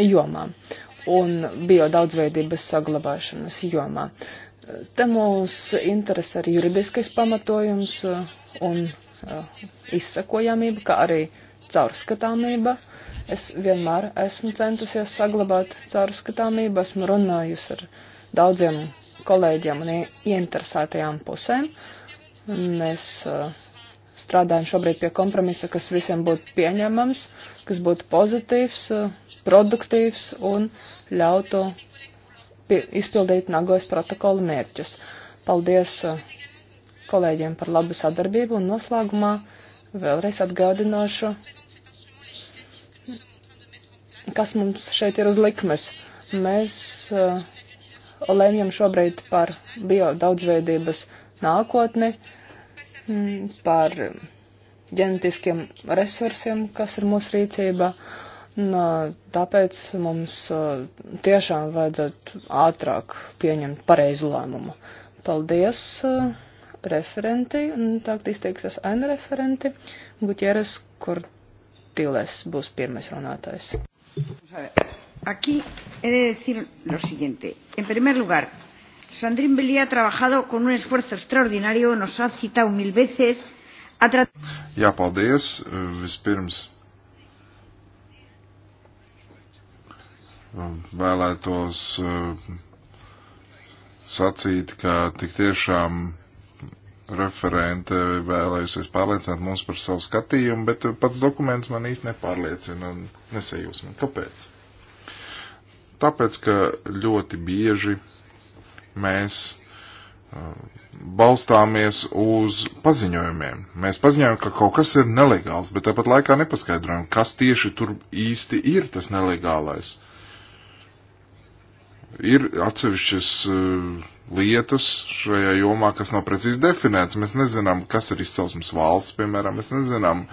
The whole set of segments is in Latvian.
jomā un biodaudzveidības saglabāšanas jomā. Te mūs interesē arī juridiskais pamatojums uh, un uh, izsakojamība, kā arī caurskatāmība. Es vienmēr esmu centusies saglabāt caurskatāmību, esmu runājusi ar daudziem kolēģiem un ieinteresētajām pusēm. Mēs uh, strādājam šobrīd pie kompromisa, kas visiem būtu pieņemams, kas būtu pozitīvs, produktīvs un ļautu izpildīt Nagojas protokola mērķus. Paldies uh, kolēģiem par labu sadarbību un noslēgumā vēlreiz atgādināšu, kas mums šeit ir uz likmes. Mēs uh, lemjam šobrīd par bio daudzveidības nākotni, mm, par ģenetiskiem resursiem, kas ir mūsu rīcībā. Uh, Un, tāpēc mums tiešām vajadzētu ātrāk pieņemt pareizu lēmumu. Paldies referenti, un tagad izteiksies N referenti. Gutieres Kortiles būs pirmais runātājs. Aquí he de decir lo siguiente. En primer lugar, Sandrine Belli ha trabajado con un esfuerzo extraordinario, nos ha citado mil veces. Ha Jā, paldies. Vispirms Um, vēlētos uh, sacīt, ka tik tiešām referente vēlējusies pārliecināt mums par savu skatījumu, bet pats dokuments man īsti nepārliecina un nesajūs man. Kāpēc? Tāpēc, ka ļoti bieži mēs uh, balstāmies uz paziņojumiem. Mēs paziņojam, ka kaut kas ir nelegāls, bet tāpat laikā nepaskaidrojam, kas tieši tur īsti ir tas nelegālais. Uh, ir atsevišķas eh, lietas šajā jomā, kas nav precīzi definētas. Mēs nezinām, kas ir izcelsmes valsts, piemēram, mēs nezinām,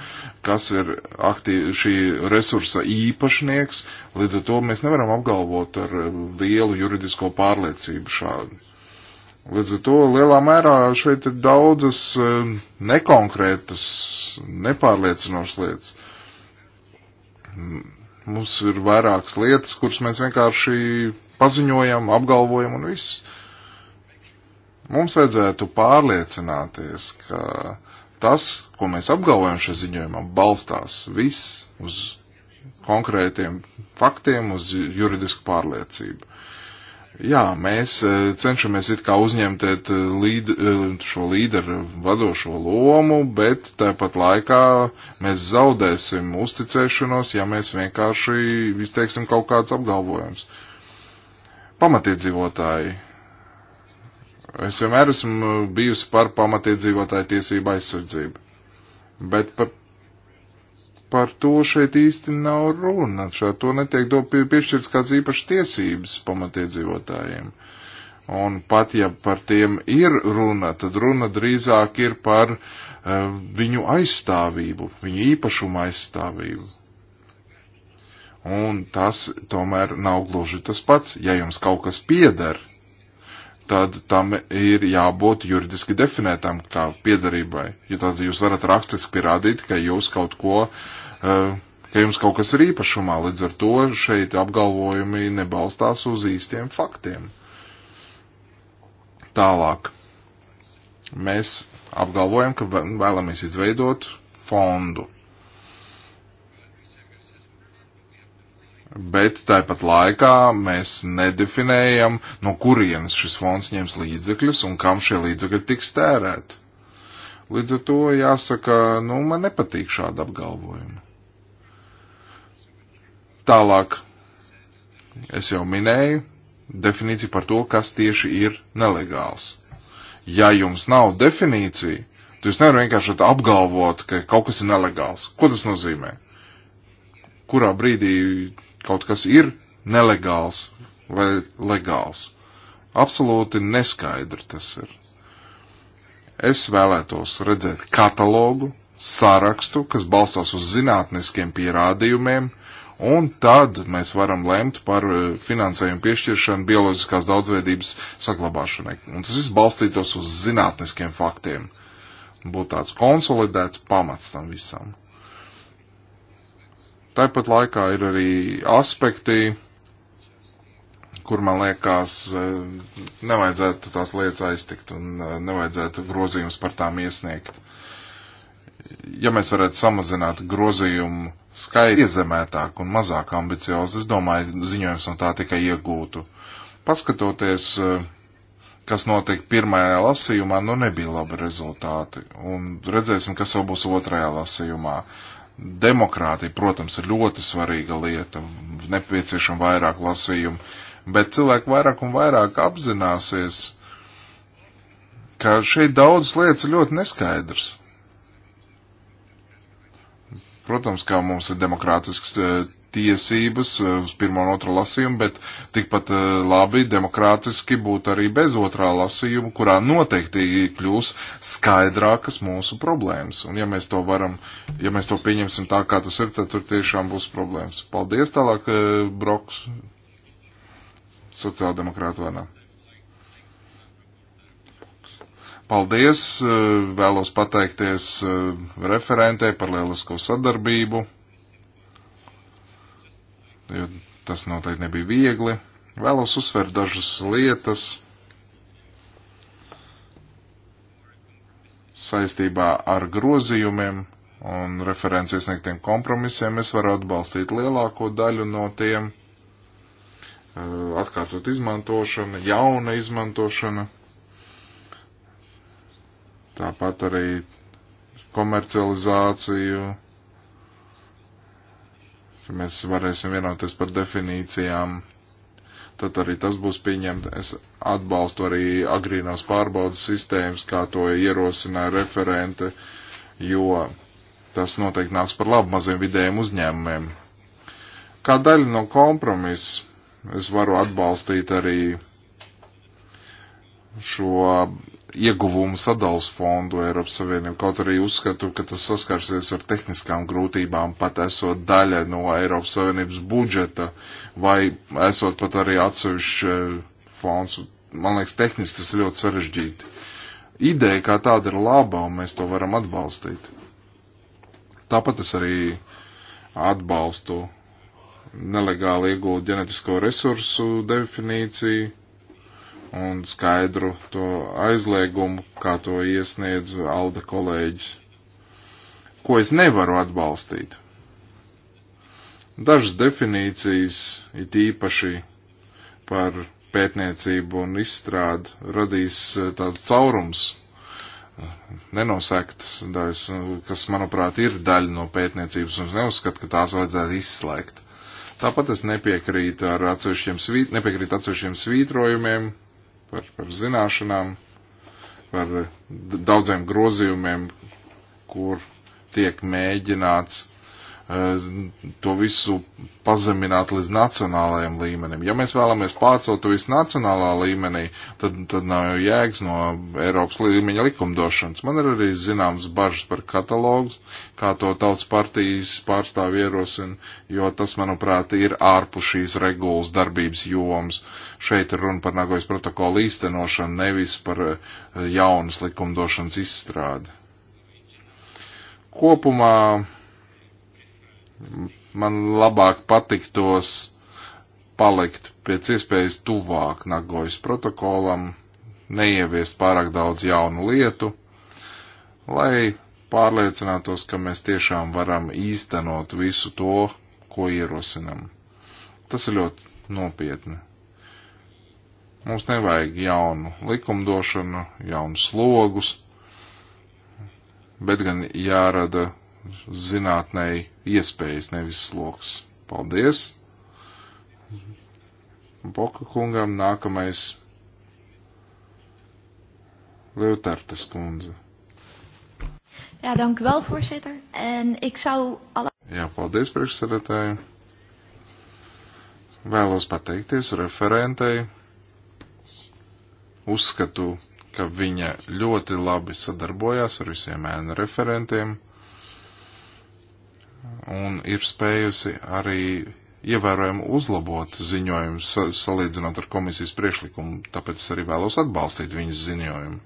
kas ir aktīvi, šī resursa īpašnieks. Līdz ar to mēs nevaram apgalvot ar eh, lielu juridisko pārliecību šādu. Līdz ar to lielā mērā šeit ir daudzas eh, nekonkrētas, nepārliecinošas lietas. Mums ir vairākas lietas, kuras mēs vienkārši paziņojam, apgalvojam un viss. Mums vajadzētu pārliecināties, ka tas, ko mēs apgalvojam šajā ziņojumā, balstās viss uz konkrētiem faktiem, uz juridisku pārliecību. Jā, mēs e, cenšamies it kā uzņemt e, līd, e, šo līderu vadošo lomu, bet tāpat laikā mēs zaudēsim uzticēšanos, ja mēs vienkārši izteiksim kaut kāds apgalvojums pamatiedzīvotāji. Es vienmēr esmu bijusi par pamatiedzīvotāju tiesību aizsardzību. Bet par, par to šeit īsti nav runa. Šā to netiek do, piešķirts kāds īpašs tiesības pamatiedzīvotājiem. Un pat ja par tiem ir runa, tad runa drīzāk ir par uh, viņu aizstāvību, viņu īpašumu aizstāvību. Un tas tomēr nav gluži tas pats. Ja jums kaut kas pieder, tad tam ir jābūt juridiski definētam kā piedarībai. Jo tad jūs varat rakstiski pierādīt, ka jūs kaut ko, eh, ka jums kaut kas ir īpašumā. Līdz ar to šeit apgalvojumi nebalstās uz īstiem faktiem. Tālāk. Mēs apgalvojam, ka vēlamies izveidot fondu bet tāpat laikā mēs nedefinējam, no kurienes šis fonds ņems līdzekļus un kam šie līdzekļi tiks tērēti. Līdz ar to jāsaka, nu, man nepatīk šāda apgalvojuma. Tālāk, es jau minēju, definīcija par to, kas tieši ir nelegāls. Ja jums nav definīcija, tad jūs nevarat vienkārši apgalvot, ka kaut kas ir nelegāls. Ko tas nozīmē? kurā brīdī kaut kas ir nelegāls vai legāls. Absolūti neskaidri tas ir. Es vēlētos redzēt katalogu, sarakstu, kas balstās uz zinātniskiem pierādījumiem, un tad mēs varam lemt par eh, finansējumu piešķiršanu bioloģiskās daudzveidības saglabāšanai. Un tas viss balstītos uz zinātniskiem faktiem. Būtu tāds konsolidēts pamats tam visam. Tāpat laikā ir arī aspekti, kur man liekas, e, nevajadzētu tās lietas aiztikt un e, nevajadzētu grozījumus par tām iesniegt. Ja mēs varētu samazināt grozījumu skaitu iezemētāk un mazāk ambiciozi, es domāju, ziņojums no tā tikai iegūtu. Paskatoties, e, kas notika pirmajā lasījumā, nu nebija labi rezultāti, un redzēsim, kas jau būs otrajā lasījumā. Uh, Demokrātija, protams, ir ļoti svarīga lieta, nepieciešama vairāk lasījumu, bet cilvēki vairāk un vairāk apzināsies, ka šeit daudzas lietas ir ļoti neskaidrs. Protams, kā mums ir demokrātisks eh, tiesības eh, uz pirmo un otro lasījumu, bet tikpat eh, labi demokrātiski būtu arī bez otrā lasījuma, kurā noteikti kļūs skaidrākas mūsu problēmas. Un ja mēs to varam, ja mēs to pieņemsim tā, kā tas ir, tad tur tiešām būs problēmas. Paldies tālāk, eh, Broks, sociāldemokrāta vārnā. Paldies, vēlos pateikties referentē par lielisko sadarbību jo tas noteikti nebija viegli. Vēlos uzsvērt dažas lietas saistībā ar grozījumiem un referents iesniegtiem kompromisiem. Es varu atbalstīt lielāko daļu no tiem. Atkārtot izmantošana, jauna izmantošana. Tāpat arī komercializāciju, ka mēs varēsim vienoties par definīcijām, tad arī tas būs pieņemts. Es atbalstu arī agrīnās pārbaudas sistēmas, kā to ierosināja referente, jo tas noteikti nāks par labu maziem vidējiem uzņēmumiem. Kā daļa no kompromisa es varu atbalstīt arī šo ieguvumu sadals fondu Eiropas Savienību, kaut arī uzskatu, ka tas saskarsies ar tehniskām grūtībām, pat esot daļa no Eiropas Savienības budžeta, vai esot pat arī atsevišķi eh, fonds. Man liekas, tehniski tas ir ļoti sarežģīti. Ideja kā tāda ir laba, un mēs to varam atbalstīt. Tāpat es arī atbalstu nelegāli iegūt ģenetisko resursu definīciju un skaidru to aizliegumu, kā to iesniedz Alda kolēģis, ko es nevaru atbalstīt. Dažas definīcijas, it īpaši par pētniecību un izstrādi, radīs eh, tāds caurums, nenosēktas daļas, nu, kas, manuprāt, ir daļa no pētniecības, un es neuzskatu, ka tās vajadzētu izslēgt. Tāpat es nepiekrītu ar atsevišķiem, svīt, nepiekrītu atsevišķiem svītrojumiem, par, par zināšanām, par daudziem grozījumiem, kur tiek mēģināts Eh, to visu pazemināt līdz nacionālajiem līmenim. Ja mēs vēlamies pārcelt to visu nacionālā līmenī, tad, tad nav jēgas no Eiropas līmeņa likumdošanas. Man ir arī zināms bažas par katalogus, kā to tautas partijas pārstāvi ierosina, jo tas, manuprāt, ir ārpus šīs regulas darbības joms. Šeit ir runa par Nagojas protokolu īstenošanu, nevis par eh, jaunas likumdošanas izstrādi. Kopumā Man labāk patiktos palikt pēc iespējas tuvāk Nagojas protokolam, neieviest pārāk daudz jaunu lietu, lai pārliecinātos, ka mēs tiešām varam īstenot visu to, ko ierosinam. Tas ir ļoti nopietni. Mums nevajag jaunu likumdošanu, jaunus slogus, bet gan jārada zinātnēji iespējas, nevis sloks. Paldies! Boka kungam nākamais Leutartes kundze. Jā, dank vēl, voorzitter. En ik zou alle... Jā, paldies, priekšsēdētāji. Vēlos pateikties referentei. Uzskatu, ka viņa ļoti labi sadarbojās ar visiem ēnu referentiem un ir spējusi arī ievērojami uzlabot ziņojumu sa salīdzinot ar komisijas priekšlikumu, tāpēc es arī vēlos atbalstīt viņas ziņojumu.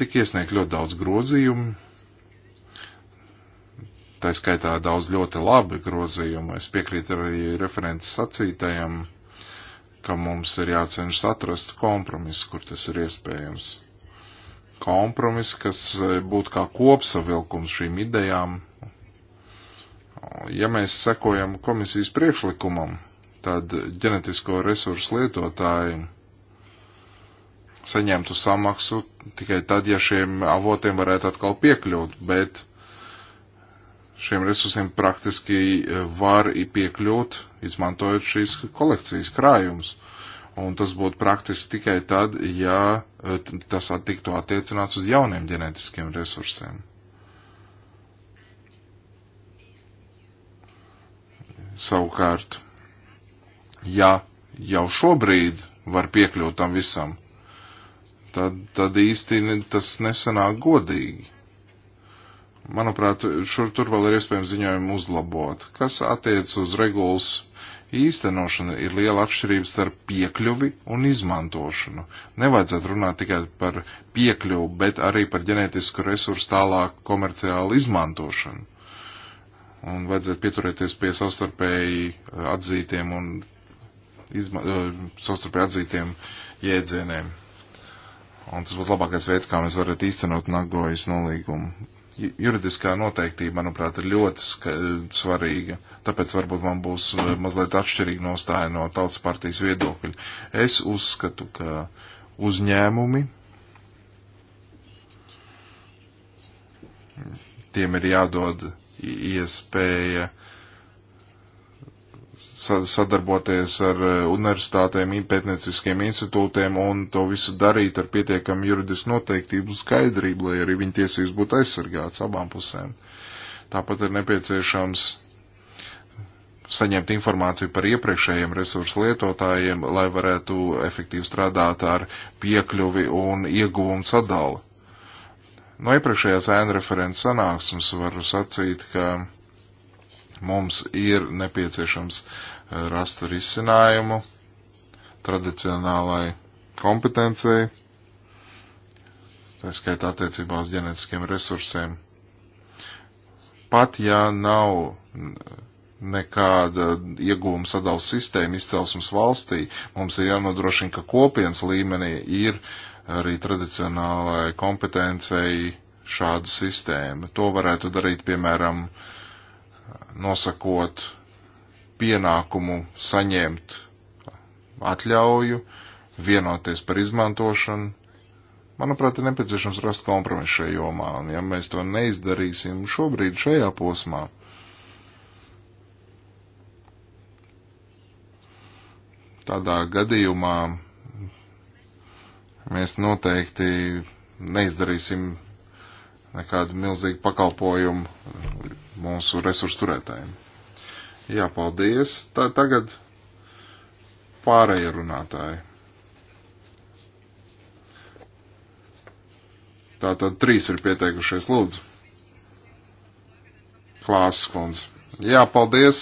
Tik iesniegt ļoti daudz grozījumu, tā skaitā daudz ļoti labi grozījumu. Es piekrītu arī referents sacītajam, ka mums ir jācenšas atrast kompromisu, kur tas ir iespējams. Kompromis, kas būtu kā kopsavilkums šīm idejām ja mēs sekojam komisijas priekšlikumam, tad ģenetisko resursu lietotāji saņemtu samaksu tikai tad, ja šiem avotiem varētu atkal piekļūt, bet šiem resursiem praktiski e, var piekļūt, izmantojot šīs kolekcijas krājumus. Un tas būtu praktiski tikai tad, ja e, tas tiktu attiecināts uz jauniem ģenetiskiem resursiem. savukārt, ja jau šobrīd var piekļūt tam visam, tad, tad īsti tas nesanāk godīgi. Manuprāt, šur tur vēl ir iespējams ziņojumu uzlabot. Kas attiec uz regulas īstenošana ir liela atšķirība starp piekļuvi un izmantošanu. Nevajadzētu runāt tikai par piekļuvi, bet arī par ģenētisku resursu tālāku komerciālu izmantošanu un vajadzētu pieturēties pie savstarpēji eh, atzītiem un izma, eh, savstarpēji atzītiem jēdzieniem. Un tas būtu labākais veids, kā mēs varētu īstenot Nagojas nolīgumu. Juridiskā noteiktība, manuprāt, ir ļoti ska, eh, svarīga, tāpēc varbūt man būs mazliet atšķirīga nostāja no tautas partijas viedokļa. Es uzskatu, ka uzņēmumi tiem ir jādod iespēja sadarboties ar eh, universitātēm, pētnieciskiem institūtiem un to visu darīt ar pietiekamu juridisku noteiktību skaidrību, lai arī viņa tiesības būtu aizsargātas abām pusēm. Tāpat ir nepieciešams saņemt informāciju par iepriekšējiem resursu lietotājiem, lai varētu efektīvi strādāt ar piekļuvi un ieguvumu sadali. No iepriekšējās ēna referents sanāksmes varu sacīt, ka mums ir nepieciešams eh, rast risinājumu tradicionālai kompetencijai, tā skaitā attiecībā uz ģenetiskiem resursiem. Pat ja nav nekāda iegūma sadals sistēma izcelsmes valstī, mums ir jānodrošina, ka kopienas līmenī ir uh, arī tradicionālai kompetencei šāda sistēma. To varētu darīt, piemēram, nosakot pienākumu saņemt atļauju, vienoties par izmantošanu. Manuprāt, ir nepieciešams rast kompromisu šajā jomā, un ja mēs to neizdarīsim šobrīd šajā posmā, tādā gadījumā Mēs noteikti neizdarīsim nekādu milzīgu pakalpojumu mūsu resursu turētājiem. Jā, paldies. Tā tagad pārējie runātāji. Tātad trīs ir pieteikušies, lūdzu. Klāsas kundze. Jā, paldies.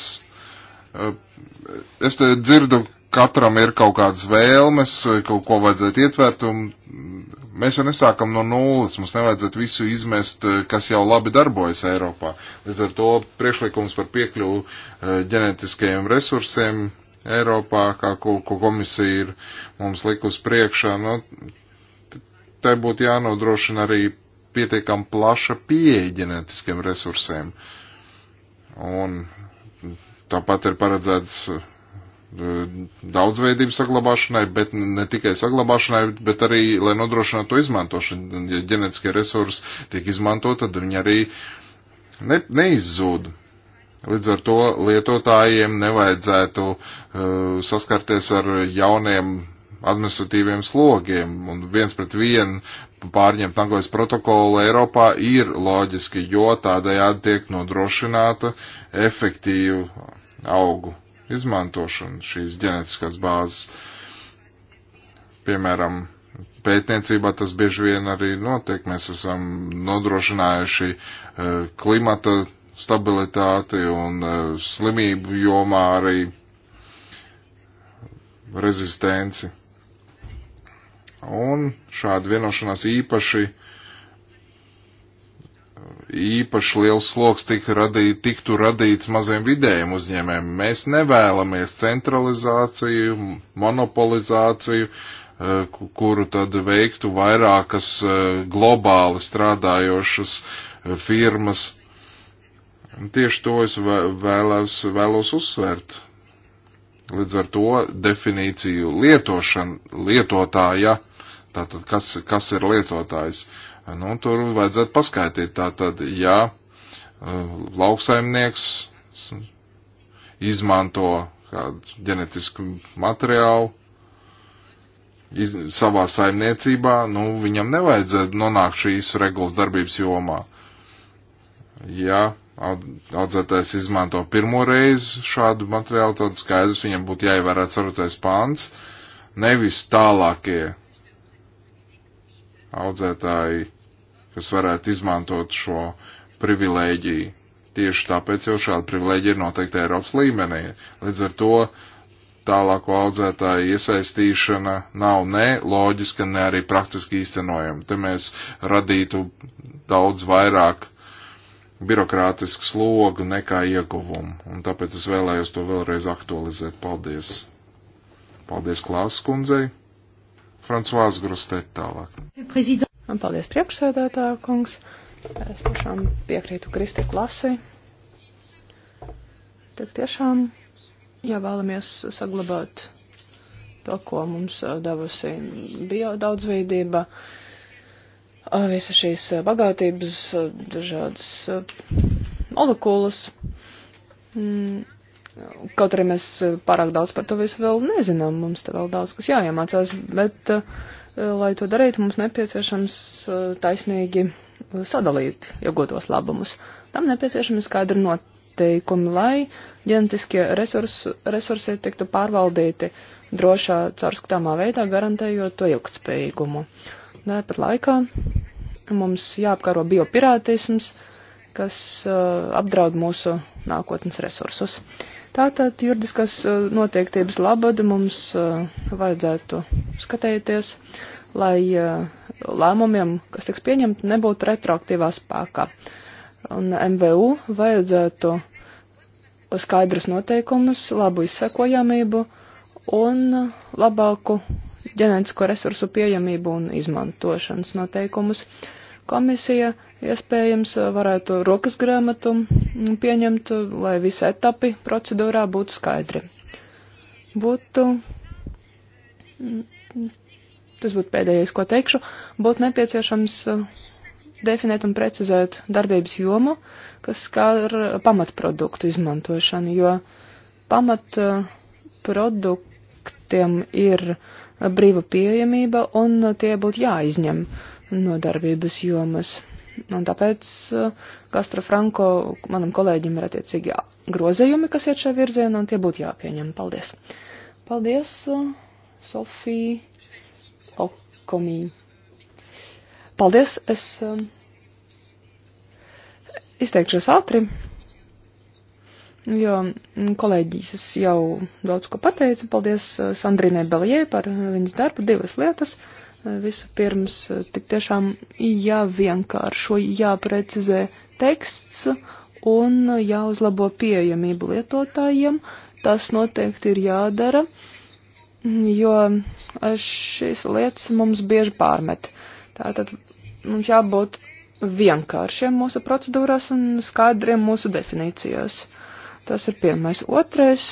Es te dzirdu, katram ir kaut kādas vēlmes, kaut ko vajadzētu ietvert, un mēs jau nesākam no nulles, mums nevajadzētu visu izmest, kas jau labi darbojas Eiropā. Līdz ar to priekšlikums par piekļuvu eh, ģenetiskajiem resursiem Eiropā, kā ko, ko komisija ir mums likus priekšā, nu, tai būtu jānodrošina arī pietiekam plaša pieeja ģenetiskiem resursiem. Un tāpat ir paredzēts Eh, daudzveidības saglabāšanai, bet ne tikai saglabāšanai, bet arī, lai nodrošinātu to izmantošanu. Ja ģenētiskie resursi tiek izmantot, tad viņi arī ne, neizzūd. Līdz ar to lietotājiem nevajadzētu uh, saskarties ar jauniem administratīviem slogiem un viens pret vienu pārņemt Nagojas protokolu Eiropā ir loģiski, jo tādējādi tiek nodrošināta efektīvu augu izmantošanu šīs ģenetiskās bāzes. Piemēram, pētniecībā tas bieži vien arī notiek. Mēs esam nodrošinājuši e, klimata stabilitāti un e, slimību jomā arī rezistenci. Un šāda vienošanās īpaši īpaši liels sloks tika radīt, tiktu radīts maziem vidējiem uzņēmēm. Mēs nevēlamies centralizāciju, monopolizāciju, eh, kuru tad veiktu vairākas eh, globāli strādājošas eh, firmas. Tieši to es vēlos, vēlos uzsvērt. Līdz ar to definīciju lietošana, lietotāja, tātad kas, kas ir lietotājs, uh, Nu, tur vajadzētu paskaitīt. Tātad, ja uh, lauksaimnieks izmanto kādu ģenetisku materiālu iz, savā saimniecībā, nu, viņam nevajadzētu nonākt šīs regulas darbības jomā. Ja audzētājs izmanto pirmo reizi šādu materiālu, tad skaidrs viņam būtu jāievērā ceturtais pāns, nevis tālākie audzētāji, kas varētu izmantot šo privilēģiju. Tieši tāpēc jau šāda privilēģija ir noteikti Eiropas līmenī. Līdz ar to tālāko audzētāju iesaistīšana nav ne loģiska, ne arī praktiski īstenojama. Te mēs radītu daudz vairāk birokrātisku slogu nekā ieguvumu. Un tāpēc es vēlējos to vēlreiz aktualizēt. Paldies! Paldies Klāsas kundzei! Francoāze Grostēt tālāk. Un paldies priekšsēdētā, kungs. Es tiešām piekrītu Kristi klasei. Tik tiešām, ja vēlamies saglabāt to, ko mums eh, devusi bio daudzveidība, eh, visa šīs eh, bagātības, dažādas molekulas, mm, Kaut arī mēs eh, pārāk daudz par to visu vēl nezinām, mums te vēl daudz kas jāiemācās, bet, eh, lai to darītu, mums nepieciešams eh, taisnīgi sadalīt iegūtos labumus. Tam nepieciešami skaidri noteikumi, lai ģenetiskie resursi, resursi tiktu pārvaldīti drošā, caurskatāmā veidā, garantējot to ilgtspējīgumu. Tāpat laikā mums jāapkaro biopirātisms, kas uh, apdraud mūsu nākotnes resursus. Uh, Tātad juridiskās eh, noteiktības labad mums eh, vajadzētu skatēties, lai eh, lēmumiem, kas tiks pieņemti, nebūtu retroaktīvā spēkā. Un MVU vajadzētu skaidrus noteikumus, labu izsekojamību un labāku ģenētisko resursu pieejamību un izmantošanas noteikumus. Uh, Komisija iespējams varētu rokas grāmatu pieņemt, lai visi etapi procedūrā būtu skaidri. Būtu, tas būtu pēdējais, ko teikšu, būtu nepieciešams definēt un precizēt darbības jomu, kas skar pamatproduktu izmantošanu, jo pamatproduktiem ir brīva pieejamība un tie būtu jāizņem nodarbības jomas. Un tāpēc Kastra uh, Franko manam kolēģim ir attiecīgi grozējumi, kas iet šajā virzienā, un tie būtu jāpieņem. Paldies! Paldies, uh, Sofija Okomī. Paldies, es uh, izteikšos ātri, jo kolēģis jau daudz ko pateica. Paldies Sandrinai Belijai par viņas darbu, divas lietas. Uh, Visu pirms eh, tik tiešām jāvienkāršo, jāprecizē teksts un jāuzlabo pieejamību lietotājiem. Tas noteikti ir jādara, jo šīs lietas mums bieži pārmet. Tātad mums jābūt vienkāršiem mūsu procedūrās un skaidriem mūsu definīcijās. Tas ir pirmais. Otrais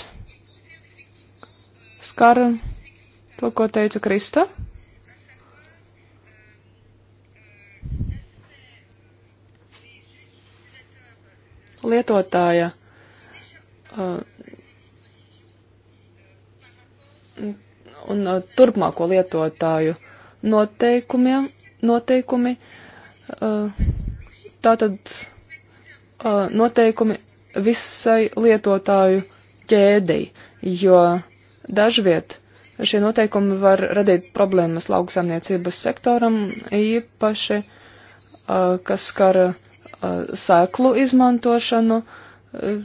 skar to, ko teica Krista lietotāja un turpmāko lietotāju noteikumiem, noteikumi, tātad noteikumi visai lietotāju ķēdei, jo dažviet šie noteikumi var radīt problēmas lauksaimniecības sektoram īpaši, kas skar uh, Eh, sēklu izmantošanu. Eh,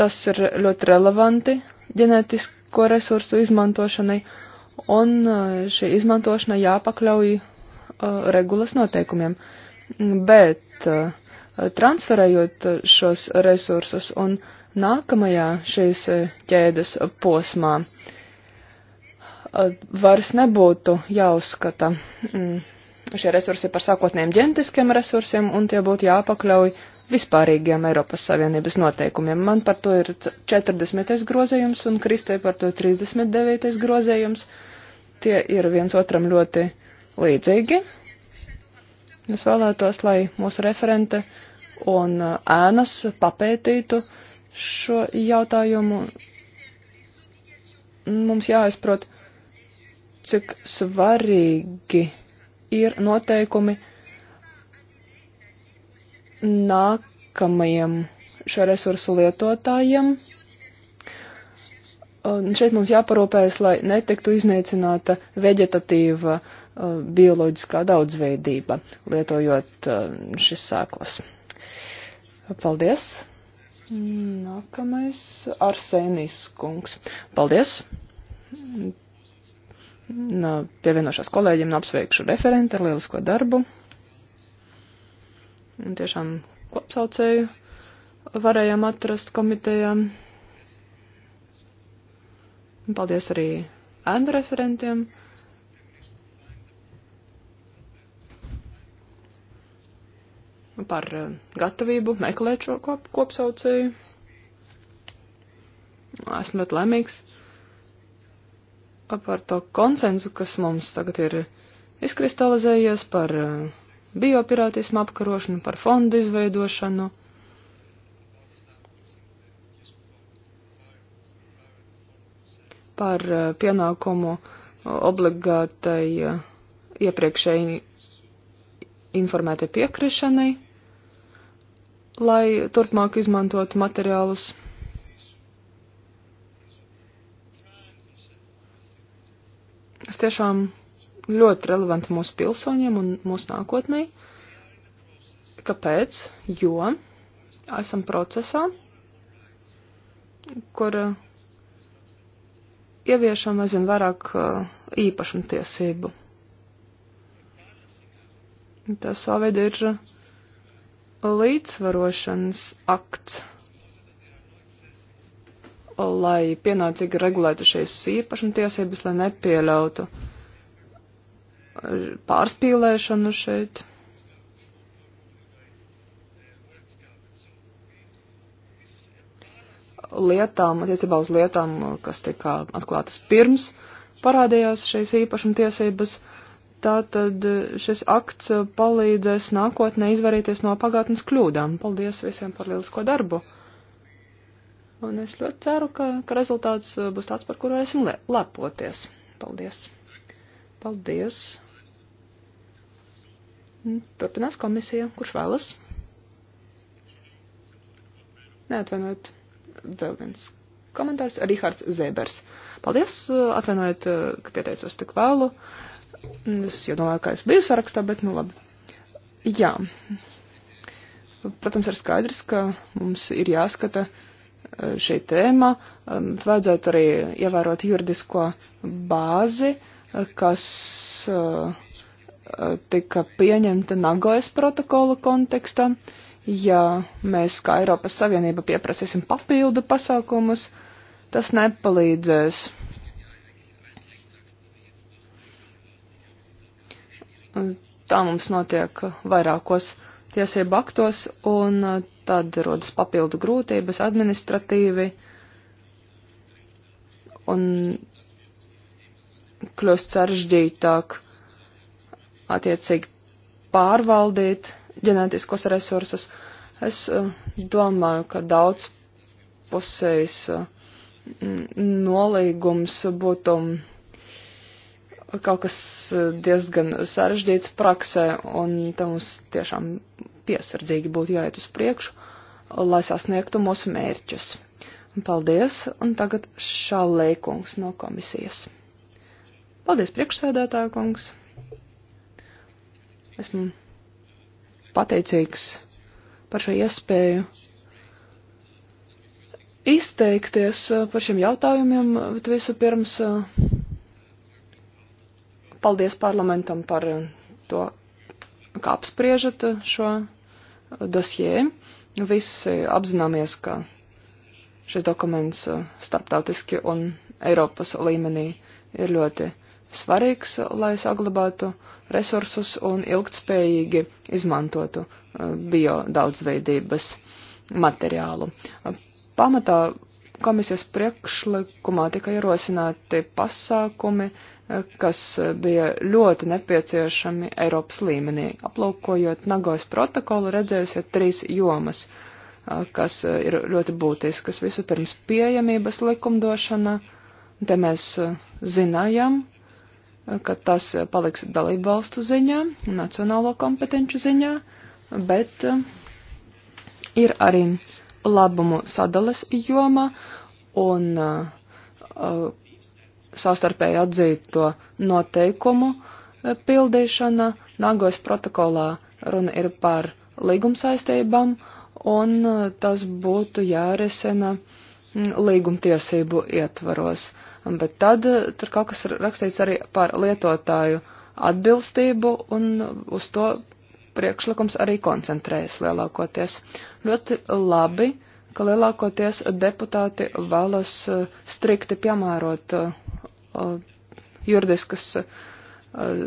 tas ir ļoti relevanti ģenētisko resursu izmantošanai, un eh, šī izmantošana jāpakļauj regulas noteikumiem. Bet transferējot šos resursus un nākamajā šīs ķēdes posmā vairs nebūtu jāuzskata mm, šie resursi par sākotnējiem ģentiskiem resursiem, un tie būtu jāpakļauj vispārīgiem Eiropas Savienības noteikumiem. Man par to ir 40. grozējums, un Kristē par to 39. grozējums. Tie ir viens otram ļoti līdzīgi. Es vēlētos, lai mūsu referente un uh, ēnas papētītu šo jautājumu. Mums jāizprot, cik svarīgi ir noteikumi nākamajiem šo resursu lietotājiem. Un šeit mums jāparūpējas, lai netiktu iznīcināta vegetatīva uh, bioloģiskā daudzveidība, lietojot uh, šis sēklas. Paldies! Nākamais Arsenijs kungs. Paldies! pievienošos kolēģiem un nu, apsveikšu referenti ar lielisko darbu. Un tiešām kopsaucēju varējām atrast komitejā. Un paldies arī ēnu referentiem. par eh, gatavību meklēt šo kop, kopsaucēju. Esmu ļoti laimīgs par to konsensu, kas mums tagad ir izkristalizējies par eh, biopirātismu apkarošanu, par fondu izveidošanu. par eh, pienākumu obligātai eh, iepriekšēji informētai piekrišanai, lai turpmāk izmantotu materiālus kas tiešām ļoti relevanti mūsu pilsoņiem un mūsu nākotnē. Kāpēc? Jo esam procesā, kur uh, ieviešam aizvien vairāk uh, īpašumu tiesību. Tas savveid ir uh, līdzsvarošanas akts lai pienācīgi regulētu šīs īpašuma tiesības, lai nepieļautu eh, pārspīlēšanu šeit. Lietām, attiecībā uz lietām, kas tika atklātas pirms parādījās šīs īpašuma tiesības, tātad šis akts palīdzēs nākotnē izvairīties no pagātnes kļūdām. Paldies visiem par lielisko darbu! Un es ļoti ceru, ka, ka rezultāts uh, būs tāds, par kuru varēsim lepoties. Paldies! Paldies! Mm, turpinās komisija. Kurš vēlas? Neatvainojiet. Vēl viens komentārs. Rihards Zēbers. Paldies! Uh, atvainojiet, uh, ka pieteicos tik vēlu. Mm, es jau domāju, ka es biju sarakstā, bet nu labi. Jā. Protams, ir skaidrs, ka mums ir jāskata šī tēma, um, vajadzētu arī ievērot juridisko bāzi, kas uh, tika pieņemta Nagojas protokola kontekstā. Ja mēs kā Eiropas Savienība pieprasīsim papildu pasākumus, tas nepalīdzēs. Tā mums notiek vairākos tiesību aktos, un uh, tad rodas papildu grūtības administratīvi, un kļūst sarežģītāk attiecīgi pārvaldīt ģenētiskos resursus. Es uh, domāju, ka daudz pusējs uh, nolīgums būtu kaut kas eh, diezgan sarežģīts praksē, un tam mums tiešām piesardzīgi būtu jāiet uz priekšu, lai sasniegtu mūsu mērķus. Paldies, un tagad šālēkungs no komisijas. Paldies, priekšsēdētāja kungs. Esmu pateicīgs par šo iespēju izteikties eh, par šiem jautājumiem, bet visu pirms uh, Paldies parlamentam par eh, to, kā apspriežat eh, šo eh, dosjē. Visi apzināmies, ka šis dokuments starptautiski un Eiropas līmenī ir ļoti svarīgs, lai saglabātu resursus un ilgtspējīgi izmantotu bio daudzveidības materiālu. Pamatā Komisijas priekšlikumā tika ierosināti pasākumi, eh, kas eh, bija ļoti nepieciešami Eiropas līmenī. Aplaukojot Nagojas protokolu, redzēsiet trīs jomas, eh, kas ir ļoti būtiskas. Vispirms pieejamības likumdošana, te mēs zinājām, ka tas paliks dalību valstu ziņā, nacionālo kompetenču ziņā, bet ir arī uh, labumu sadales jomā un uh, uh sastarpēji atzīto noteikumu uh, pildīšana. Nagos protokolā runa ir par līgumsaistībām, un uh, tas būtu jārisina mm, līgumtiesību ietvaros. Bet tad tur kaut kas rakstīts arī par lietotāju atbilstību, un uz to priekšlikums arī koncentrējas lielākoties. Ļoti labi, ka lielākoties deputāti vēlas eh, strikti piemērot eh, eh, juridiskas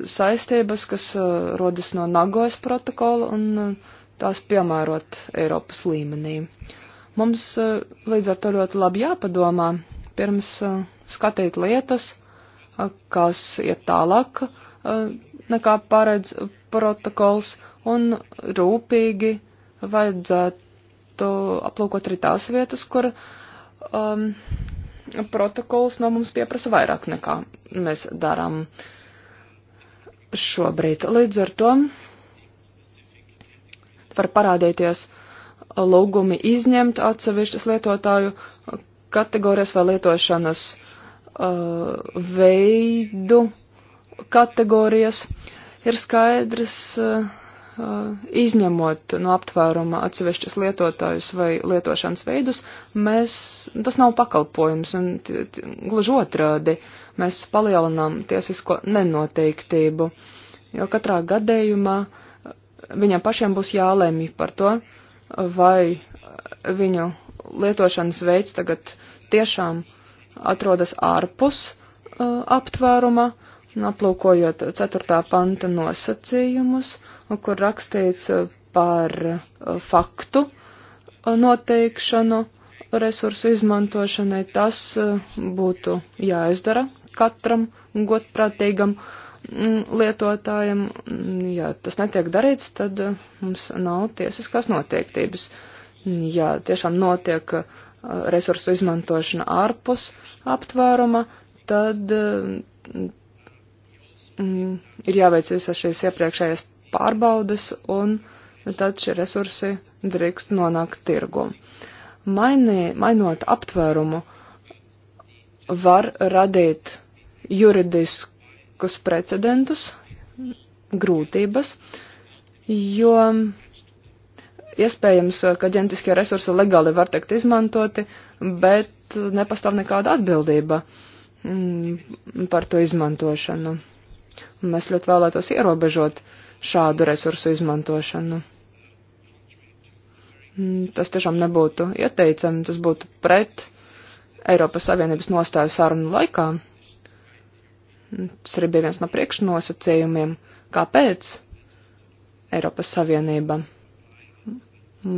saistības, kas rodas no Nagojas protokola un tās piemērot Eiropas līmenī. Mums līdz ar to ļoti labi jāpadomā pirms skatīt lietas, kas iet tālāk nekā paredz protokols un rūpīgi vajadzētu aplūkot arī tās vietas, kur um, protokols no mums pieprasa vairāk nekā mēs darām šobrīd. Līdz ar to var parādīties lūgumi izņemt atsevišķas lietotāju kategorijas vai lietošanas uh, veidu kategorijas. Ir skaidrs, uh, Uh, izņemot no aptvēruma atsevišķus lietotājus vai lietošanas veidus, mēs, tas nav pakalpojums, un t, t, gluži otrādi, mēs palielinām tiesisko nenoteiktību, jo katrā gadējumā uh, viņam pašiem būs jālēmj par to, vai uh, viņu lietošanas veids tagad tiešām atrodas ārpus uh, aptvēruma, uh, aplūkojot 4. panta nosacījumus, kur rakstīts eh, par eh, faktu eh, noteikšanu resursu izmantošanai, tas būtu jāizdara katram godprātīgam mm, lietotājam. Mm, ja tas netiek darīts, tad mums nav tiesiskās noteiktības. Ja tiešām notiek resursu izmantošana ārpus aptvēruma, tad Mm, ir jāveic visas šīs iepriekšējās pārbaudas, un tad šie resursi drīkst nonākt tirgu. Mainī, mainot aptvērumu, var radīt juridiskus precedentus, grūtības, jo iespējams, ka ģentiskie resursi legāli var tikt izmantoti, bet nepastāv nekāda atbildība mm, par to izmantošanu. Un mēs ļoti vēlētos ierobežot šādu resursu izmantošanu. Mm, tas tiešām nebūtu ieteicami, tas būtu pret Eiropas Savienības nostāju sarunu laikā. Mm, tas arī bija viens no priekšnosacījumiem, kāpēc Eiropas Savienība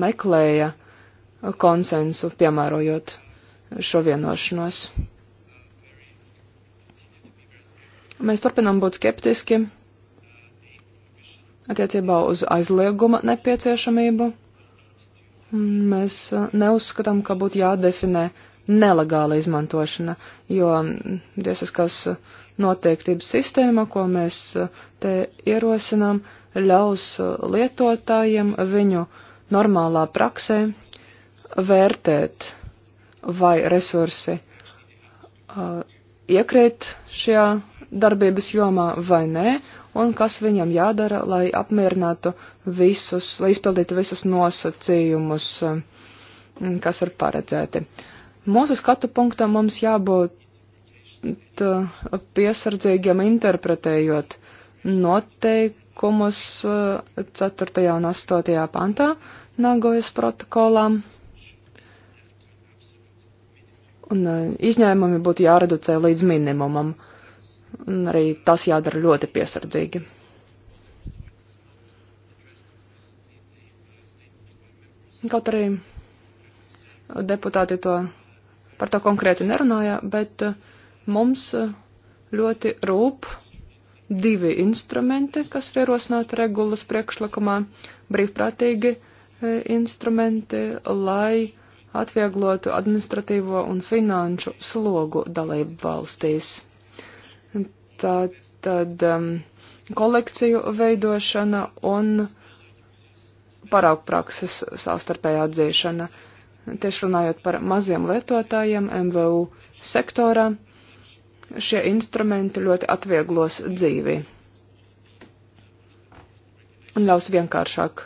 meklēja konsensu, piemērojot šo vienošanos. Mēs turpinām būt skeptiski attiecībā uz aizlieguma nepieciešamību. Mēs uh, neuzskatām, ka būtu jādefinē nelegāla izmantošana, jo tiesiskās uh, noteiktības sistēma, ko mēs uh, te ierosinām, ļaus lietotājiem viņu normālā praksē vērtēt, vai resursi uh, iekrīt šajā darbības jomā vai nē, un kas viņam jādara, lai apmierinātu visus, lai izpildītu visus nosacījumus, mm, kas ir paredzēti. Mūsu skatu punktā mums jābūt uh, piesardzīgiem interpretējot noteikumus 4. Uh, un 8. pantā Nagojas protokolā. Un uh, izņēmumi būtu jāreducē līdz minimumam. Uh, Un arī tas jādara ļoti piesardzīgi. Kaut arī deputāti to, par to konkrēti nerunāja, bet uh, mums uh, ļoti rūp divi instrumenti, kas ir ierosināti regulas priekšlikumā, brīvprātīgi uh, instrumenti, lai atvieglotu administratīvo un finanšu slogu dalību valstīs tā tad um, kolekciju veidošana un paraugprakses savstarpēja atzīšana. Tieši runājot par maziem lietotājiem MVU sektorā, šie instrumenti ļoti atvieglos dzīvi un ļaus vienkāršāk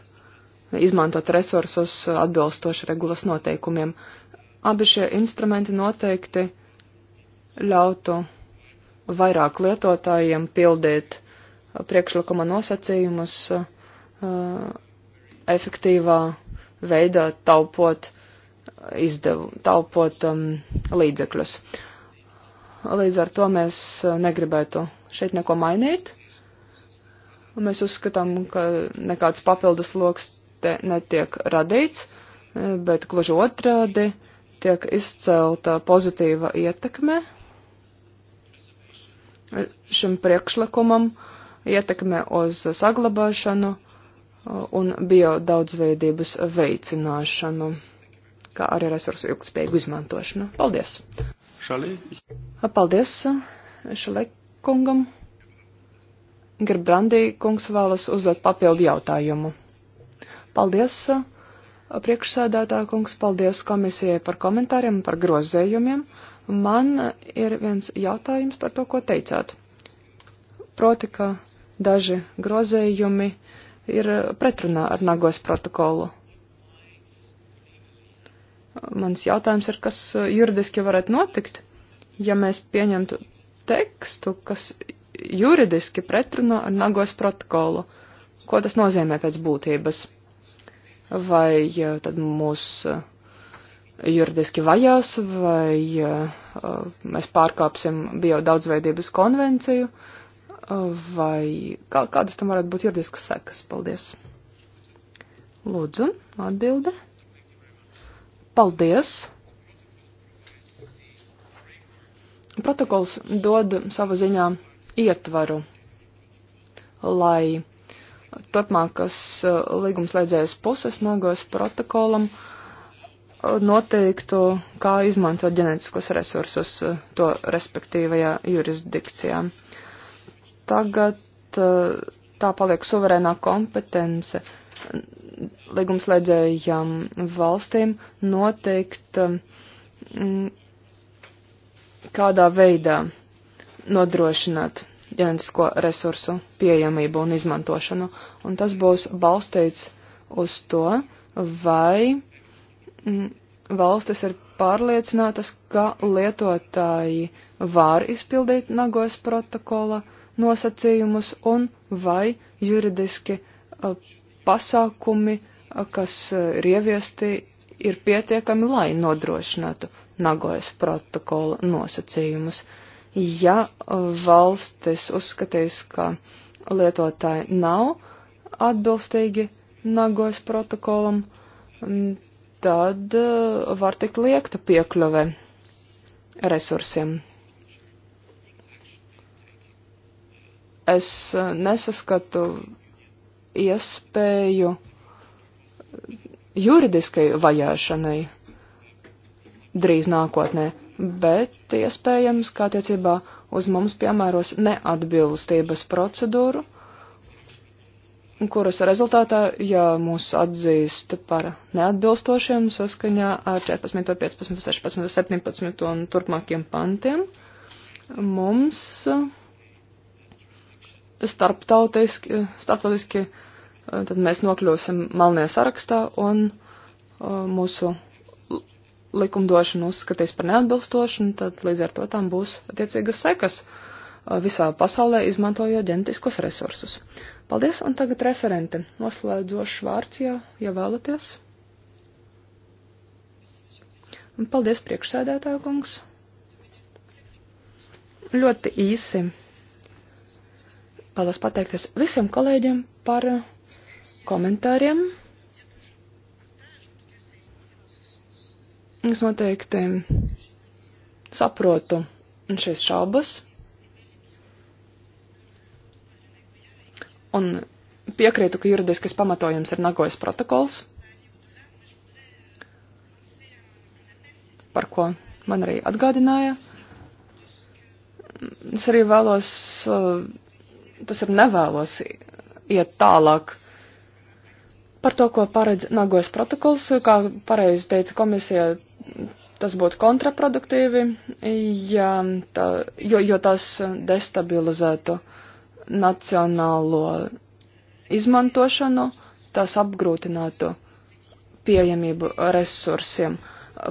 izmantot resursus atbilstoši regulas noteikumiem. Abi šie instrumenti noteikti ļautu vairāk lietotājiem pildīt uh, priekšlikuma nosacījumus uh, efektīvā veidā taupot izdevu, taupot um, līdzekļus. Līdz ar to mēs uh, negribētu šeit neko mainīt. Mēs uzskatām, ka nekāds papildus loks te netiek radīts, bet gluži otrādi tiek izcelta pozitīva ietekme šim priekšlikumam, ietekme uz saglabāšanu uh, un biodaudzveidības veicināšanu, kā arī resursu ilgspējīgu izmantošanu. Paldies! Šalī. Uh, paldies uh, Šalekungam. Gerbrandī kungs vēlas uzdot papildu jautājumu. Paldies, priekšsēdētā kungs, paldies komisijai par komentāriem, par grozējumiem. Uh, Man ir viens jautājums par to, ko teicāt. Proti, ka daži grozējumi ir pretrunā ar Nagos protokolu. Mans jautājums ir, kas juridiski varētu notikt, ja mēs pieņemtu tekstu, kas juridiski pretrunā ar Nagos protokolu. Ko tas nozīmē pēc būtības? Vai eh, tad mūsu eh, juridiski vajās, vai uh, mēs pārkāpsim biodaudzveidības konvenciju, uh, vai kā, kādas tam varētu būt juridiskas sekas. Paldies! Lūdzu, atbilde. Paldies! Protokols dod sava ziņā ietvaru, lai turpmākas uh, līgumslēdzējas puses nogos protokolam uh, noteiktu, kā izmantot ģenētiskos resursus uh, to respektīvajā jurisdikcijā. Tagad uh, tā paliek suverēnā kompetence līgumslēdzējām valstīm noteikt, um, kādā veidā nodrošināt ģenētisko resursu pieejamību un izmantošanu. Un tas būs balstīts uz to, vai uh, Mm, valstis ir pārliecinātas, ka lietotāji var izpildīt Nagojas protokola nosacījumus un vai juridiski pasākumi, kas ir ieviesti, ir pietiekami, lai nodrošinātu Nagojas protokola nosacījumus. Ja valstis uzskatīs, ka lietotāji nav atbilstīgi Nagojas protokolam, tad eh, var tikt liekta piekļuve resursiem. Es eh, nesaskatu iespēju juridiskai vajāšanai drīz nākotnē, bet iespējams, kā attiecībā uz mums piemēros neatbilstības procedūru, kuras rezultātā, ja mūs atzīst par neatbilstošiem saskaņā ar 14, 15, 16, 17 un turpmākiem pantiem, mums starptautiski, starptautiski tad mēs nokļūsim melnajā sarakstā un uh, mūsu likumdošanu uzskatīs par neatbilstošanu, tad līdz ar to tam būs attiecīgas sekas uh, visā pasaulē, izmantojot ģenetiskos resursus. Paldies, un tagad referente. Noslēdzošs vārds, ja, ja vēlaties. Un paldies, priekšsēdētāja kungs. Ļoti īsi. Paldies pateikties visiem kolēģiem par komentāriem. Es noteikti saprotu šīs šaubas. Un piekrītu, ka juridiskais pamatojums ir Nagojas protokols, par ko man arī atgādināja. Es arī vēlos, uh, tas ir nevēlos iet tālāk par to, ko paredz Nagojas protokols, kā pareizi teica komisija, tas būtu kontraproduktīvi, ja tā, jo, jo tas destabilizētu uh, nacionālo izmantošanu, tas apgrūtinātu pieejamību resursiem,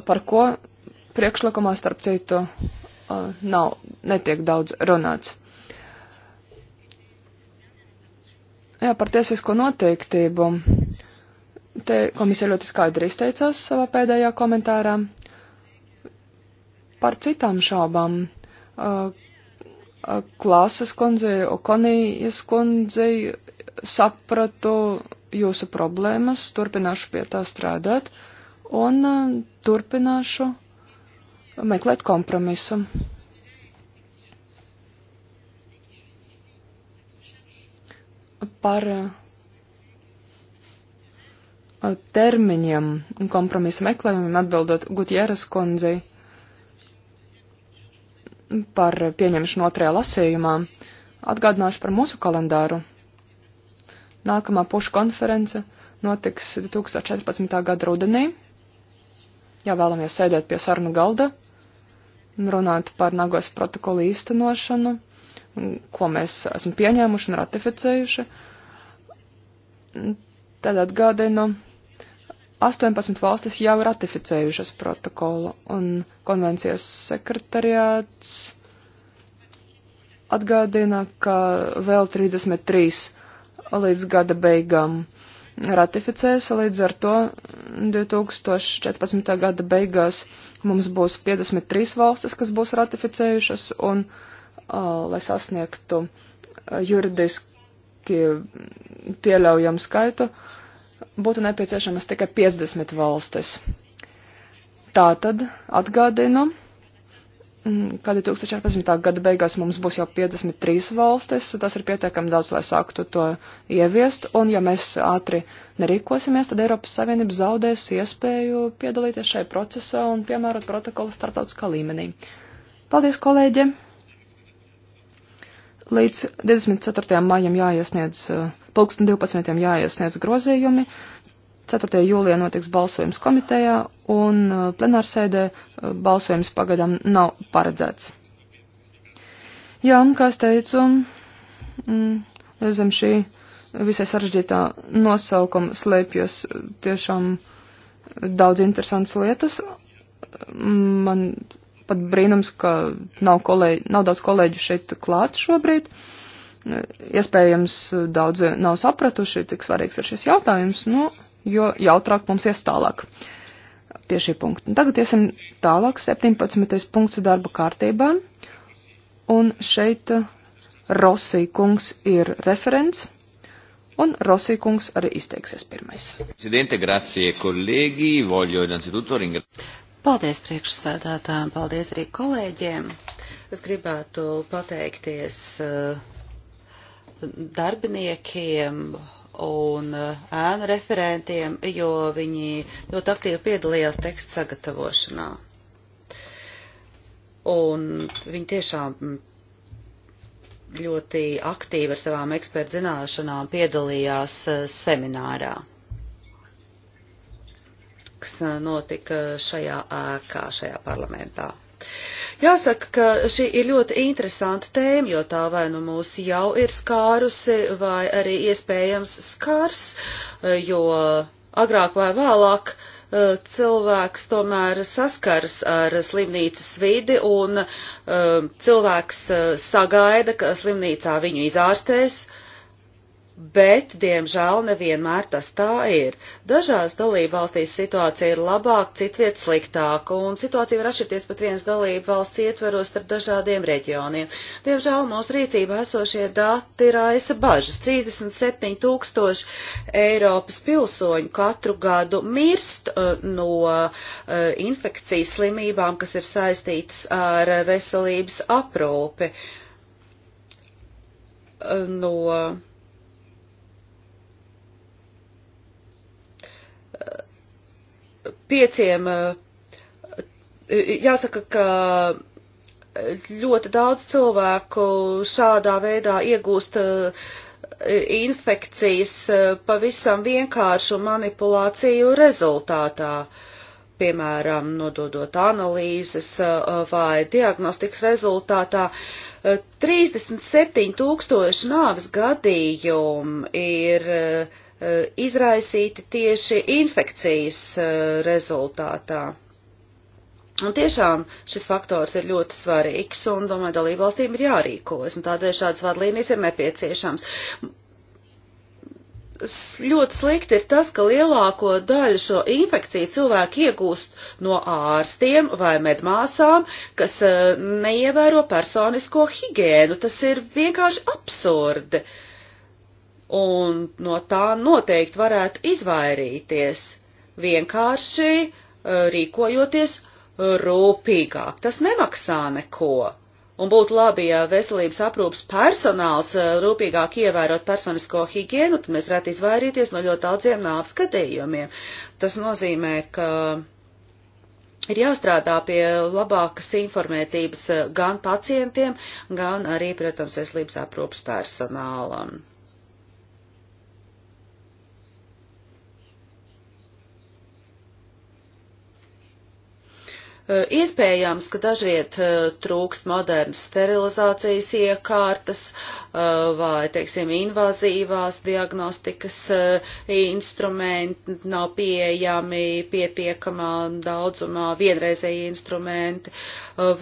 par ko priekšlikumā starp citu nav, netiek daudz runāts. Jā, par tiesisko noteiktību. Te komisija ļoti skaidri izteicās savā pēdējā komentārā. Par citām šaubām, Klāsas kundzei, Okonijas kundzei sapratu jūsu problēmas, turpināšu pie tā strādāt un uh, turpināšu meklēt kompromisu. Par uh, termiņiem un kompromisu meklējumiem atbildot Gutjeras kundzei par pieņemšanu otrajā lasējumā. Atgādināšu par mūsu kalendāru. Nākamā pušu konference notiks 2014. gada rudenī. Ja vēlamies sēdēt pie sarunu galda un runāt par Nagos protokolu īstenošanu, ko mēs esam pieņēmuši un ratificējuši, tad atgādinu 18 valstis jau ir ratificējušas protokolu, un konvencijas sekretariāts atgādina, ka vēl 33 līdz gada beigām ratificēs, līdz ar to 2014. gada beigās mums būs 53 valstis, kas būs ratificējušas, un, uh, lai sasniegtu juridiski pieļaujamu skaitu, uh, būtu nepieciešamas tikai 50 valstis. Tā tad atgādinu, mm, ka 2014. gada beigās mums būs jau 53 valstis, tas ir pietiekami daudz, lai sāktu to ieviest, un ja mēs ātri nerīkosimies, tad Eiropas Savienība zaudēs iespēju piedalīties šai procesā un piemērot protokolu starptautiskā līmenī. Paldies, kolēģi! Līdz 24. maijam jāiesniedz, eh, pulksten 12. jāiesniedz grozījumi, 4. jūlijā notiks balsojums komitejā un eh, plenārsēdē eh, balsojums pagaidām nav paredzēts. Jā, kā es teicu, zem mm, šī visai sarežģītā nosaukuma slēpjas tiešām daudz interesants lietas. Mm, man pat brīnums, ka nav, kolēģi, nav daudz kolēģu šeit klāt šobrīd. Iespējams, daudzi nav sapratuši, cik svarīgs ir šis jautājums, nu, jo jautrāk mums ies tālāk pie šī punkta. Tagad iesim tālāk, 17. punkts darba kārtībā, un šeit eh, Rosī kungs ir referents, un Rosī kungs arī izteiksies pirmais. Presidente, grazie, kolēģi, voļu, innanzitutto ringraziare. Paldies priekšsēdētājiem, paldies arī kolēģiem. Es gribētu pateikties eh, darbiniekiem un eh, ēnu referentiem, jo viņi ļoti aktīvi piedalījās teksta sagatavošanā. Un viņi tiešām ļoti aktīvi ar savām ekspertu zināšanām piedalījās eh, seminārā kas uh, notika šajā ēkā, šajā parlamentā. Jāsaka, ka šī ir ļoti interesanta tēma, jo tā vai nu mūs jau ir skārusi, vai arī iespējams skars, uh, jo agrāk vai vēlāk uh, cilvēks tomēr saskars ar slimnīcas vidi un cilvēks sagaida, ka slimnīcā viņu izārstēs, uh, bet, diemžēl, nevienmēr tas tā ir. Dažās dalību valstīs situācija ir labāka, citviet sliktāka, un situācija var atšķirties pat viens dalību valsts ietveros starp dažādiem reģioniem. Diemžēl mūsu rīcībā esošie dati raisa bažas. 37 tūkstoši Eiropas pilsoņu katru gadu mirst uh, no uh, infekcijas slimībām, kas ir saistītas ar uh, veselības aprūpi. Uh, no pieciem, eh, jāsaka, ka ļoti daudz cilvēku šādā veidā iegūst eh, infekcijas eh, pavisam vienkāršu manipulāciju rezultātā piemēram, nododot analīzes vai diagnostikas rezultātā. 37 tūkstoši nāves gadījumu ir Eh, izraisīti tieši infekcijas eh, rezultātā. Un tiešām šis faktors ir ļoti svarīgs, un domāju, dalībvalstīm ir jārīkojas, un tādēļ šādas vadlīnijas ir nepieciešams. Ļoti slikti ir tas, ka lielāko daļu šo infekciju cilvēki iegūst no ārstiem vai medmāsām, kas eh, neievēro personisko higiēnu. Tas ir vienkārši absurdi. Uh, un no tā noteikti varētu izvairīties, vienkārši eh, rīkojoties rūpīgāk. Tas nemaksā neko. Un būtu labi, ja veselības aprūpas personāls eh, rūpīgāk ievērot personisko higienu, tad mēs varētu izvairīties no ļoti daudziem nāves gadījumiem. Tas nozīmē, ka ir jāstrādā pie labākas informētības eh, gan pacientiem, gan arī, protams, veselības aprūpas personālam. Eh, iespējams, ka dažviet eh, trūkst modernas sterilizācijas iekārtas eh, vai, teiksim, invazīvās diagnostikas instrumenti nav pieejami pietiekamā daudzumā, vienreizēji instrumenti,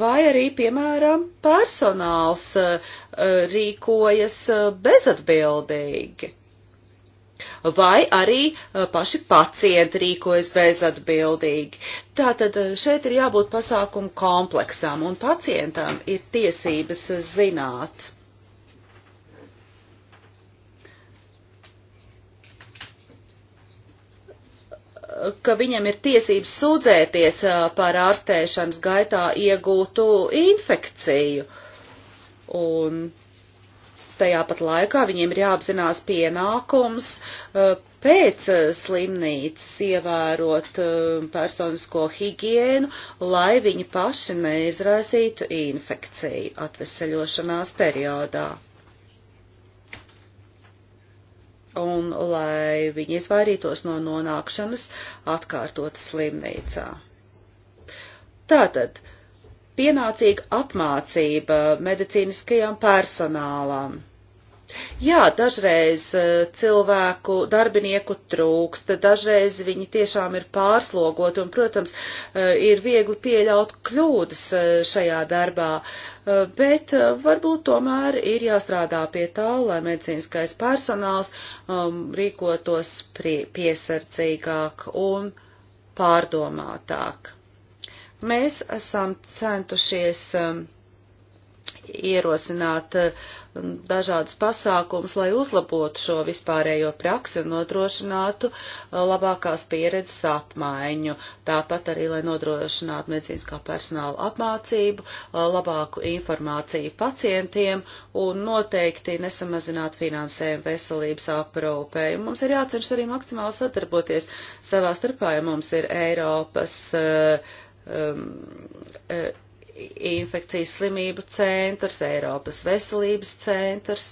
vai arī, piemēram, personāls rīkojas bezatbildīgi vai arī paši pacienti rīkojas bezatbildīgi. Tātad šeit ir jābūt pasākumu kompleksām, un pacientam ir tiesības zināt. ka viņam ir tiesības sūdzēties par ārstēšanas gaitā iegūtu infekciju. Un tajā pat laikā viņiem ir jāapzinās pienākums eh, pēc eh, slimnīcas ievērot eh, personisko higienu, lai viņi paši neizraisītu infekciju atveseļošanās periodā. Un lai viņi izvairītos no nonākšanas atkārtot slimnīcā. Tātad, pienācīga apmācība medicīniskajam personālam Jā, dažreiz eh, cilvēku, darbinieku trūkst, dažreiz viņi tiešām ir pārslogoti un, protams, eh, ir viegli pieļaut kļūdas eh, šajā darbā, bet varbūt tomēr ir jāstrādā pie tā, lai medicīniskais personāls um, rīkotos piesardzīgāk un pārdomātāk. Mēs esam centušies um, ierosināt eh, dažādus pasākumus, lai uzlabotu šo vispārējo praksi un nodrošinātu eh, labākās pieredzes apmaiņu. Tāpat arī, lai nodrošinātu medicīniskā personāla apmācību, eh, labāku informāciju pacientiem un noteikti nesamazināt finansējumu veselības aprūpē. Un mums ir jācenšas arī maksimāli sadarboties savā starpā, ja mums ir Eiropas uh, um, uh, infekcijas slimību centrs, Eiropas veselības centrs.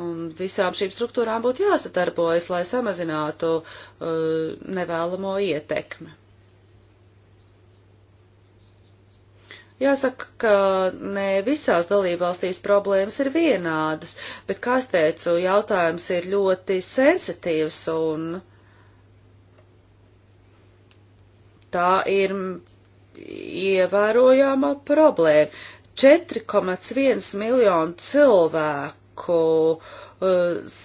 Un visām šīm struktūrām būtu jāsadarbojas, lai samazinātu uh, nevēlamo ietekmi. Jāsaka, ka ne visās dalībvalstīs problēmas ir vienādas, bet, kā es teicu, jautājums ir ļoti sensitīvs un tā ir ievērojama problēma. 4,1 miljonu cilvēku uh,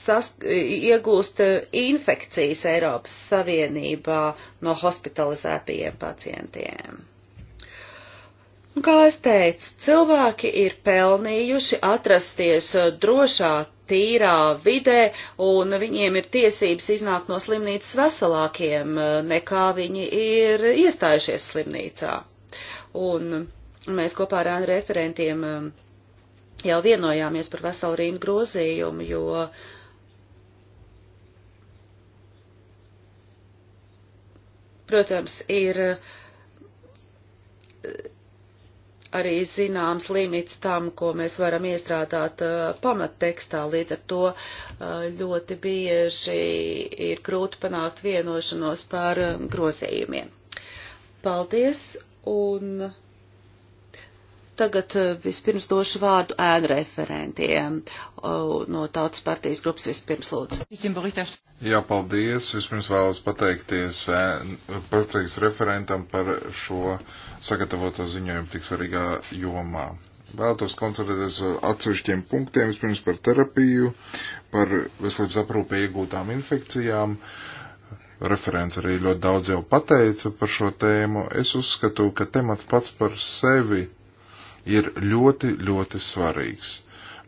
sas, iegūst uh, infekcijas Eiropas Savienībā no hospitalizētajiem pacientiem. Un, kā es teicu, cilvēki ir pelnījuši atrasties uh, drošā, tīrā vidē, un viņiem ir tiesības iznākt no slimnīcas veselākiem, uh, nekā viņi ir iestājušies slimnīcā. Un mēs kopā ar ēnu referentiem um, jau vienojāmies par veselu rindu grozījumu, jo Protams, ir uh, arī zināms limits tam, ko mēs varam iestrādāt uh, pamattekstā, līdz ar to uh, ļoti bieži ir grūti panākt vienošanos par um, grozējumiem. Paldies, un Tagad eh, vispirms došu vārdu ēnu referentiem no Tautas partijas grupas vispirms lūdzu. Jā, paldies. Vispirms vēlos pateikties, eh, pateikties referentam par šo sagatavoto ziņojumu tik svarīgā jomā. Vēlētos koncentrēties atsevišķiem punktiem, vispirms par terapiju, par veselības aprūpē iegūtām infekcijām. Referents arī ļoti daudz jau pateica par šo tēmu. Es uzskatu, ka temats pats par sevi ir ļoti, ļoti svarīgs.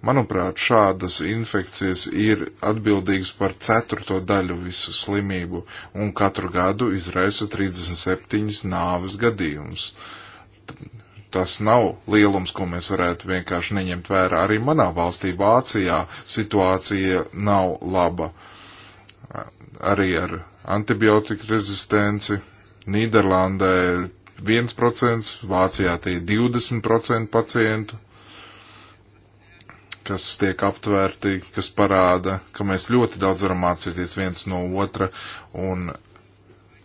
Manuprāt, šādas infekcijas ir atbildīgas par ceturto daļu visu slimību un katru gadu izraisa 37 nāves gadījumus. Tas nav lielums, ko mēs varētu vienkārši neņemt vērā. Arī manā valstī, Vācijā, situācija nav laba. Arī ar antibiotika rezistenci. Nīderlandē 1%, Vācijā tie 20% pacientu, kas tiek aptvērti, kas parāda, ka mēs ļoti daudz varam mācīties viens no otra un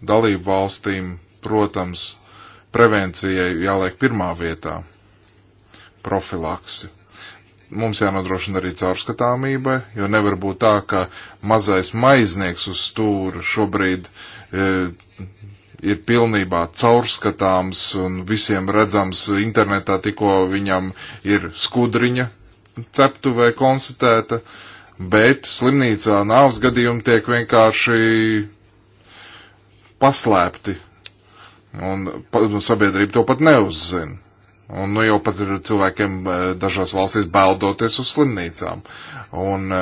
dalību valstīm, protams, prevencijai jāliek pirmā vietā profilaksi mums jānodrošina arī caurskatāmība, jo nevar būt tā, ka mazais maiznieks uz stūra šobrīd e, ir pilnībā caurskatāms un visiem redzams internetā, tikko viņam ir skudriņa ceptuvē konstatēta, bet slimnīcā nāvs gadījumi tiek vienkārši paslēpti, un sabiedrība to pat neuzzina. Un nu jau pat ir cilvēkiem eh, dažās valstīs bēldoties uz slimnīcām. Un uh,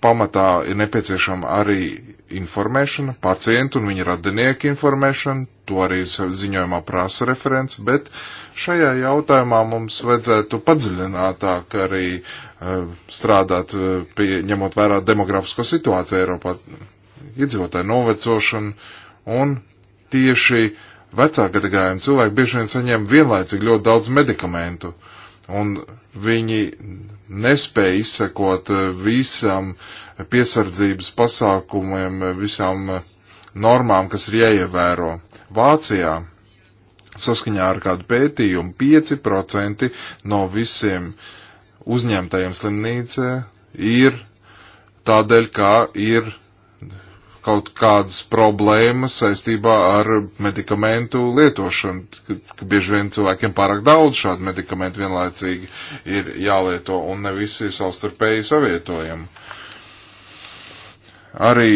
pamatā ir nepieciešama arī informēšana, pacientu un viņa radinieku informēšana, to arī ziņojumā prasa referents, bet šajā jautājumā mums vajadzētu padziļinātāk arī uh, strādāt, e, pie, ņemot vērā demografisko situāciju Eiropā, iedzīvotāju novecošanu un tieši vecāka gadagājuma cilvēki bieži vien saņem vienlaicīgi ļoti daudz medikamentu. Uh, un viņi nespēja izsekot eh, visam piesardzības pasākumiem, eh, visām eh, normām, kas ir jāievēro. Vācijā saskaņā ar kādu pētījumu 5% no visiem uzņemtajiem slimnīcē ir tādēļ, kā ir kaut kādas problēmas saistībā ar medikamentu lietošanu, ka bieži vien cilvēkiem pārāk daudz šādu medikamentu vienlaicīgi ir jālieto un ne visi ir savstarpēji savietojami. Arī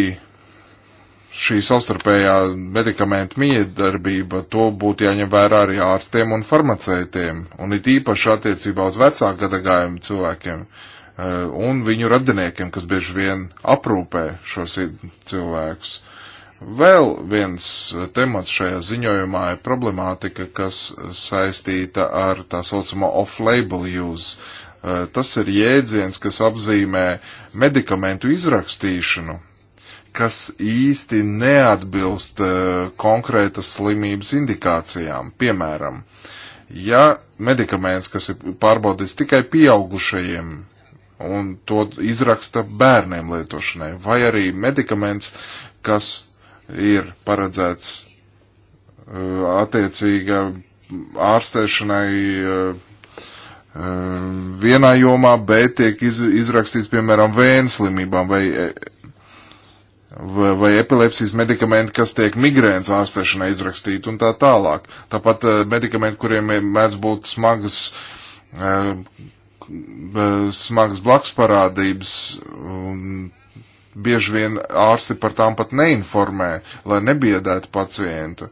šī savstarpējā medikamentu miedarbība, to būtu jāņem vērā arī ārstiem un farmaceitiem, un it īpaši attiecībā uz vecāku gadagājumu cilvēkiem. Uh, Eh, un viņu radiniekiem, kas bieži vien aprūpē šos cilvēkus. Vēl viens eh, temats šajā ziņojumā ir problemātika, kas saistīta ar tā saucamo off-label use. Eh, tas ir jēdziens, kas apzīmē medikamentu izrakstīšanu, kas īsti neatbilst konkrētas slimības indikācijām. Piemēram, ja medikaments, kas ir pārbaudīts tikai pieaugušajiem un to izraksta bērniem lietošanai, vai arī medikaments, kas ir paredzēts uh, attiecīga ārstēšanai uh, um, vienā jomā, bet tiek izrakstīts, piemēram, vējas slimībām vai, vai, vai epilepsijas medikamenti, kas tiek migrēnas ārstēšanai izrakstīti un tā tālāk. Tāpat uh, medikamenti, kuriem mēdz būt smagas smagas blakus parādības, un bieži vien ārsti par tām pat neinformē, lai nebiedētu pacientu.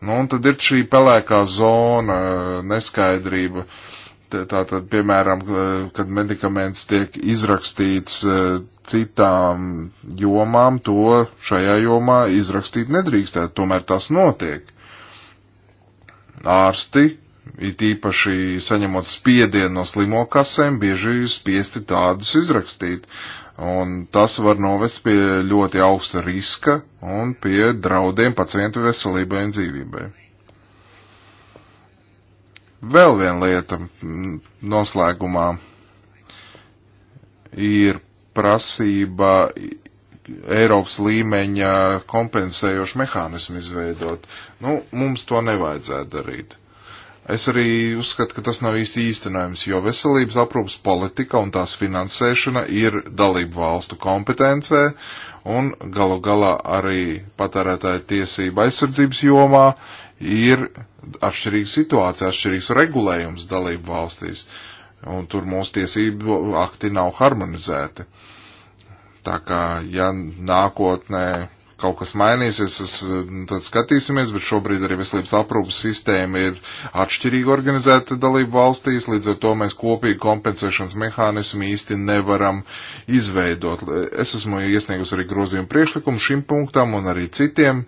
Nu, un tad ir šī pelēkā zona, neskaidrība. Tātad, piemēram, kad medikaments tiek izrakstīts e, citām jomām, to šajā jomā izrakstīt nedrīkstētu, tomēr tas notiek. Ārsti It īpaši saņemot spiedienu no slimo kasēm, bieži ir spiesti tādus izrakstīt. Un tas var novest pie ļoti augsta riska un pie draudiem pacientu veselībai un dzīvībai. Vēl viena lieta noslēgumā ir prasība Eiropas līmeņa kompensējošu mehānismu izveidot. Nu, mums to nevajadzētu darīt. Es arī uzskatu, ka tas nav īsti īstenojams, jo veselības aprūpas politika un tās finansēšana ir dalību valstu kompetencē un galu galā arī patērētāja tiesība aizsardzības jomā ir atšķirīga situācija, atšķirīgs regulējums dalību valstīs, un tur mūsu tiesību akti nav harmonizēti. Tā kā, ja nākotnē kaut kas mainīsies, es, eh, tad skatīsimies, bet šobrīd arī veselības aprūpas sistēma ir atšķirīgi organizēta dalību valstīs, līdz ar to mēs kopīgi kompensēšanas mehānismu īsti nevaram izveidot. Es esmu iesniegus arī grozījumu priekšlikumu šim punktam un arī citiem.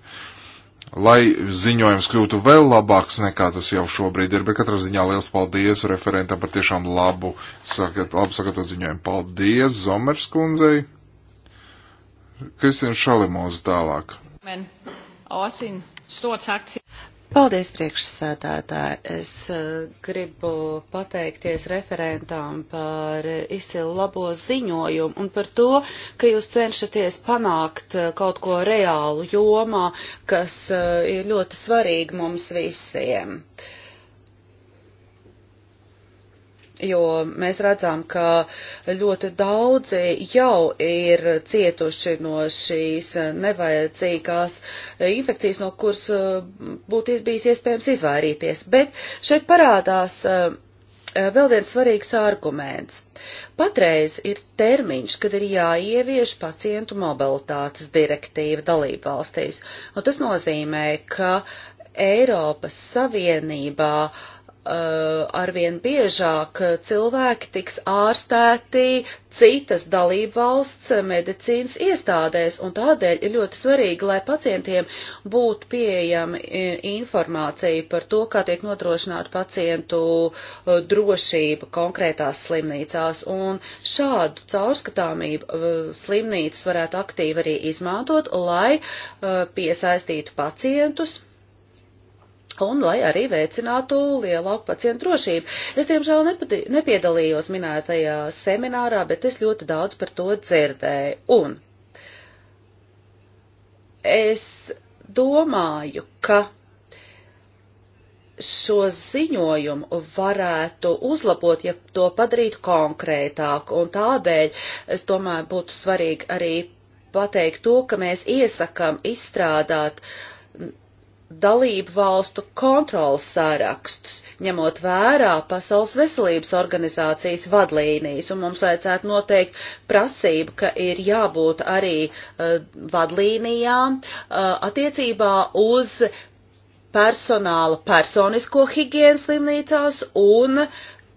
Lai ziņojums kļūtu vēl labāks nekā tas jau šobrīd ir, bet katrā ziņā liels paldies referentam par tiešām labu, sakat, labu sakatot ziņojumu. Paldies Zomers kundzei! Kristians Šalimos tālāk. Men, osin, stots akcija. Paldies, priekšsēdētāji. Es eh, gribu pateikties referentām par izcilu labo ziņojumu un par to, ka jūs cenšaties panākt eh, kaut ko reālu jomā, kas eh, ir ļoti svarīgi mums visiem. Uh, jo mēs redzam, ka ļoti daudzi jau ir cietuši no šīs nevajadzīgās infekcijas, no kuras uh, būtu bijis iespējams izvairīties. Bet šeit parādās uh, vēl viens svarīgs arguments. Patreiz ir termiņš, kad ir jāievieš pacientu mobilitātes direktīva dalību valstīs, un tas nozīmē, ka Eiropas Savienībā uh, Uh, arvien biežāk cilvēki tiks ārstēti citas dalību valsts medicīnas iestādēs, un tādēļ ir ļoti svarīgi, lai pacientiem būtu pieejama e, informācija par to, kā tiek nodrošināta pacientu e, drošība konkrētās slimnīcās, un šādu caurskatāmību e, slimnīcas varētu aktīvi arī izmantot, lai piesaistītu pacientus un lai arī veicinātu lielāku pacientu drošību. Es, diemžēl, nepiedalījos minētajā seminārā, bet es ļoti daudz par to dzirdēju. Un es domāju, ka šo ziņojumu varētu uzlabot, ja to padarītu konkrētāk, un tādēļ, es domāju, būtu svarīgi arī pateikt to, ka mēs iesakam izstrādāt dalību valstu kontrolas sārakstus, ņemot vērā Pasaules veselības organizācijas vadlīnijas, un mums vajadzētu noteikt prasību, ka ir jābūt arī uh, vadlīnijām uh, attiecībā uz personāla personisko higienu slimnīcās un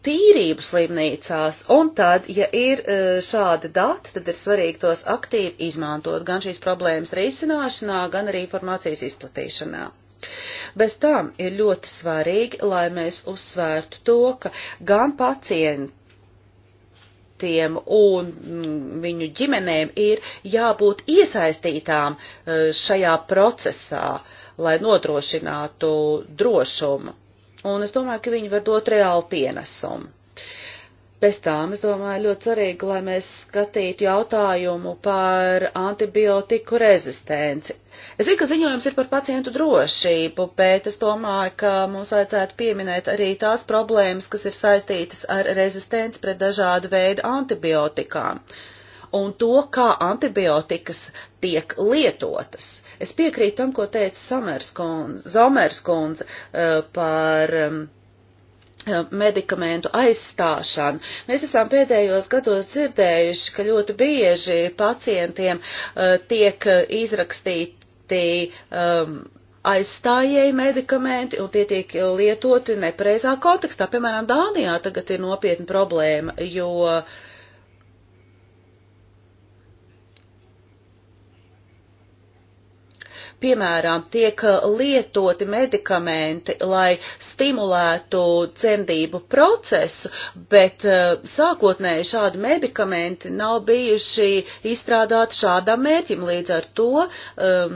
tīrību slimnīcās, un tad, ja ir eh, šādi dati, tad ir svarīgi tos aktīvi izmantot gan šīs problēmas risināšanā, gan arī informācijas izplatīšanā. Bez tām ir ļoti svarīgi, lai mēs uzsvērtu to, ka gan pacienti pacientiem un mm, viņu ģimenēm ir jābūt iesaistītām eh, šajā procesā, lai nodrošinātu drošumu. Un es domāju, ka viņi var dot reāli pienesumu. Pēc tām, es domāju, ļoti svarīgi, lai mēs skatītu jautājumu par antibiotiku rezistenci. Es zinu, ka ziņojums ir par pacientu drošību, bet es domāju, ka mums vajadzētu pieminēt arī tās problēmas, kas ir saistītas ar rezistenci pret dažādu veidu antibiotikām un to, kā antibiotikas tiek lietotas. Es piekrītu tam, ko teica Samers kundze, Zomers kundze eh, par. Um, Eh, medikamentu aizstāšanu. Mēs esam pēdējos gados dzirdējuši, ka ļoti bieži pacientiem uh, tiek izrakstīti um, aizstājēji medikamenti, un tie tiek lietoti nepreizā kontekstā. Piemēram, Dānijā tagad ir nopietna problēma, jo uh, piemēram, tiek lietoti medikamenti, lai stimulētu dzemdību procesu, bet eh, sākotnēji šādi medikamenti nav bijuši izstrādāti šādam mērķim. Līdz ar to um,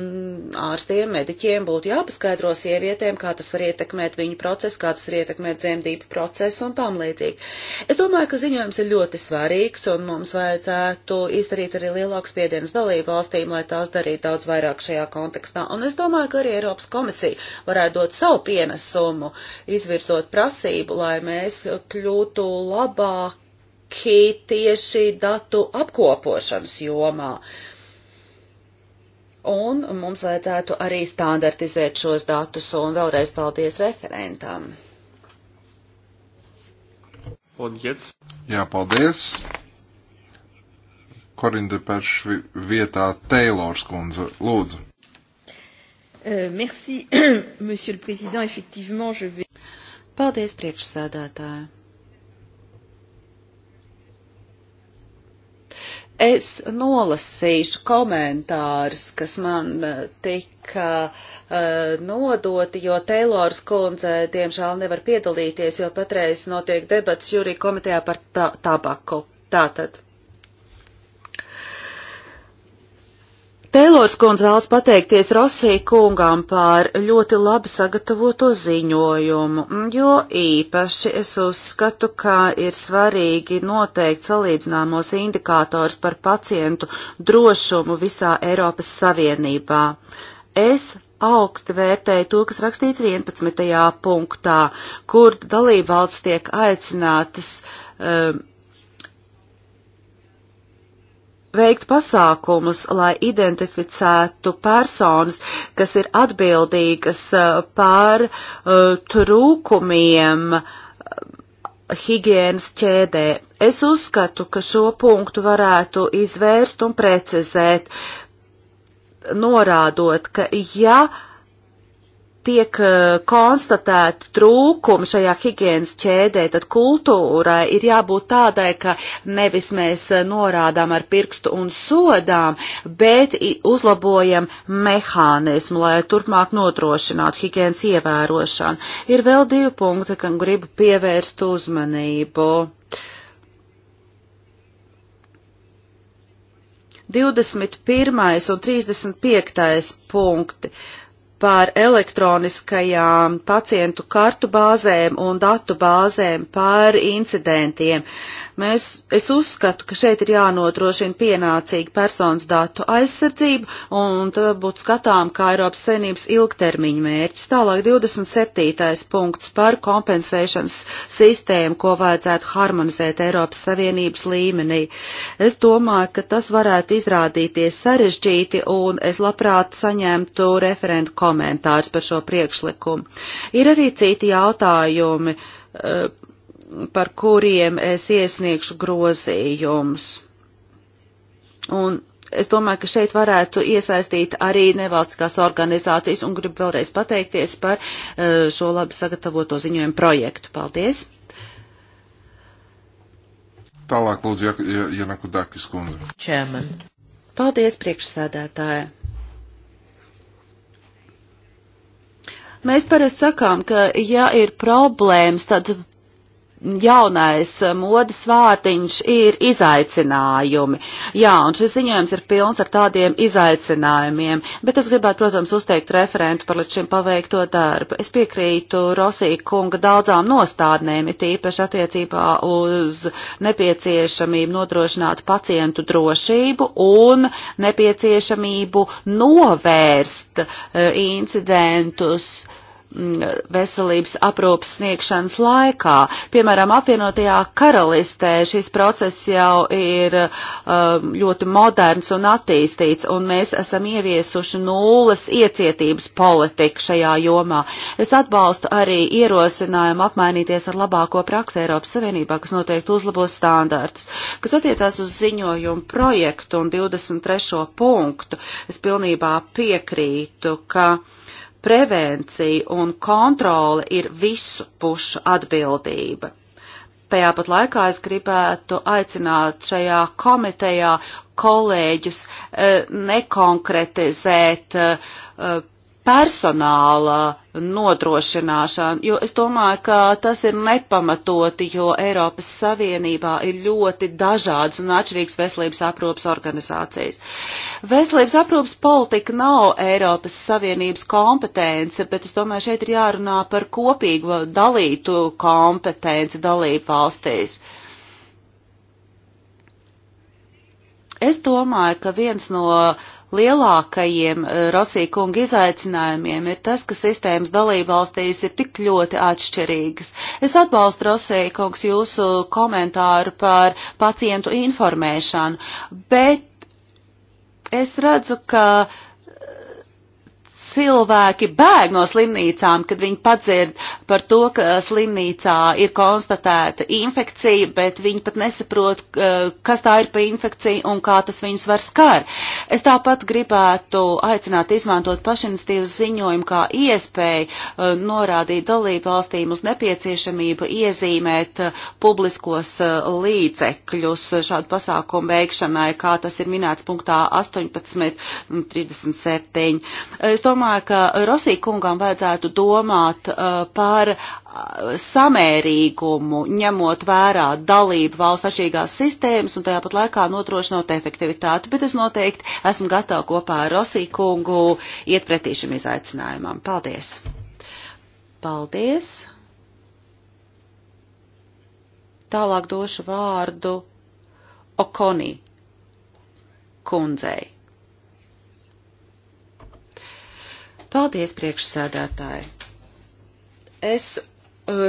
ārstiem, mediķiem būtu jāpaskaidro sievietēm, kā tas var ietekmēt viņu procesu, kā tas var ietekmēt dzemdību procesu un tam līdzīgi. Es domāju, ka ziņojums ir ļoti svarīgs un mums vajadzētu izdarīt arī lielāks piedienas dalību valstīm, lai tās darītu daudz vairāk šajā kontekstā kontekstā. Un es domāju, ka arī Eiropas komisija varētu dot savu pienesumu, izvirzot prasību, lai mēs kļūtu labāki tieši datu apkopošanas jomā. Un mums vajadzētu arī standartizēt šos datus, un vēlreiz paldies referentam. Paldies. Jā, paldies. Korinda Perša vietā Teilors kundze. Lūdzu. Uh, merci, monsieur le président. Effectivement, je vais. Paldies, priekšsēdētāji. Es nolasīšu komentārus, kas man eh, tika uh, nodoti, jo Teilors kundze, diemžēl, nevar piedalīties, jo patreiz notiek debats jūrī komitejā par ta tabaku. Tātad. Tēlors kundze vēlas pateikties Rosī kungām par ļoti labi sagatavoto ziņojumu, jo īpaši es uzskatu, ka ir svarīgi noteikt salīdzināmos indikātors par pacientu drošumu visā Eiropas Savienībā. Es augsti vērtēju to, kas rakstīts 11. punktā, kur dalībvalsts tiek aicinātas um, veikt pasākumus, lai identificētu personas, kas ir atbildīgas uh, par uh, trūkumiem uh, higienas ķēdē. Es uzskatu, ka šo punktu varētu izvērst un precizēt, norādot, ka ja uh, tiek eh, konstatēti trūkumi šajā higienas ķēdē, tad kultūrai ir jābūt tādai, ka nevis mēs eh, norādām ar pirkstu un sodām, bet uzlabojam mehānismu, lai turpmāk notrošinātu higienas ievērošanu. Ir vēl divi punkti, kam gribu pievērst uzmanību. 21. un 35. punkti par elektroniskajām pacientu kartu bāzēm un datu bāzēm par incidentiem. Uh, Mēs, es uzskatu, ka šeit ir jānodrošina pienācīga personas datu aizsardzība, un tad būtu skatām, kā Eiropas Savienības ilgtermiņa mērķis. Tālāk 27. punkts par kompensēšanas sistēmu, ko vajadzētu harmonizēt Eiropas Savienības līmenī. Es domāju, ka tas varētu izrādīties sarežģīti, un es labprāt saņemtu referentu komentārus par šo priekšlikumu. Ir arī citi jautājumi. Uh, par kuriem es iesniegšu grozījumus. Un es domāju, ka šeit varētu iesaistīt arī nevalstiskās organizācijas un gribu vēlreiz pateikties par e, šo labi sagatavoto ziņojumu projektu. Paldies! Tālāk lūdzu Janaku Dakis kundze. Čēman. Paldies, priekšsēdētāja. Mēs parasti sakām, ka ja ir problēmas, tad jaunais eh, modes vārtiņš ir izaicinājumi. Jā, un šis ziņojums ir pilns ar tādiem izaicinājumiem, bet es gribētu, protams, uzteikt referentu par līdz šim paveikto darbu. Es piekrītu Rosīka kunga daudzām nostādnēm, it īpaši attiecībā uz nepieciešamību nodrošināt pacientu drošību un nepieciešamību novērst uh, incidentus. Uh, Mm, veselības aprūpas sniegšanas laikā. Piemēram, apvienotajā karalistē šis process jau ir um, ļoti moderns un attīstīts, un mēs esam ieviesuši nulles iecietības politiku šajā jomā. Es atbalstu arī ierosinājumu apmainīties ar labāko praksi Eiropas Savienībā, kas noteikti uzlabos standārtus. Kas attiecās uz ziņojumu projektu un 23. punktu, es pilnībā piekrītu, ka prevencija un kontrole ir visu pušu atbildība. Tajāpat laikā es gribētu aicināt šajā komitejā kolēģus eh, nekonkretizēt eh, personāla nodrošināšana, jo es domāju, ka tas ir nepamatoti, jo Eiropas Savienībā ir ļoti dažādas un atšķirīgas veselības aprūpas organizācijas. Veselības aprūpas politika nav Eiropas Savienības kompetence, bet es domāju, šeit ir jārunā par kopīgu dalītu kompetenci dalību valstīs. Uh, Es domāju, ka viens no lielākajiem eh, Rosīkunga izaicinājumiem ir tas, ka sistēmas dalībvalstīs ir tik ļoti atšķirīgas. Es atbalstu Rosīkungs jūsu komentāru par pacientu informēšanu, bet es redzu, ka uh, cilvēki bēg no slimnīcām, kad viņi padzird par to, ka slimnīcā ir konstatēta infekcija, bet viņi pat nesaprot, kas tā ir pa infekciju un kā tas viņus var skar. Es tāpat gribētu aicināt izmantot pašinstīvas ziņojumu kā iespēju e, norādīt dalību valstīm uz nepieciešamību iezīmēt e, publiskos e, līdzekļus šādu pasākumu veikšanai, kā tas ir minēts punktā 18.37. Es domāju, domāju, ka Rosī kungam vajadzētu domāt uh, par uh, samērīgumu, ņemot vērā dalību valsts atšķirīgās sistēmas un tajāpat laikā nodrošinot efektivitāti, bet es noteikti esmu gatava kopā ar Rosī kungu iet pretī šim izaicinājumam. Paldies! Paldies! Tālāk došu vārdu Okoni kundzei. Paldies, priekšsēdētāji! Es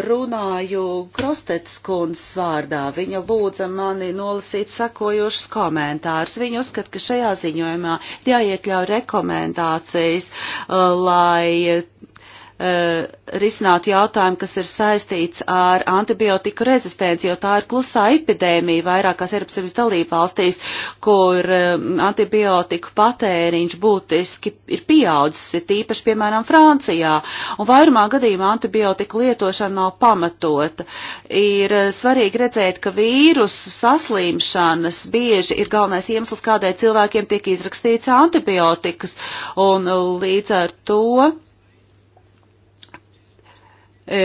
runāju Krostets kundzes vārdā. Viņa lūdza mani nolasīt sakojošus komentārus. Viņa uzskata, ka šajā ziņojumā jāiekļauj rekomendācijas, uh, lai Eh, risināt jautājumu, kas ir saistīts ar antibiotiku rezistenci, jo tā ir klusā epidēmija vairākās Eiropas Savienības dalību valstīs, kur eh, antibiotiku patēriņš būtiski ir pieaudzis, ir tīpaši, piemēram, Francijā, un vairumā gadījumā antibiotiku lietošana nav pamatota. Ir eh, svarīgi redzēt, ka vīrusu saslimšanas bieži ir galvenais iemesls, kādēļ cilvēkiem tiek izrakstīts antibiotikas, un līdz ar to E,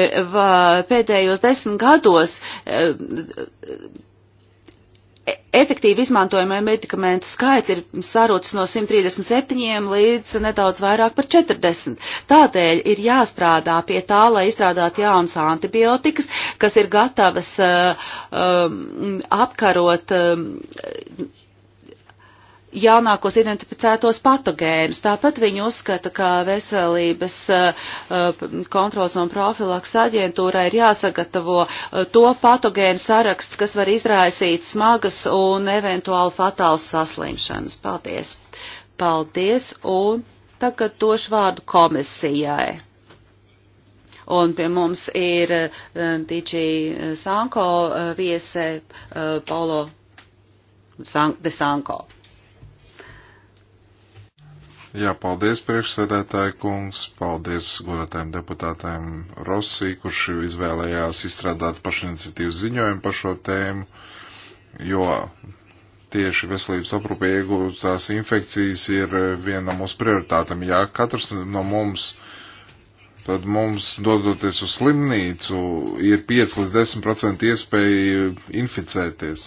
pēdējos desmit gados e, e, efektīvi izmantojamie medikamentu skaits ir sarūcis no 137 līdz nedaudz vairāk par 40. Tādēļ ir jāstrādā pie tā, lai izstrādātu jaunas antibiotikas, kas ir gatavas um, apkarot um, jaunākos identificētos patogēnus. Tāpat viņi uzskata, ka veselības eh, eh, kontrols un profilaks aģentūrai ir jāsagatavo eh, to patogēnu saraksts, kas var izraisīt smagas un eventuāli fatāls saslimšanas. Paldies! Paldies! Un tagad došu vārdu komisijai. Un pie mums ir Tīčī Sanko viese Paulo de Sanko. Jā, paldies priekšsēdētāji kungs, paldies godātājiem deputātājiem Rosī, kurš izvēlējās izstrādāt pašiniciatīvu ziņojumu par šo tēmu, jo tieši veselības aprūpē iegūtās infekcijas ir viena no mūsu prioritātēm. Jā, katrs no mums, tad mums, dodoties uz slimnīcu, ir 5 līdz 10% iespēja inficēties.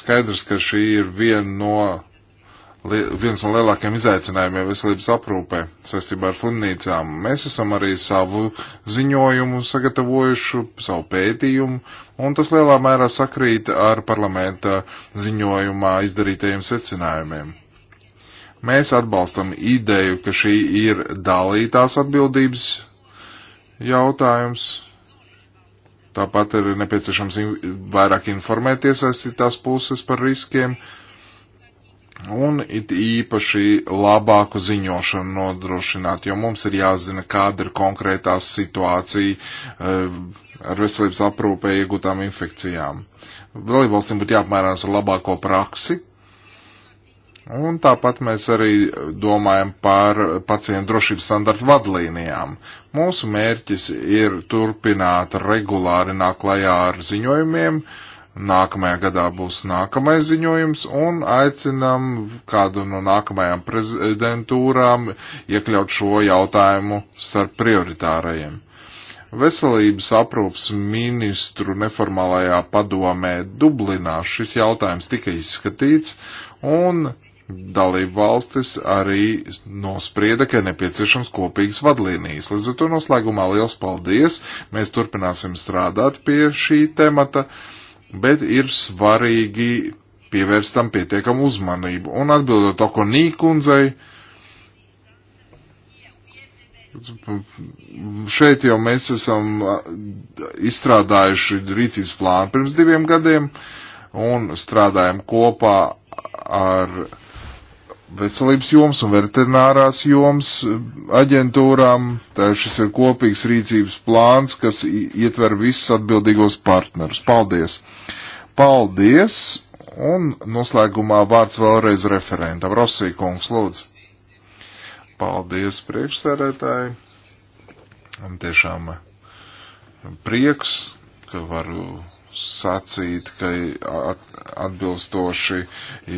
Skaidrs, ka šī ir viena no viens no lielākajiem izaicinājumiem veselības aprūpē saistībā ar slimnīcām. Mēs esam arī savu ziņojumu sagatavojuši, savu pētījumu, un tas lielā mērā sakrīt ar parlamenta ziņojumā izdarītajiem secinājumiem. Mēs atbalstam ideju, ka šī ir dalītās atbildības jautājums. Tāpat ir nepieciešams vairāk informēties aizcitās puses par riskiem. Uh, un it īpaši labāku ziņošanu nodrošināt, jo mums ir jāzina, kāda ir konkrētā situācija eh, ar veselības aprūpē iegūtām infekcijām. Dalībvalstīm būtu jāapmērās ar labāko praksi. Un tāpat mēs arī domājam par pacientu drošības standartu vadlīnijām. Mūsu mērķis ir turpināt regulāri nāk klajā ar ziņojumiem, uh, Nākamajā gadā būs nākamais ziņojums un aicinam kādu no nākamajām prezidentūrām iekļaut šo jautājumu starp prioritārajiem. Veselības aprūpas ministru neformālajā padomē Dublinā šis jautājums tika izskatīts un dalību valstis arī nosprieda, ka ir nepieciešams kopīgas vadlīnijas. Līdz ar to noslēgumā liels paldies! Mēs turpināsim strādāt pie šī temata. Uh, bet ir svarīgi pievērst tam pietiekamu uzmanību. Un atbildot to, ko Nīkundzei, šeit jau mēs esam izstrādājuši rīcības plānu pirms diviem gadiem un strādājam kopā ar veselības joms un veterinārās joms aģentūrām. Tā šis ir kopīgs rīcības plāns, kas ietver visus atbildīgos partnerus. Paldies! Paldies! Un noslēgumā vārds vēlreiz referentam. Rosī kungs, lūdzu! Paldies priekšsēdētāji! Un tiešām prieks, ka varu sacīt, ka atbilstoši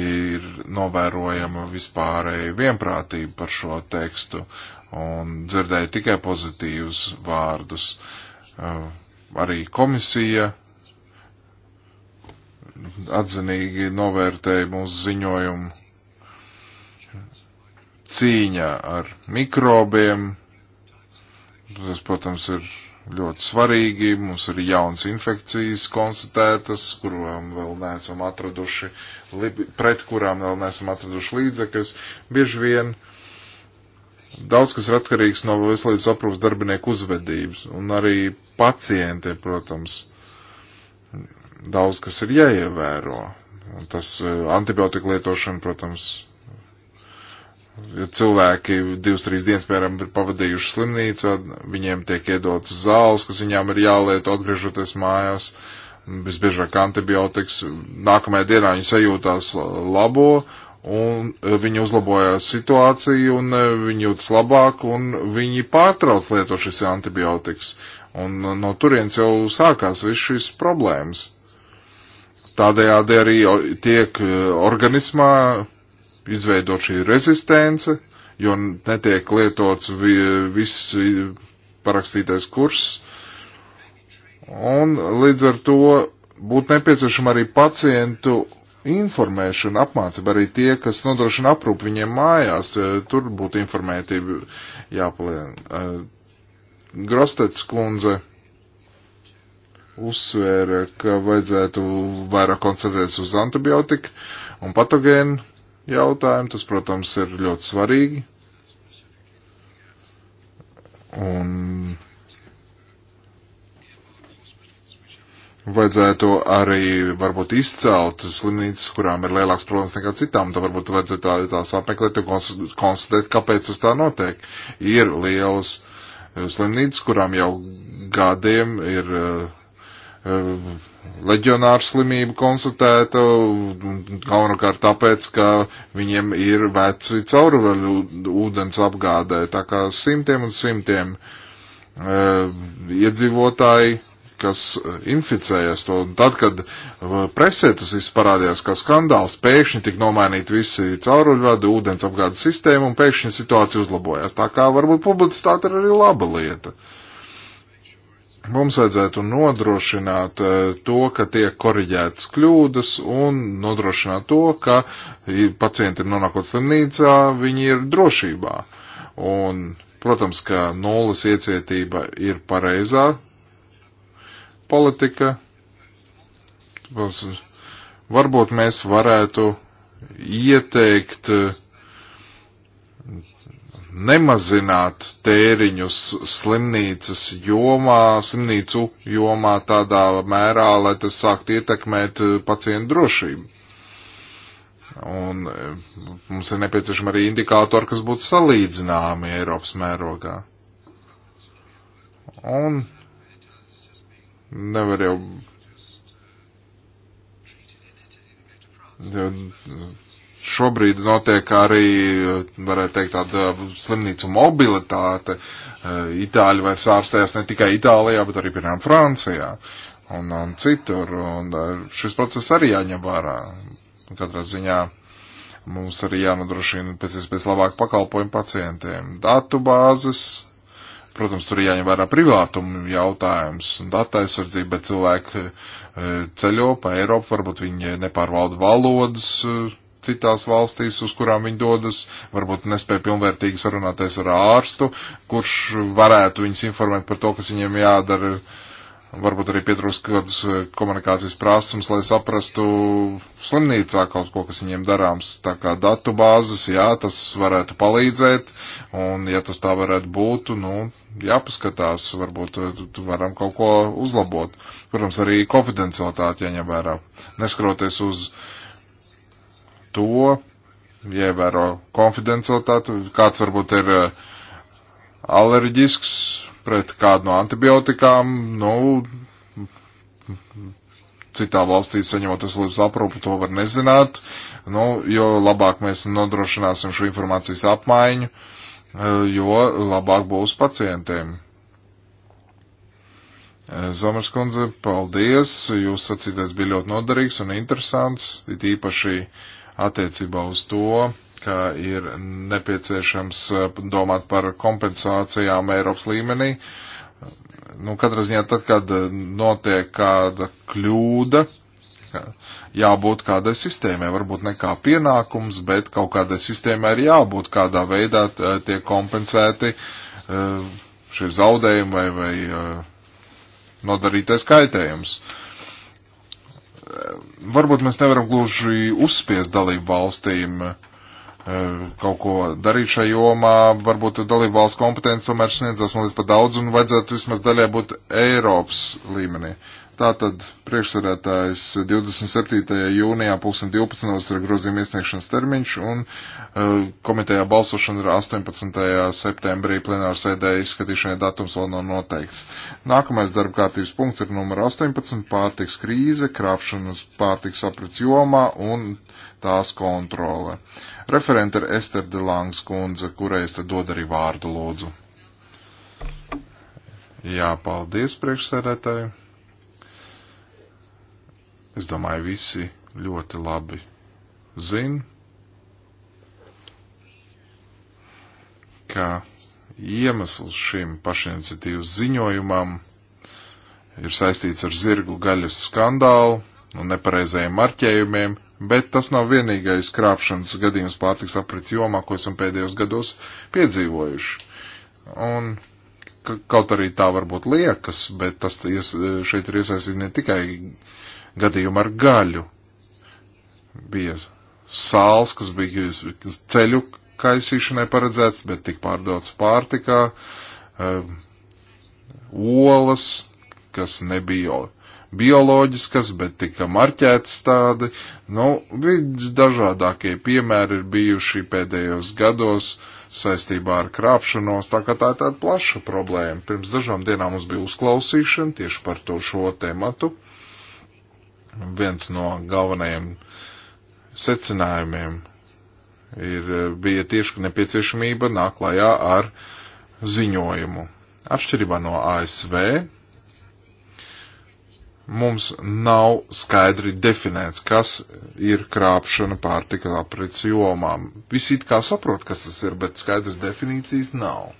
ir novērojama vispārēja vienprātība par šo tekstu un dzirdēju tikai pozitīvus vārdus. Uh, arī komisija atzinīgi novērtēja mūsu ziņojumu cīņa ar mikrobiem. Tas, protams, ir ļoti svarīgi. Mums ir jauns infekcijas konstatētas, kurām vēl neesam atraduši, pret kurām vēl neesam atraduši līdzekļus. Bieži vien daudz kas ir atkarīgs no veselības aprūpas darbinieku uzvedības un arī pacientiem, protams. Daudz kas ir jāievēro. Un tas eh, antibiotika lietošana, protams, cilvēki divas, trīs dienas, piemēram, ir pavadījuši slimnīcā, viņiem tiek iedotas zāles, kas viņām ir jālieto atgriežoties mājās, visbiežāk antibiotikas, nākamajā dienā viņi sajūtās labo, un e, viņi uzlabojās situāciju, un e, viņi jūtas labāk, un viņi pārtrauc lietot šis antibiotikas. Un e, no turienes jau sākās viss šīs problēmas. Tādējādi arī tiek organismā izveidot šī rezistence, jo netiek lietots viss parakstītais kurs. Un līdz ar to būtu nepieciešama arī pacientu informēšana, apmācība arī tie, kas nodrošina aprūp viņiem mājās, eh, tur būtu informētība jāpaliek. Eh, Grostets kundze uzsvēra, ka vajadzētu vairāk koncentrēties uz antibiotiku un patogēnu jautājumu. Tas, protams, ir ļoti svarīgi. Un vajadzētu arī varbūt izcelt slimnīcas, kurām ir lielāks problēmas nekā citām, tad varbūt vajadzētu tā, tās apmeklēt un konstatēt, kāpēc tas tā notiek. Ir lielas eh, slimnīcas, kurām jau gadiem ir uh, leģionāru slimību konstatēta galvenokārt tāpēc, ka viņiem ir veci cauruveļu ūdens apgādē. Tā kā simtiem un simtiem uh, iedzīvotāji, kas inficējas to. Un tad, kad e, presē tas viss parādījās kā skandāls, pēkšņi tika nomainīti visi cauruļvadi, ūdens apgādes sistēma un pēkšņi situācija uzlabojās. Tā kā varbūt publicitāte ir arī laba lieta. Uh, Mums vajadzētu nodrošināt eh, to, ka tiek koriģētas kļūdas un nodrošināt to, ka pacienti ir nonākot slimnīcā, viņi ir drošībā. Un, protams, ka nulles iecietība ir pareizā politika. Varbūt mēs varētu ieteikt nemazināt tēriņus slimnīcas jomā, slimnīcu jomā tādā mērā, lai tas sākt ietekmēt eh, pacientu drošību. Un eh, mums ir nepieciešama arī indikātori, kas būtu salīdzināmi Eiropas mērogā. Un nevar jau šobrīd notiek arī, varētu teikt, tāda slimnīcu mobilitāte. Eh, Itāļi vairs ārstējas ne tikai Itālijā, bet arī, piemēram, Francijā un, un citur. Un eh, šis process arī jāņem vērā. Katrā ziņā mums arī jānodrošina pēc iespējas labāk pakalpojumu pacientiem. Datu bāzes, protams, tur jāņem vērā privātuma jautājums un datu aizsardzība, bet cilvēki eh, ceļo pa Eiropu, varbūt viņi nepārvalda valodas citās valstīs, uz kurām viņi dodas, varbūt nespēja pilnvērtīgi sarunāties ar ārstu, kurš varētu viņus informēt par to, kas viņiem jādara. Varbūt arī pietrūkst kādas eh, komunikācijas prasums, lai saprastu slimnīcā kaut ko, kas viņiem darāms. Tā kā datu bāzes, jā, tas varētu palīdzēt, un ja tas tā varētu būt, nu, jāpaskatās, varbūt eh, varam kaut ko uzlabot. Protams, arī konfidencialitāti jāņem vērā, neskroties uz uh, to, ievēro konfidencialitāti, kāds varbūt ir eh, alerģisks pret kādu no antibiotikām, nu, citā valstī saņemot veselības aprūpu, to var nezināt, nu, jo labāk mēs nodrošināsim šo informācijas apmaiņu, eh, jo labāk būs pacientiem. Eh, Zomers kundze, paldies, jūs sacītais bija ļoti noderīgs un interesants, it īpaši uh, attiecībā uz to, ka ir nepieciešams eh, domāt par kompensācijām Eiropas līmenī. Nu, katrā ziņā tad, kad eh, notiek kāda kļūda, jābūt kādai sistēmai, varbūt ne kā pienākums, bet kaut kādai sistēmai ir jābūt, kādā veidā eh, tiek kompensēti šie zaudējumi vai, vai nodarītais kaitējums. Uh, varbūt mēs nevaram gluži uzspiest dalību valstīm e, kaut ko darīt šajā jomā, varbūt dalību valsts kompetence tomēr sniedzas mums par daudz un vajadzētu vismaz daļai būt Eiropas līmenī. Tātad priekšsarētājs 27. jūnijā 2012. ir grozījuma iesniegšanas termiņš un uh, komitejā balsošana ir 18. septembrī plenāra sēdē izskatīšanai datums vēl nav noteikts. Nākamais darba kārtības punkts ir numur 18 - pārtiks krīze, krāpšanas pārtiks aprits jomā un tās kontrole. Referenta ir Ester Delangs kundze, kurai es te dod arī vārdu lūdzu. Jā, paldies priekšsēdētāji. Es domāju, visi ļoti labi zin, ka iemesls šim pašiniciatīvas ziņojumam ir saistīts ar zirgu gaļas skandālu un nepareizajiem marķējumiem, bet tas nav vienīgais krāpšanas gadījums pārtiks aprits jomā, ko esam pēdējos gados piedzīvojuši. Un kaut arī tā varbūt liekas, bet tas ies, šeit ir iesaistīts ne tikai gadījumu ar gaļu. Bija sāls, kas bija ceļu kaisīšanai paredzēts, bet tik pārdots pārtikā, um, olas, kas nebija bioloģiskas, bet tika marķētas tādi. Nu, visdažādākie piemēri ir bijuši pēdējos gados saistībā ar krāpšanos, tā kā tā ir tāda plaša problēma. Pirms dažām dienām mums bija uzklausīšana tieši par to šo tematu viens no galvenajiem secinājumiem ir, eh, bija tieši nepieciešamība nāk klajā ar ziņojumu. Atšķirībā no ASV mums nav skaidri definēts, kas ir krāpšana pārtika aprits jomām. Visi it kā saprot, kas tas ir, bet skaidras definīcijas nav.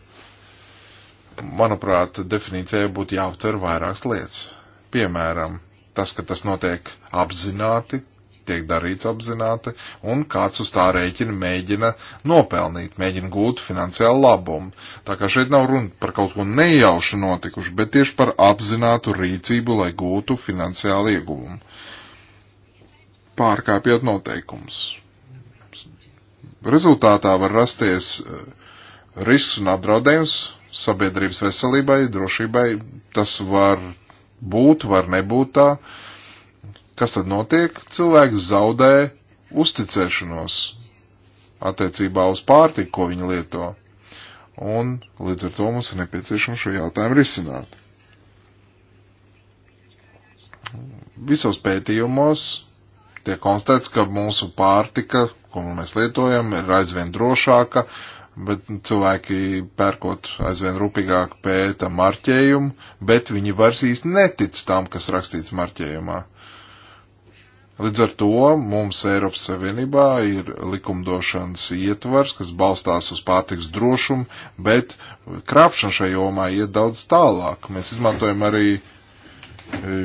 Manuprāt, definīcijai būtu jāaptver vairākas lietas. Piemēram, tas, ka tas notiek apzināti, tiek darīts apzināti, un kāds uz tā rēķina mēģina nopelnīt, mēģina gūt finansiālu labumu. Tā kā šeit nav runa par kaut ko nejauši notikuši, bet tieši par apzinātu rīcību, lai gūtu finansiālu ieguvumu. Pārkāpjot noteikumus. Rezultātā var rasties eh, risks un apdraudējums sabiedrības veselībai, drošībai. Tas var būt, var nebūt tā. Kas tad notiek? Cilvēks zaudē uzticēšanos attiecībā uz pārtiku, ko viņi lieto. Un līdz ar to mums ir nepieciešams šo jautājumu risināt. Visos pētījumos tiek konstatēts, ka mūsu pārtika, ko mēs lietojam, ir aizvien drošāka, uh, bet cilvēki pērkot aizvien rūpīgāk pēta marķējumu, bet viņi vairs īsti netic tam, kas rakstīts marķējumā. Līdz ar to mums Eiropas Savienībā ir likumdošanas ietvars, kas balstās uz pārtiks drošumu, bet krāpšana šajā jomā iet daudz tālāk. Mēs izmantojam arī e,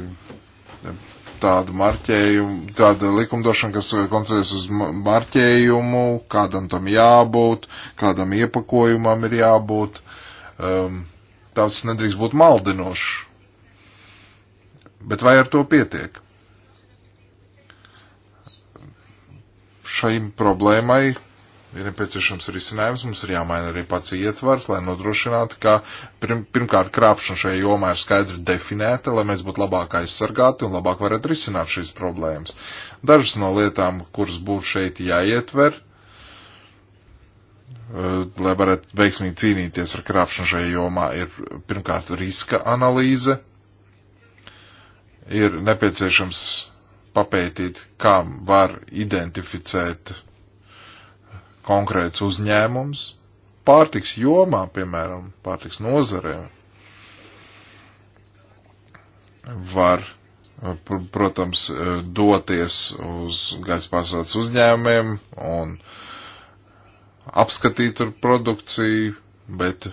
tādu marķējumu, tādu likumdošanu, kas koncentrēs uz marķējumu, kādam tam jābūt, kādam iepakojumam ir jābūt. Um, tas nedrīkst būt maldinošs. Bet vai ar to pietiek? Šai problēmai ir nepieciešams risinājums, mums ir jāmaina arī pats ietvars, lai nodrošinātu, ka pirm, pirmkārt krāpšana šajā jomā ir skaidri definēta, lai mēs būtu labāk aizsargāti un labāk varētu risināt šīs problēmas. Dažas no lietām, kuras būtu šeit jāietver, eh, lai varētu veiksmīgi cīnīties ar krāpšanu šajā jomā, ir pirmkārt riska analīze, ir nepieciešams papētīt, kā var identificēt konkrēts uzņēmums pārtiks jomā, piemēram, pārtiks nozarē, var, protams, eh, doties uz gaisa pārstrādes uzņēmumiem un apskatīt tur produkciju, bet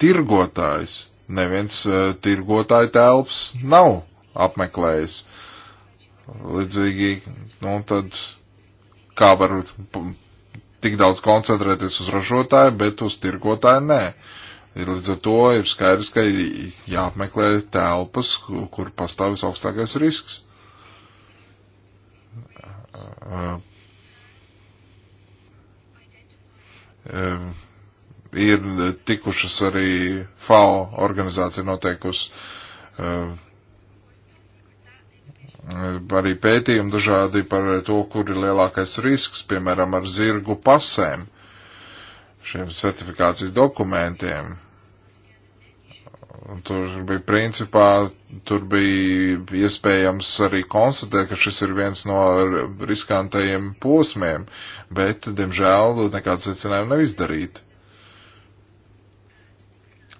tirgotājs, neviens eh, tirgotāja telps nav apmeklējis. Līdzīgi, nu tad kā var tik daudz koncentrēties uz ražotāju, bet uz tirgotāju nē. Līdz ar to ir skaidrs, ka ir jāapmeklē telpas, kur pastāv visaugstākais risks. Ehm, ir tikušas arī FAO organizācija noteikusi ehm, arī pētījumi dažādi par to, kur ir lielākais risks, piemēram, ar zirgu pasēm, šiem certifikācijas dokumentiem. Un tur bija principā, tur bija iespējams arī konstatēt, ka šis ir viens no riskantajiem posmiem, bet, diemžēl, nekāds secinājums nav izdarīt.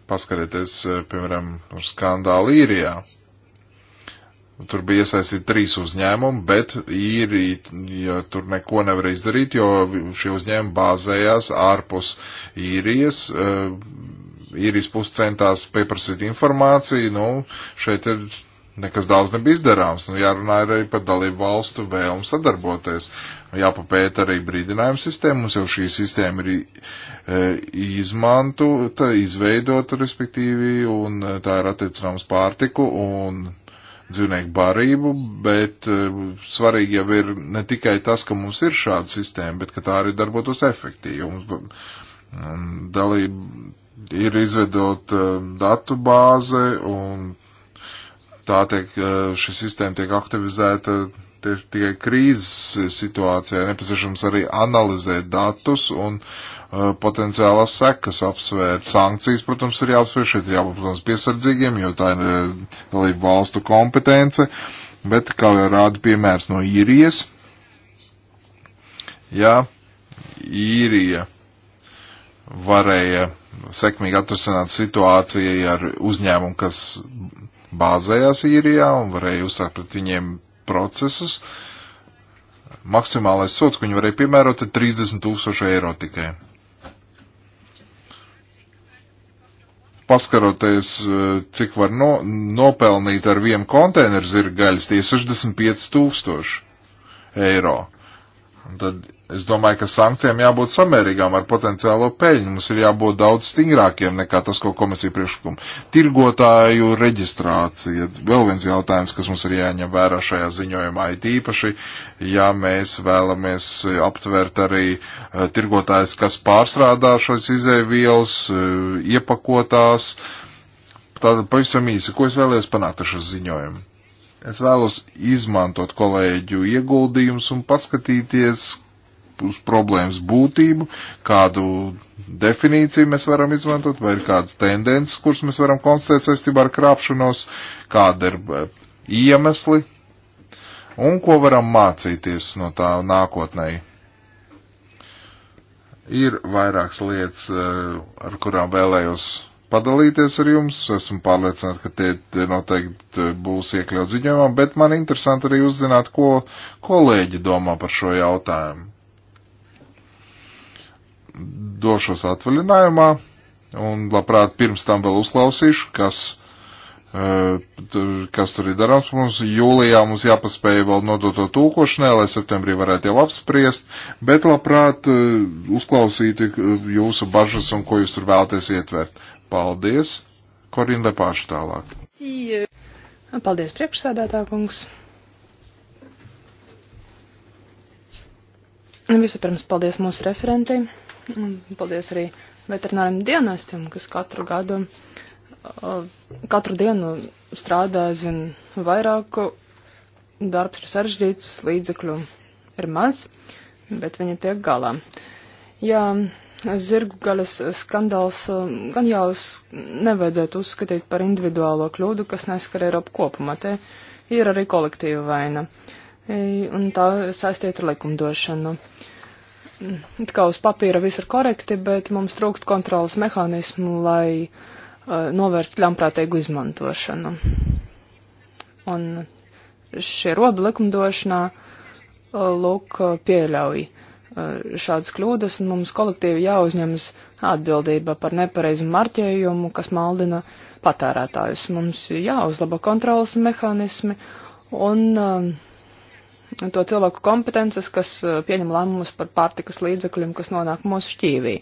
Paskatieties, piemēram, uz skandālu īrijā. Ja Tur bija iesaistīti trīs uzņēmumi, bet īri ja tur neko nevar izdarīt, jo šie uzņēmumi bāzējās ārpus īrijas. Eh, īrijas puses centās pieprasīt informāciju, nu, šeit ir nekas daudz nebija izdarāms. Nu, jārunā arī par dalību valstu vēlmu sadarboties. Jāpapēta arī brīdinājumu sistēmu, mums jau šī sistēma ir eh, izmantota, izveidota, respektīvi, un eh, tā ir attiecināms pārtiku un dzīvnieku barību, bet e, svarīgi jau ir ne tikai tas, ka mums ir šāda sistēma, bet ka tā arī darbotos efektīvi. Mums dalība ir izvedot e, datu bāze un tā tiek, e, šī sistēma tiek aktivizēta ir tikai krīzes situācijā nepieciešams arī analizēt datus un uh, potenciālās sekas apsvērt. Sankcijas, protams, ir jāapsver, šeit ir jābūt, protams, piesardzīgiem, jo tā ir uh, dalību valstu kompetence, bet, kā jau rāda piemērs no īrijas, jā, īrija varēja sekmīgi atrasināt situāciju ar uzņēmumu, kas bāzējās īrijā un varēja uzsākt pret viņiem procesus. Maksimālais sots, ko viņi varēja piemērot, ir 30 tūkstoši eiro tikai. Paskaroties, eh, cik var no, nopelnīt ar vienu konteineru zirga gaļas, tie ir 65 tūkstoši eiro. Un tad Es domāju, ka sankcijām jābūt samērīgām ar potenciālo peļņu. Mums ir jābūt daudz stingrākiem nekā tas, ko komisija priekšlikuma. Tirgotāju reģistrācija. Vēl viens jautājums, kas mums ir jāņem vērā šajā ziņojumā, it īpaši, ja mēs vēlamies aptvert arī eh, tirgotājs, kas pārstrādā šos izēvielas, eh, iepakotās. Tātad pavisam īsi, ko es vēlējos panākt ar šo ziņojumu? Es vēlos izmantot kolēģu ieguldījumus un paskatīties, uz problēmas būtību, kādu definīciju mēs varam izmantot, vai ir kādas tendences, kuras mēs varam konstatēt saistībā ar krāpšanos, kāda ir eh, iemesli un ko varam mācīties no tā nākotnē. Ir vairākas lietas, eh, ar kurām vēlējos padalīties ar jums. Esmu pārliecināts, ka tie noteikti eh, būs iekļauts ziņojumā, bet man interesanti arī uzzināt, ko kolēģi domā par šo jautājumu došos atvaļinājumā un labprāt pirms tam vēl uzklausīšu, kas, e, kas tur ir darāms. Mums jūlijā mums jāpaspēja vēl nodot to tūkošanai, lai septembrī varētu jau apspriest, bet labprāt e, uzklausītu e, jūsu bažas un ko jūs tur vēlaties ietvert. Paldies! Korina Lepāša tālāk. Paldies, priekšsēdētā kungs! Vispirms paldies mūsu referentiem. Un paldies arī veterināriem dienestiem, kas katru gadu, katru dienu strādā, zin, vairāk darbs ir sarežģīts, līdzekļu ir maz, bet viņi tiek galā. Jā, zirgu gaļas skandāls gan jau nevajadzētu uzskatīt par individuālo kļūdu, kas neskar Eiropu kopumā. Te ir arī kolektīva vaina. Un tā saistīta ar likumdošanu it kā uz papīra viss ir korekti, bet mums trūkst kontrolas mehānismu, lai uh, novērstu ļaunprātīgu izmantošanu. Un šie robi likumdošanā, uh, lūk, pieļauj uh, šādas kļūdas, un mums kolektīvi jāuzņemas atbildība par nepareizu marķējumu, kas maldina patērētājus. Mums jāuzlaba kontrolas mehānismi, un uh, to cilvēku kompetences, kas e, pieņem lēmumus par pārtikas līdzekļiem, kas nonāk mūsu šķīvī.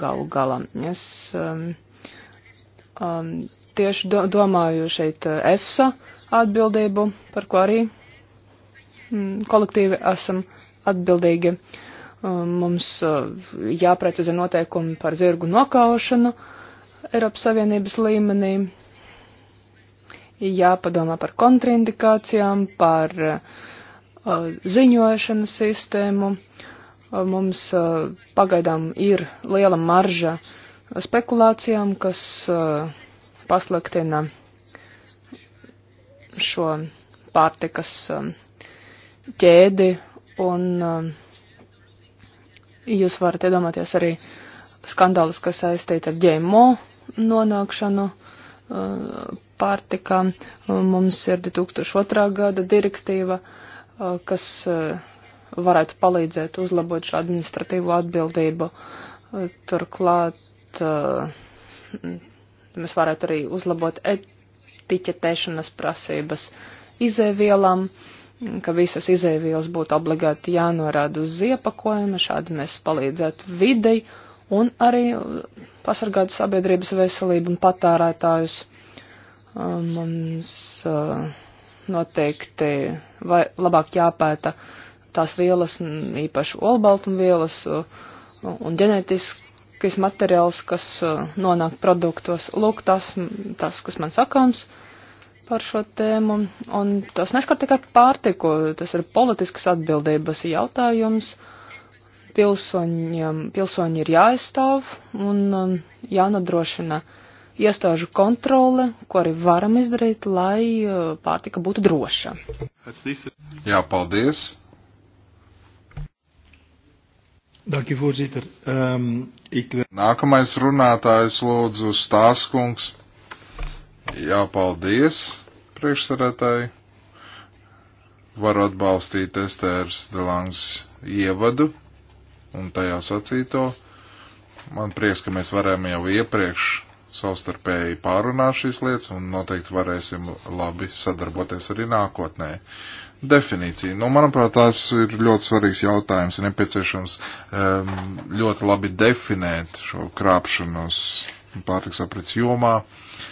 Galu galā. Es um, um, tieši do domāju šeit e, EFSA atbildību, par ko arī mm, kolektīvi esam atbildīgi. Um, mums uh, jāprecizē noteikumi par zirgu nokaušanu Eiropas Savienības līmenī jāpadomā par kontraindikācijām, par uh, ziņošanas sistēmu. Uh, mums uh, pagaidām ir liela marža spekulācijām, kas uh, pasliktina šo pārtikas uh, ķēdi un uh, jūs varat iedomāties arī skandālus, kas saistīti ar ģēmo nonākšanu. Uh, pārtikā. Mums ir 2002. gada direktīva, kas varētu palīdzēt uzlabot šo administratīvo atbildību. Turklāt mēs varētu arī uzlabot etiķetēšanas prasības izēvielām, ka visas izēvielas būtu obligāti jānorāda uz iepakojuma, šādi mēs palīdzētu videi. Uh, un arī pasargātu sabiedrības veselību un patērētājus. Uh, mums uh, noteikti vai labāk jāpēta tās vielas, īpaši olbaltumvielas uh, un ģenētiskais materiāls, kas nonāk produktos. Lūk, tas, tas kas man sakāms par šo tēmu, un tas neskar tikai pārtiku, tas ir politiskas atbildības jautājums. Uh, pilsoņiem, pilsoņi ir jāaizstāv un um, jānodrošina iestāžu kontrole, ko arī varam izdarīt, lai uh, pārtika būtu droša. Jā, paldies. Dankie, voorzitter. Um, ik... Nākamais runātājs lūdzu Stāskungs. Jā, paldies, priekšsarētāji. Varu atbalstīt Estēras Delangas ievadu un tajā sacīto. Man prieks, ka mēs varējām jau iepriekš savstarpēji pārunāt šīs lietas un noteikti varēsim labi sadarboties arī nākotnē. Definīcija. Nu, manuprāt, tās ir ļoti svarīgs jautājums. Ir nepieciešams um, ļoti labi definēt šo krāpšanos pārtiks aprits jomā. Uh,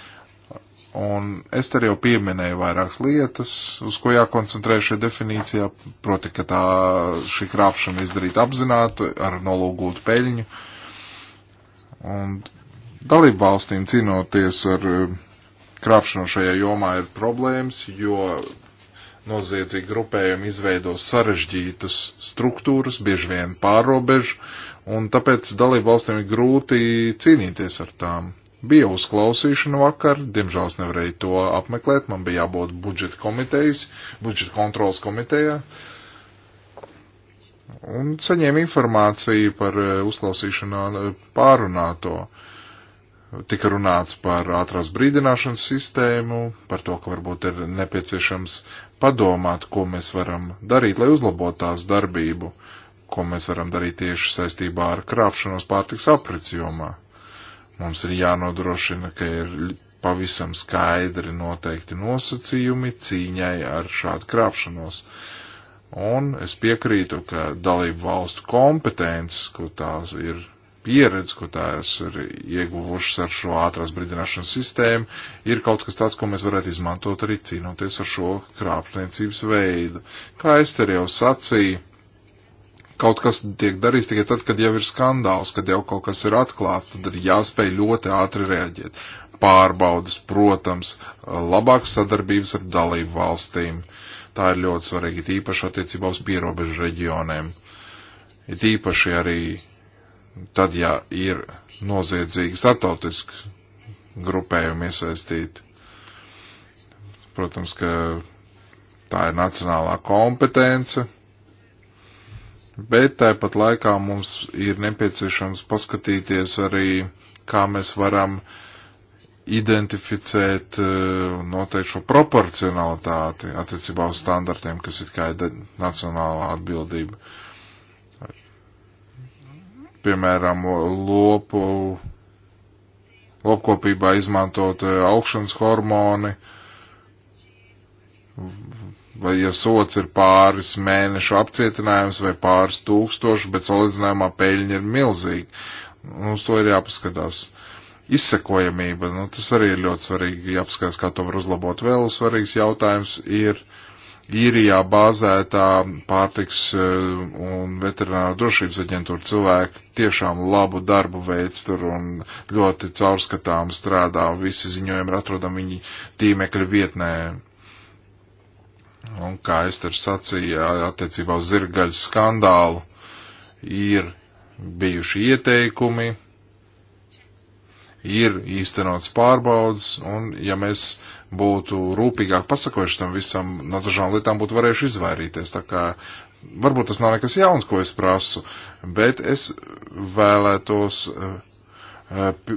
Un es te jau pieminēju vairākas lietas, uz ko jākoncentrē šajā definīcijā, proti, ka tā šī krāpšana izdarīta apzināti ar nolūgūtu peļņu. Un dalību valstīm cīnoties ar eh, krāpšanu šajā jomā ir problēmas, jo noziedzīgi grupējumi izveido sarežģītas struktūras, bieži vien pārobežu, un tāpēc dalību valstīm ir grūti cīnīties ar tām Bija uzklausīšana vakar, diemžēl es nevarēju to apmeklēt, man bija jābūt budžeta komitejas, budžeta kontrolas komitejā. Un saņēmu informāciju par e, uzklausīšanu e, pārunāto. Tika runāts par ātrās brīdināšanas sistēmu, par to, ka varbūt ir nepieciešams padomāt, ko mēs varam darīt, lai uzlabotu tās darbību, ko mēs varam darīt tieši saistībā ar krāpšanos pārtiks aprits jomā. Mums ir jānodrošina, ka ir pavisam skaidri noteikti nosacījumi cīņai ar šādu krāpšanos. Un es piekrītu, ka dalību valstu kompetences, ko tās ir pieredze, ko tās ir ieguvušas ar šo ātrās brīdināšanas sistēmu, ir kaut kas tāds, ko mēs varētu izmantot arī cīnoties ar šo krāpniecības veidu. Kā es te jau sacīju, kaut kas tiek darīts tikai tad, kad jau ir skandāls, kad jau kaut kas ir atklāts, tad ir jāspēj ļoti ātri reaģēt. Pārbaudas, protams, labākas sadarbības ar dalību valstīm. Tā ir ļoti svarīga, tīpaši attiecībā uz pierobežu reģioniem. Ir tīpaši arī tad, ja ir noziedzīgi startautiski grupējumi iesaistīti. Protams, ka tā ir nacionālā kompetence bet tāpat laikā mums ir nepieciešams paskatīties arī, kā mēs varam identificēt eh, noteikti šo proporcionalitāti attiecībā uz standartiem, kas ir kā ir nacionālā atbildība. Piemēram, lopu, lopkopībā izmantot eh, augšanas hormoni, vai ja sots ir pāris mēnešu apcietinājums vai pāris tūkstoši, bet salīdzinājumā peļņa ir milzīga. Nu, uz to ir jāpaskatās. Izsekojamība, nu, tas arī ir ļoti svarīgi jāpaskatās, kā to var uzlabot. Vēl svarīgs jautājums ir īrijā bāzētā pārtiks eh, un veterināra drošības aģentūra cilvēki tiešām labu darbu veic tur un ļoti caurskatām strādā. Visi ziņojumi ir atrodami viņa tīmekļa vietnēm Un kā es tur sacīju, attiecībā uz zirgaļu skandālu ir bijuši ieteikumi, ir īstenots pārbaudas, un ja mēs būtu rūpīgāk pasakojuši tam visam, no dažām lietām būtu varējuši izvairīties. Tā kā varbūt tas nav nekas jauns, ko es prasu, bet es vēlētos eh, eh,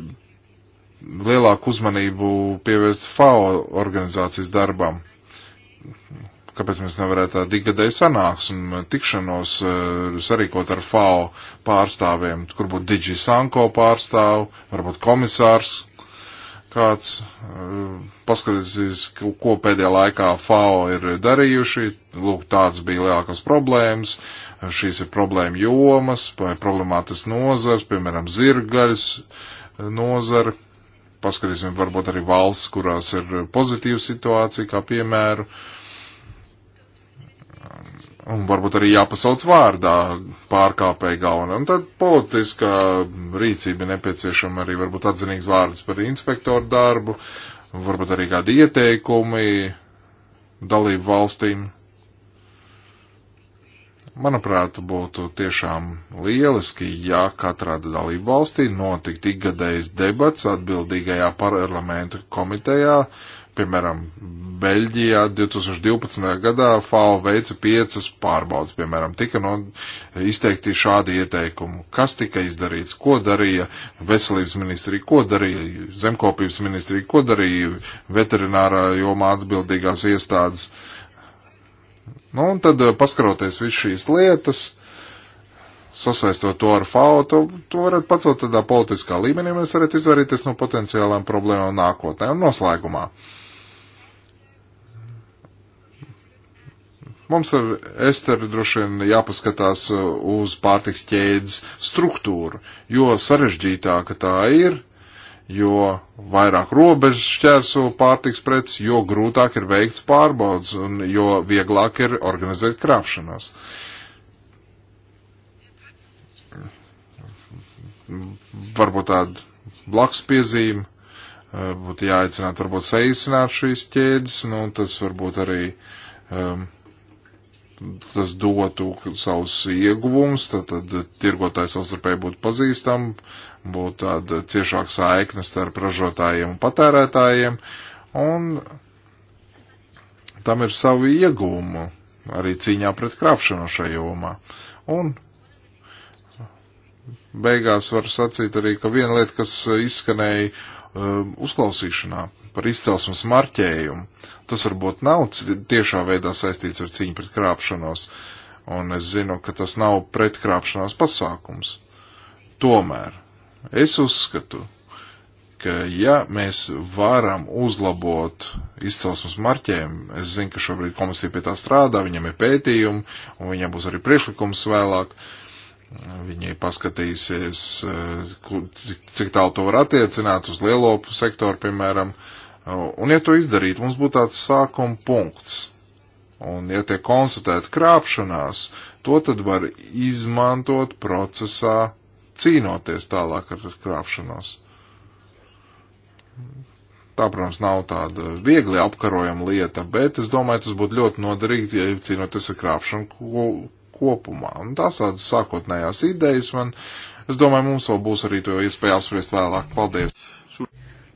lielāku uzmanību pievērst FAO organizācijas darbam kāpēc mēs nevarētu tādu ikgadēju sanāksmu, tikšanos eh, sarīkot ar FAO pārstāvjiem, kur būtu Digi Sanko pārstāv, varbūt komisārs kāds, eh, paskatīsies, ko pēdējā laikā FAO ir darījuši, lūk, tāds bija lielākās problēmas, šīs ir problēma jomas, vai problemātas nozars, piemēram, zirgaļas eh, nozara, paskatīsim varbūt arī valsts, kurās ir pozitīva situācija, kā piemēru, uh, Un varbūt arī jāpasauc vārdā pārkāpēji galvenā. Un tad politiskā rīcība nepieciešama arī varbūt atzinīgs vārds par inspektoru darbu, varbūt arī kādi ieteikumi dalību valstīm. Manuprāt, būtu tiešām lieliski, ja katrā dalību valstī notiktu ikgadējas debats atbildīgajā parlamenta komitejā, uh, Piemēram, Beļģijā 2012. gadā FAO veica piecas pārbaudas, piemēram, tika no, izteikti šādi ieteikumi. Kas tika izdarīts, ko darīja veselības ministrija, ko darīja zemkopības ministrija, ko darīja veterinārā jomā atbildīgās iestādes. Nu, un tad eh, paskaroties visu šīs lietas, sasaistot to ar FAO, to, to varat pacelt tādā politiskā līmenī, mēs varat izvairīties no potenciālām problēmām nākotnē un noslēgumā. Uh, Mums ar Esteru droši vien jāpaskatās uh, uz pārtiks ķēdes struktūru, jo sarežģītāka tā ir, jo vairāk robežu šķērso pārtiks preces, jo grūtāk ir veikts pārbaudas un jo vieglāk ir organizēt krāpšanos. Varbūt tāda blakus piezīme, uh, būtu jāaicināt varbūt saīsināt šīs ķēdes, nu tas varbūt arī um, tas dotu savus ieguvumus, tad, tad tirgotāji savstarpēji būtu pazīstami, būtu tāda ciešāka saikne starp ražotājiem un patērētājiem, un tam ir savi ieguvumi arī cīņā pret krāpšanu šajā jomā. Un beigās var sacīt arī, ka viena lieta, kas izskanēja uh, uzklausīšanā, par izcelsmes marķējumu. Tas varbūt nav tiešā veidā saistīts ar cīņu pret krāpšanos, un es zinu, ka tas nav pretkrāpšanās pasākums. Tomēr es uzskatu, ka ja mēs varam uzlabot izcelsmes marķējumu, es zinu, ka šobrīd komisija pie tā strādā, viņam ir pētījumi, un viņam būs arī priekšlikums vēlāk. Viņi paskatīsies, eh, cik tālu to var attiecināt uz lielopu sektoru, piemēram, uh, Un, ja to izdarītu, mums būtu tāds sākuma punkts. Un, ja tiek konstatēta krāpšanās, to tad var izmantot procesā, cīnoties tālāk ar krāpšanos. Tā, protams, nav tāda viegli apkarojama lieta, bet es domāju, tas būtu ļoti noderīgi, ja cīnoties ar krāpšanu kopumā. Un tās tādas sākotnējās idejas man, es domāju, mums vēl būs arī to iespēja apspriest vēlāk. Paldies!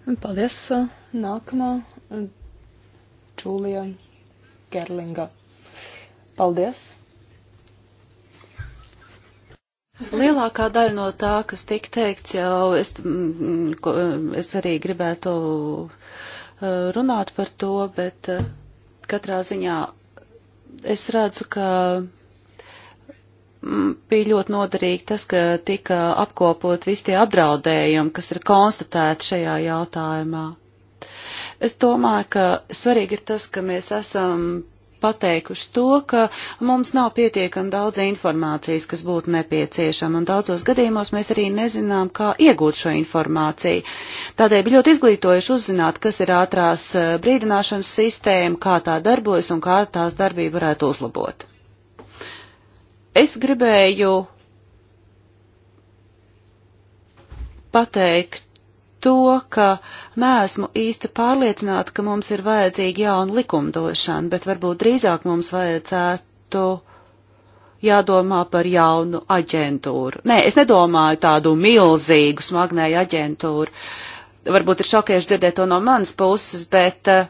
Paldies. Nākamā Čūlija Gerlinga. Paldies. Lielākā daļa no tā, kas tika teikts, jau es, es arī gribētu runāt par to, bet katrā ziņā es redzu, ka Mm, bija ļoti noderīgi tas, ka tika apkopot visi tie apdraudējumi, kas ir konstatēti šajā jautājumā. Es domāju, ka svarīgi ir tas, ka mēs esam pateikuši to, ka mums nav pietiekami daudz informācijas, kas būtu nepieciešama, un daudzos gadījumos mēs arī nezinām, kā iegūt šo informāciju. Tādēļ bija ļoti izglītojuši uzzināt, kas ir ātrās eh, brīdināšanas sistēma, kā tā darbojas un kā tās darbība varētu uzlabot. Es gribēju pateikt to, ka mēsmu īsti pārliecināta, ka mums ir vajadzīga jauna likumdošana, bet varbūt drīzāk mums vajadzētu jādomā par jaunu aģentūru. Nē, es nedomāju tādu milzīgu smagnēju aģentūru. Varbūt ir šokieši dzirdēt to no manas puses, bet uh,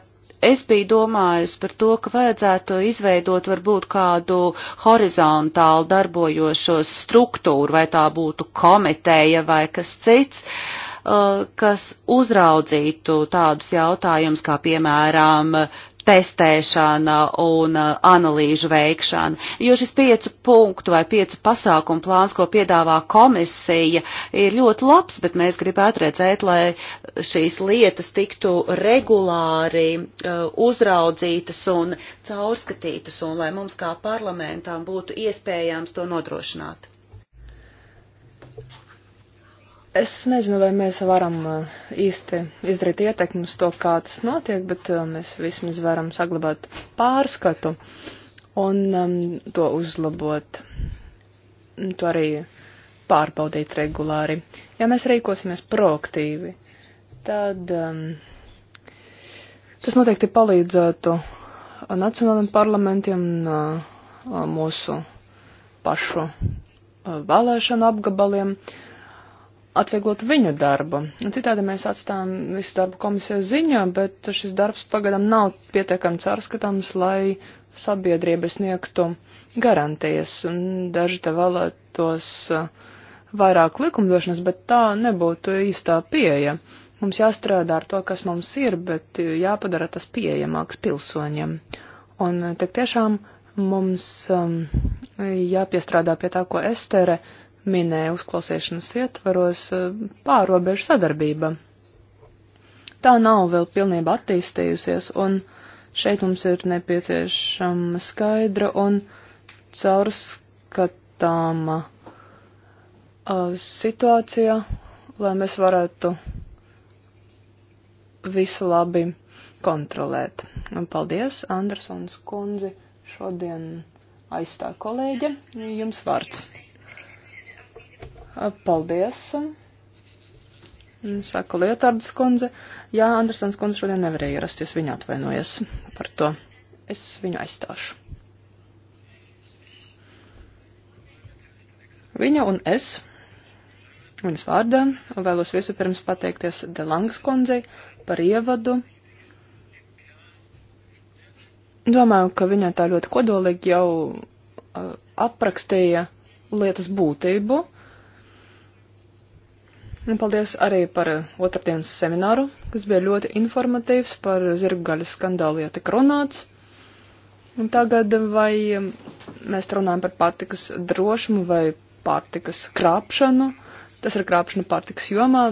Es biju domājusi par to, ka vajadzētu izveidot varbūt kādu horizontāli darbojošos struktūru, vai tā būtu komiteja vai kas cits, uh, kas uzraudzītu tādus jautājumus kā piemēram testēšana un uh, analīžu veikšana. Jo šis piecu punktu vai piecu pasākumu plāns, ko piedāvā komisija, ir ļoti labs, bet mēs gribētu redzēt, lai šīs lietas tiktu regulāri uh, uzraudzītas un caurskatītas un lai mums kā parlamentam būtu iespējams to nodrošināt. Es nezinu, vai mēs varam eh, īsti izdarīt ietekmi uz to, kā tas notiek, bet eh, mēs vismaz varam saglabāt pārskatu un um, to uzlabot, to arī pārbaudīt regulāri. Ja mēs rīkosimies proaktīvi, tad um, tas noteikti palīdzētu nacionāliem parlamentiem un uh, mūsu pašu uh, vēlēšanu apgabaliem. Uh, atvieglot viņu darbu. Un citādi mēs atstājam visu darbu komisijas ziņā, bet šis darbs pagadam nav pietiekami cārskatāms, lai sabiedrība sniegtu garantijas. Un daži te vēlētos uh, vairāk likumdošanas, bet tā nebūtu īstā pieeja. Mums jāstrādā ar to, kas mums ir, bet jāpadara tas pieejamāks pilsoņiem. Un uh, tik tiešām mums um, jāpiestrādā pie tā, ko Estere minēja uzklausīšanas ietvaros, e, pārobežu sadarbība. Tā nav vēl pilnībā attīstījusies, un šeit mums ir nepieciešama skaidra un caurskatāma e, situācija, lai mēs varētu visu labi kontrolēt. Un paldies, Andersons kundzi, šodien aizstā kolēģe, jums vārds. Paldies. Saka Lietārdas kundze. Jā, Andersons kundze šodien nevarēja ierasties, viņa atvainojas par to. Es viņu aizstāšu. Viņa un es, viņas vārdā, vēlos visu pirms pateikties Delangas kundzei par ievadu. Domāju, ka viņa tā ļoti kodolīgi jau aprakstīja lietas būtību Paldies arī par eh, otrdienas semināru, kas bija ļoti informatīvs par zirgaļas skandālu, ja tik runāts. Un tagad vai mm, mēs runājam par pārtikas drošumu vai pārtikas krāpšanu? Tas ir krāpšana pārtikas jomā,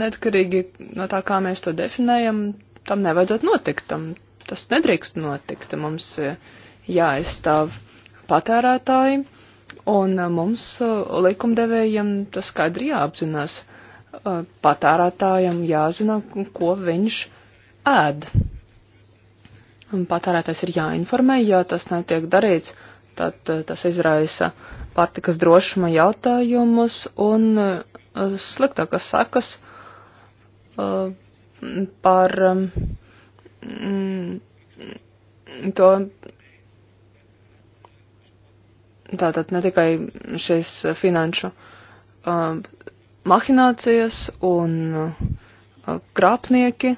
netkarīgi no tā, kā mēs to definējam, tam nevajadzētu notikt, tam tas nedrīkst notikt, mums eh, jāaizstāv patērētāji, un eh, mums likumdevējiem tas skaidri jāapzinās patērētājam jāzina, ko viņš ēd. Un patērētājs ir jāinformē, ja tas netiek darīts, tad tas izraisa pārtikas drošuma jautājumus un sliktākas sekas par mm, to. Tātad ne tikai šīs finanšu mahinācijas un uh, krāpnieki,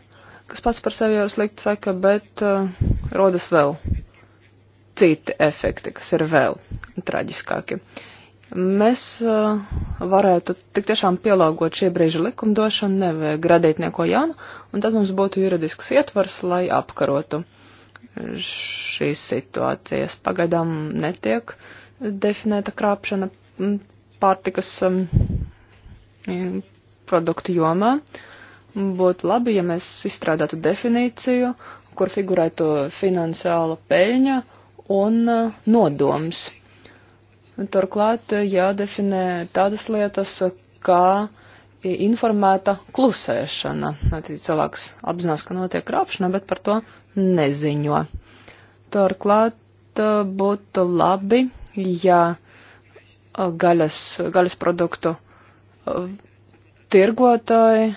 kas pats par sevi jau ir slikti saka, bet uh, rodas vēl citi efekti, kas ir vēl traģiskāki. Mēs uh, varētu tik tiešām pielāgot šie brīži likumdošanu, nevajag radīt neko jaunu, un tad mums būtu juridisks ietvars, lai apkarotu šīs situācijas. Pagaidām netiek definēta krāpšana pārtikas um, produktu jomā. Būtu labi, ja mēs izstrādātu definīciju, kur figurētu finansiāla peļņa un e, nodoms. Turklāt e, jādefinē tādas lietas, kā informēta klusēšana. Tātad cilvēks apzinās, ka notiek krāpšana, bet par to neziņo. Turklāt e, būtu labi, ja gaļas, gaļas produktu tirgotāji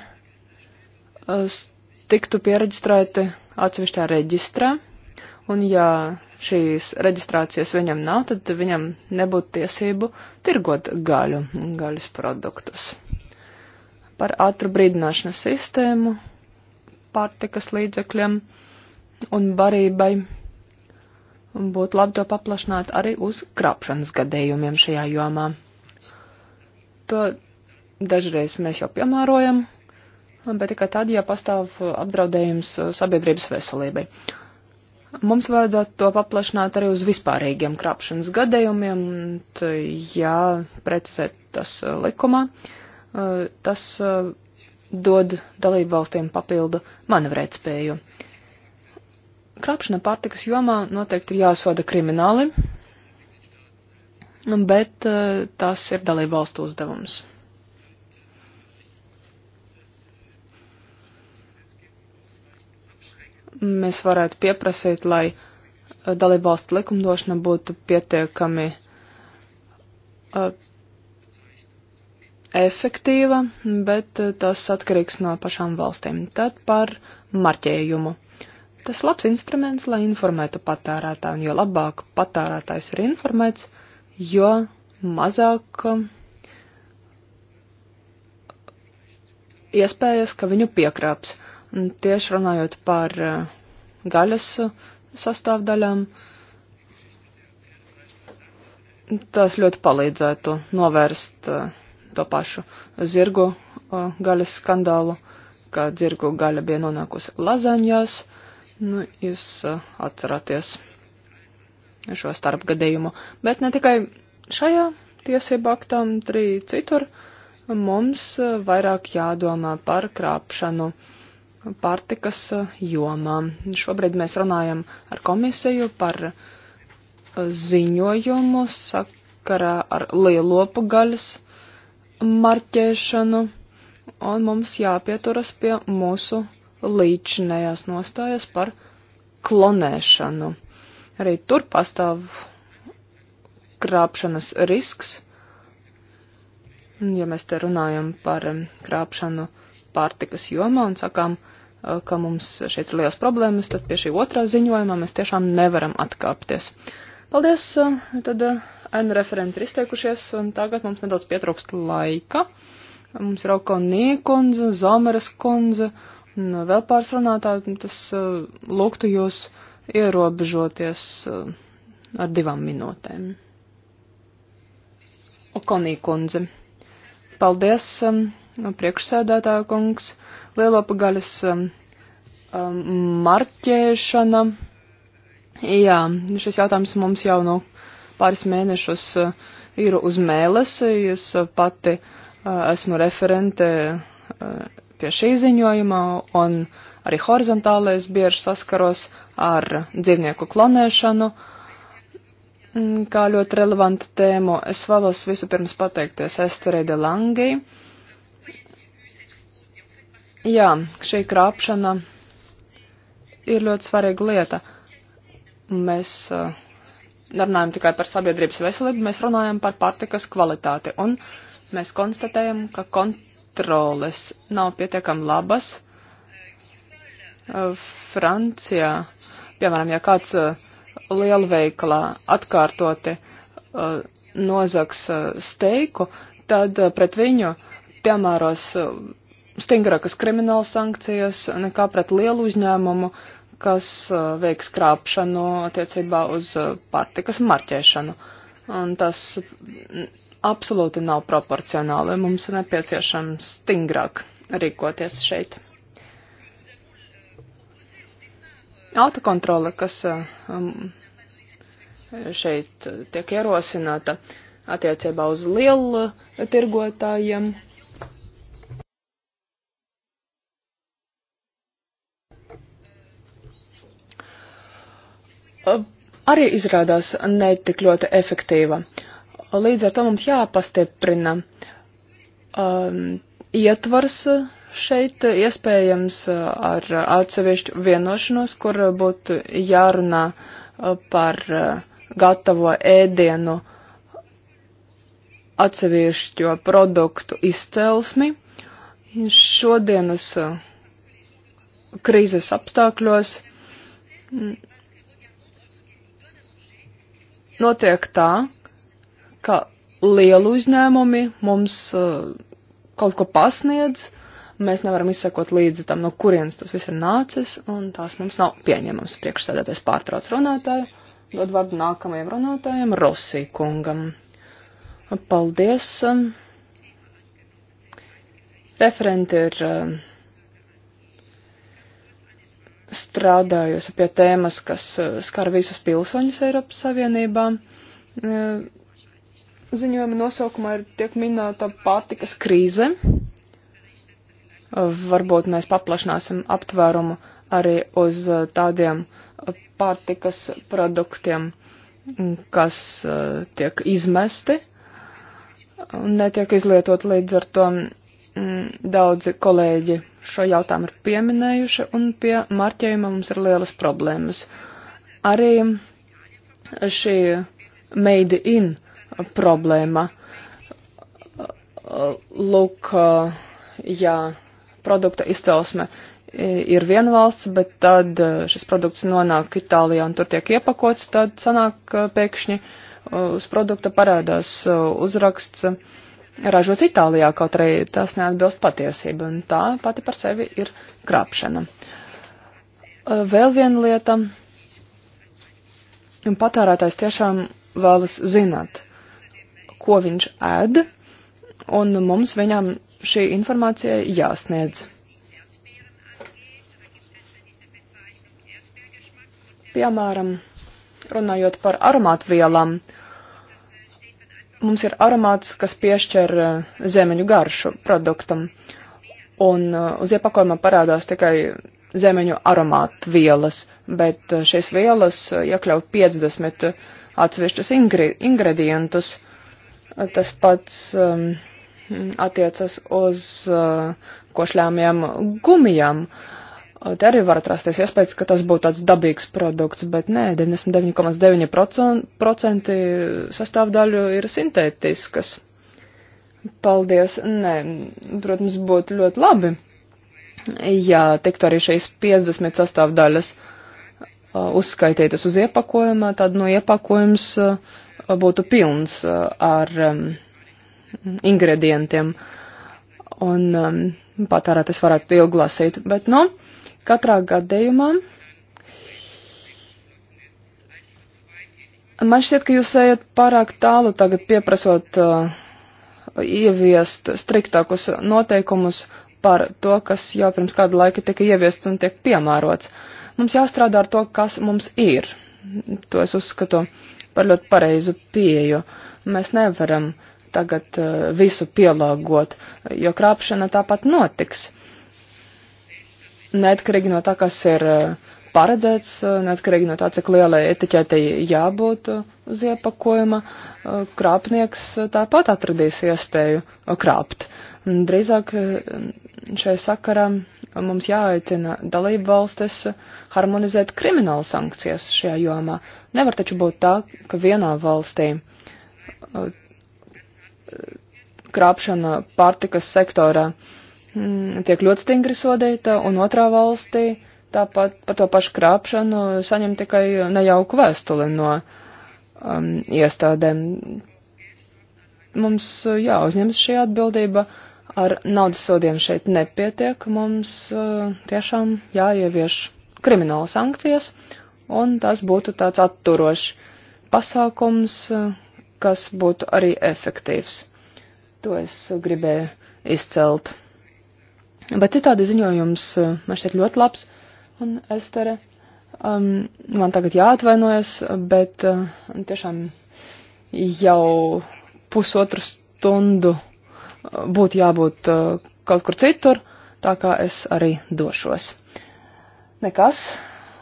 tiktu piereģistrēti atsevišķā reģistrā, un ja šīs reģistrācijas viņam nav, tad viņam nebūtu tiesību tirgot gaļu, gaļas produktus. Par ātru brīdināšanas sistēmu pārtikas līdzekļiem un barībai būtu labi to paplašināt arī uz krāpšanas gadījumiem šajā jomā. To Dažreiz mēs jau piemērojam, bet tikai tad, ja pastāv apdraudējums sabiedrības veselībai. Mums vajadzētu to paplašināt arī uz vispārīgiem krāpšanas gadījumiem, ja precizē tas likumā, e, tas e, dod dalību valstīm papildu manevrētspēju. Krāpšana pārtikas jomā noteikti ir jāsoda krimināli, bet e, tas ir dalību valstu uzdevums. mēs varētu pieprasīt, lai eh, dalībvalstu likumdošana būtu pietiekami uh, efektīva, bet eh, tas atkarīgs no pašām valstīm. Tad par marķējumu. Tas labs instruments, lai informētu patērētāju, un jo labāk patērētājs ir informēts, jo mazāk iespējas, ka viņu piekrāps. Uh, Tieši runājot par eh, gaļas sastāvdaļām, tas ļoti palīdzētu novērst eh, to pašu zirgu eh, gaļas skandālu, kā zirgu gaļa bija nonākusi lazaņās. Nu, jūs atceraties šo starpgadījumu. Bet ne tikai šajā tiesību aktā, arī citur mums vairāk jādomā par krāpšanu. Uh, pārtikas eh, jomā. Šobrīd mēs runājam ar komisiju par eh, ziņojumu sakarā ar lielopu gaļas marķēšanu, un mums jāpieturas pie mūsu līdzinējās nostājas par klonēšanu. Arī tur pastāv krāpšanas risks, ja mēs te runājam par eh, krāpšanu pārtikas jomā un sakām, uh, Uh, ka mums šeit ir liels problēmas, tad pie šī otrā ziņojuma mēs tiešām nevaram atkāpties. Paldies, uh, tad uh, N referenti ir izteikušies, un tagad mums nedaudz pietrūkst laika. Mums ir Okonī kundze, Zomeras kundze, un vēl pāris runātāji, tas lūgtu jūs ierobežoties ar divām minūtēm. Okonī kundze. Paldies. Um, Nu, priekšsēdētāja kungs, lielopagaļas um, um, marķēšana. Jā, šis jautājums mums jau no nu pāris mēnešus uh, ir uz mēles. Es pati uh, esmu referente uh, pie šī ziņojuma un arī horizontālais bieži saskaros ar dzīvnieku klonēšanu. Uh, kā ļoti relevantu tēmu, es vēlos vispirms pateikties Esterei de Langai Jā, šī krāpšana ir ļoti svarīga lieta. Mēs uh, eh, nerunājam tikai par sabiedrības veselību, mēs runājam par pārtikas kvalitāti. Un mēs konstatējam, ka kontroles nav pietiekam labas. Uh, Francijā, piemēram, ja kāds uh, lielveikalā atkārtoti nozags steiku, tad pret viņu piemēros stingrākas krimināla sankcijas nekā pret lielu uzņēmumu, kas uh, veiks krāpšanu attiecībā uz uh, pārtikas marķēšanu. Un tas absolūti nav proporcionāli. Mums ir nepieciešams stingrāk rīkoties šeit. Autokontrole, kas uh, um, šeit tiek ierosināta attiecībā uz lielu tirgotājiem arī izrādās netik ļoti efektīva. Līdz ar to mums jāpastiprina um, ietvars šeit iespējams ar atsevišķu vienošanos, kur būtu jārunā par gatavo ēdienu atsevišķo produktu izcelsmi. Šodienas krīzes apstākļos notiek tā, ka lielu uzņēmumi mums uh, kaut ko pasniedz, mēs nevaram izsekot līdzi tam, no kurienes tas viss ir nācis, un tās mums nav pieņemams. Priekšsēdētais pārtrauc runātāju, dod vārdu nākamajam runātājam, Rosī kungam. Paldies. Referenti ir. Uh, strādājusi pie tēmas, kas uh, skar visus pilsoņus Eiropas Savienībā. Uh, ziņojuma nosaukumā ir tiek minēta pārtikas krīze. Uh, varbūt mēs paplašināsim aptvērumu arī uz tādiem pārtikas produktiem, mm, kas tiek izmesti un netiek izlietot līdz ar to Mm, daudzi kolēģi šo jautājumu ir pieminējuši, un pie marķējuma mums ir lielas problēmas. Arī šī made in problēma. Lūk, jā, produkta izcelsme ir viena valsts, bet tad šis produkts nonāk Itālijā un tur tiek iepakots, tad sanāk pēkšņi uh, uz produkta parādās uh, uzraksts ražots Itālijā, kaut arī tas neatbilst patiesību, un tā pati par sevi ir krāpšana. Vēl viena lieta. Patērētājs tiešām vēlas zināt, ko viņš ēd, un mums viņam šī informācija jāsniedz. Piemēram, runājot par aromātvielām, uh, mums ir aromāts, kas piešķir eh, zemeņu garšu produktam, un eh, uz iepakojuma parādās tikai zemeņu aromātu vielas, bet eh, šīs vielas iekļauj 50 atsevišķus ingre ingredientus. Tas pats um, attiecas uz uh, košļāmiem gumijām. Uh, Te arī var atrasties iespējas, ka tas būtu tāds dabīgs produkts, bet nē, 99,9% sastāvdaļu ir sintētiskas. Paldies, nē, protams, būtu ļoti labi, ja tiktu arī šīs 50 sastāvdaļas uh, uzskaitītas uz iepakojumā, tad no iepakojums uh, būtu pilns uh, ar um, ingredientiem. Un um, patērētājs varētu ilglasīt, bet, nu, no, Katrā gadījumā man šķiet, ka jūs ejat pārāk tālu tagad pieprasot uh, ieviest striktākus noteikumus par to, kas jau pirms kāda laika tika ieviests un tiek piemērots. Mums jāstrādā ar to, kas mums ir. To es uzskatu par ļoti pareizu pieju. Mēs nevaram tagad uh, visu pielāgot, jo krāpšana tāpat notiks neatkarīgi no tā, kas ir eh, paredzēts, eh, neatkarīgi no tā, cik lielai etiķetei jābūt eh, uz iepakojuma, krāpnieks tāpat atradīs iespēju krāpt. Drīzāk šai sakarā mums jāaicina dalību valstis harmonizēt kriminālu sankcijas šajā jomā. Nevar taču būt tā, ka vienā valstī krāpšana pārtikas sektorā uh, Mm, tiek ļoti stingri sodīta, un otrā valstī tāpat par to pašu krāpšanu saņem tikai nejauku vēstuli no um, iestādēm. Mums uh, jāuzņemas šī atbildība. Ar naudas sodiem šeit nepietiek. Mums uh, tiešām jāievieš krimināla sankcijas, un tas būtu tāds atturošs pasākums, uh, kas būtu arī efektīvs. To es gribēju izcelt. Bet citādi ziņojums eh, man šķiet ļoti labs, un Estere, um, man tagad jāatvainojas, bet uh, tiešām jau pusotru stundu eh, būtu jābūt uh, kaut kur citur, tā kā es arī došos. Nekas,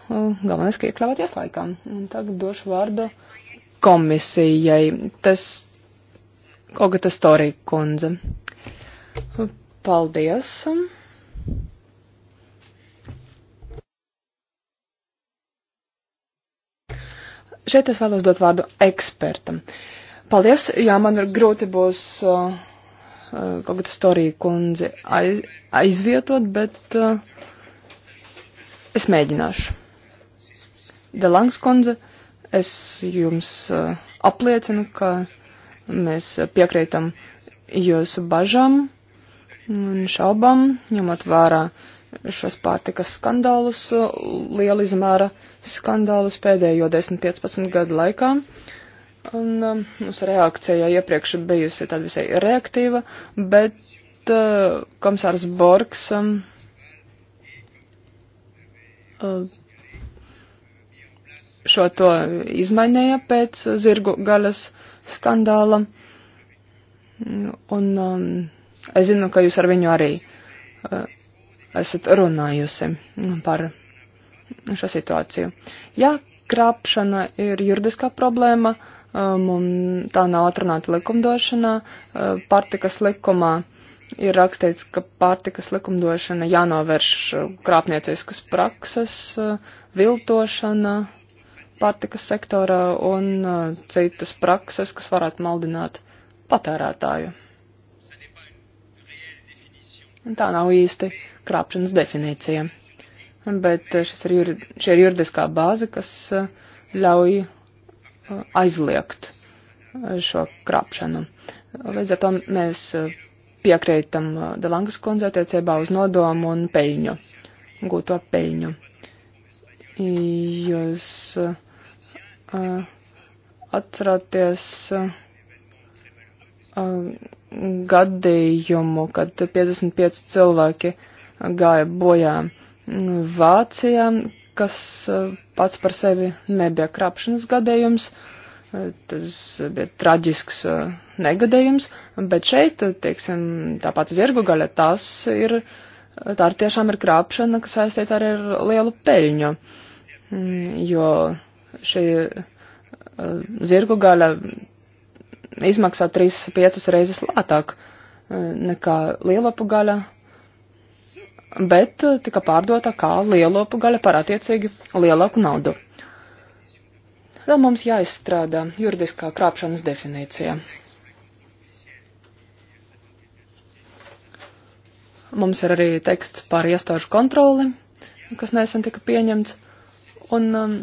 uh, galvenais, ka iekļāvāties laikā. Un tagad došu vārdu komisijai. Tas, Ogata Storī kundze. Paldies! Šeit es vēlos dot vārdu ekspertam. Paldies, jā, man ir grūti būs uh, uh kaut kādu storiju kundzi aiz, aizvietot, bet uh, es mēģināšu. Delangs kundze, es jums uh, apliecinu, ka mēs piekrītam jūsu bažām Un šaubam, ņemot vērā šos pārtikas skandālus, liela izmēra skandālus pēdējo 10-15 gadu laikā. Un uh, mums reakcija iepriekš bijusi tāda visai reaktīva, bet uh, komisārs Borgs um, uh, šo to izmainīja pēc zirgu gaļas skandāla. Un um, Es zinu, ka jūs ar viņu arī uh, esat runājusi par šo situāciju. Jā, krāpšana ir juridiskā problēma, eh, um, un tā nav atrunāta likumdošanā. Uh, Pārtikas likumā ir rakstīts, ka pārtikas likumdošana jānovērš krāpnieciskas prakses, uh, viltošana pārtikas sektorā un uh, citas prakses, kas varētu maldināt patērētāju un tā nav īsti krāpšanas definīcija. Bet eh, šis ir, juri, šī ir juridiskā bāze, kas eh, ļauj eh, aizliegt šo krāpšanu. Līdz ar to mēs piekrītam Delangas kundzei attiecībā uz nodomu un peļņu, gūto peļņu. Jūs uh, atceraties. Uh, Um, gadījumu, kad 55 cilvēki gāja bojā Vācijā, kas uh, pats par sevi nebija krāpšanas gadījums. Uh, tas bija traģisks uh, negadījums, bet šeit, teiksim, tāpat zirgu gaļa, tas ir, tā ir tiešām ir krāpšana, kas saistīta arī ar lielu peļņu, mm, jo šī zirgu gaļa izmaksā 3-5 reizes lētāk e, nekā lielopu gaļa, bet e, tika pārdota kā lielopu gaļa par attiecīgi lielāku naudu. Tad mums jāizstrādā juridiskā krāpšanas definīcija. Mums ir arī teksts par iestāžu kontroli, kas nesen tika pieņemts, un um,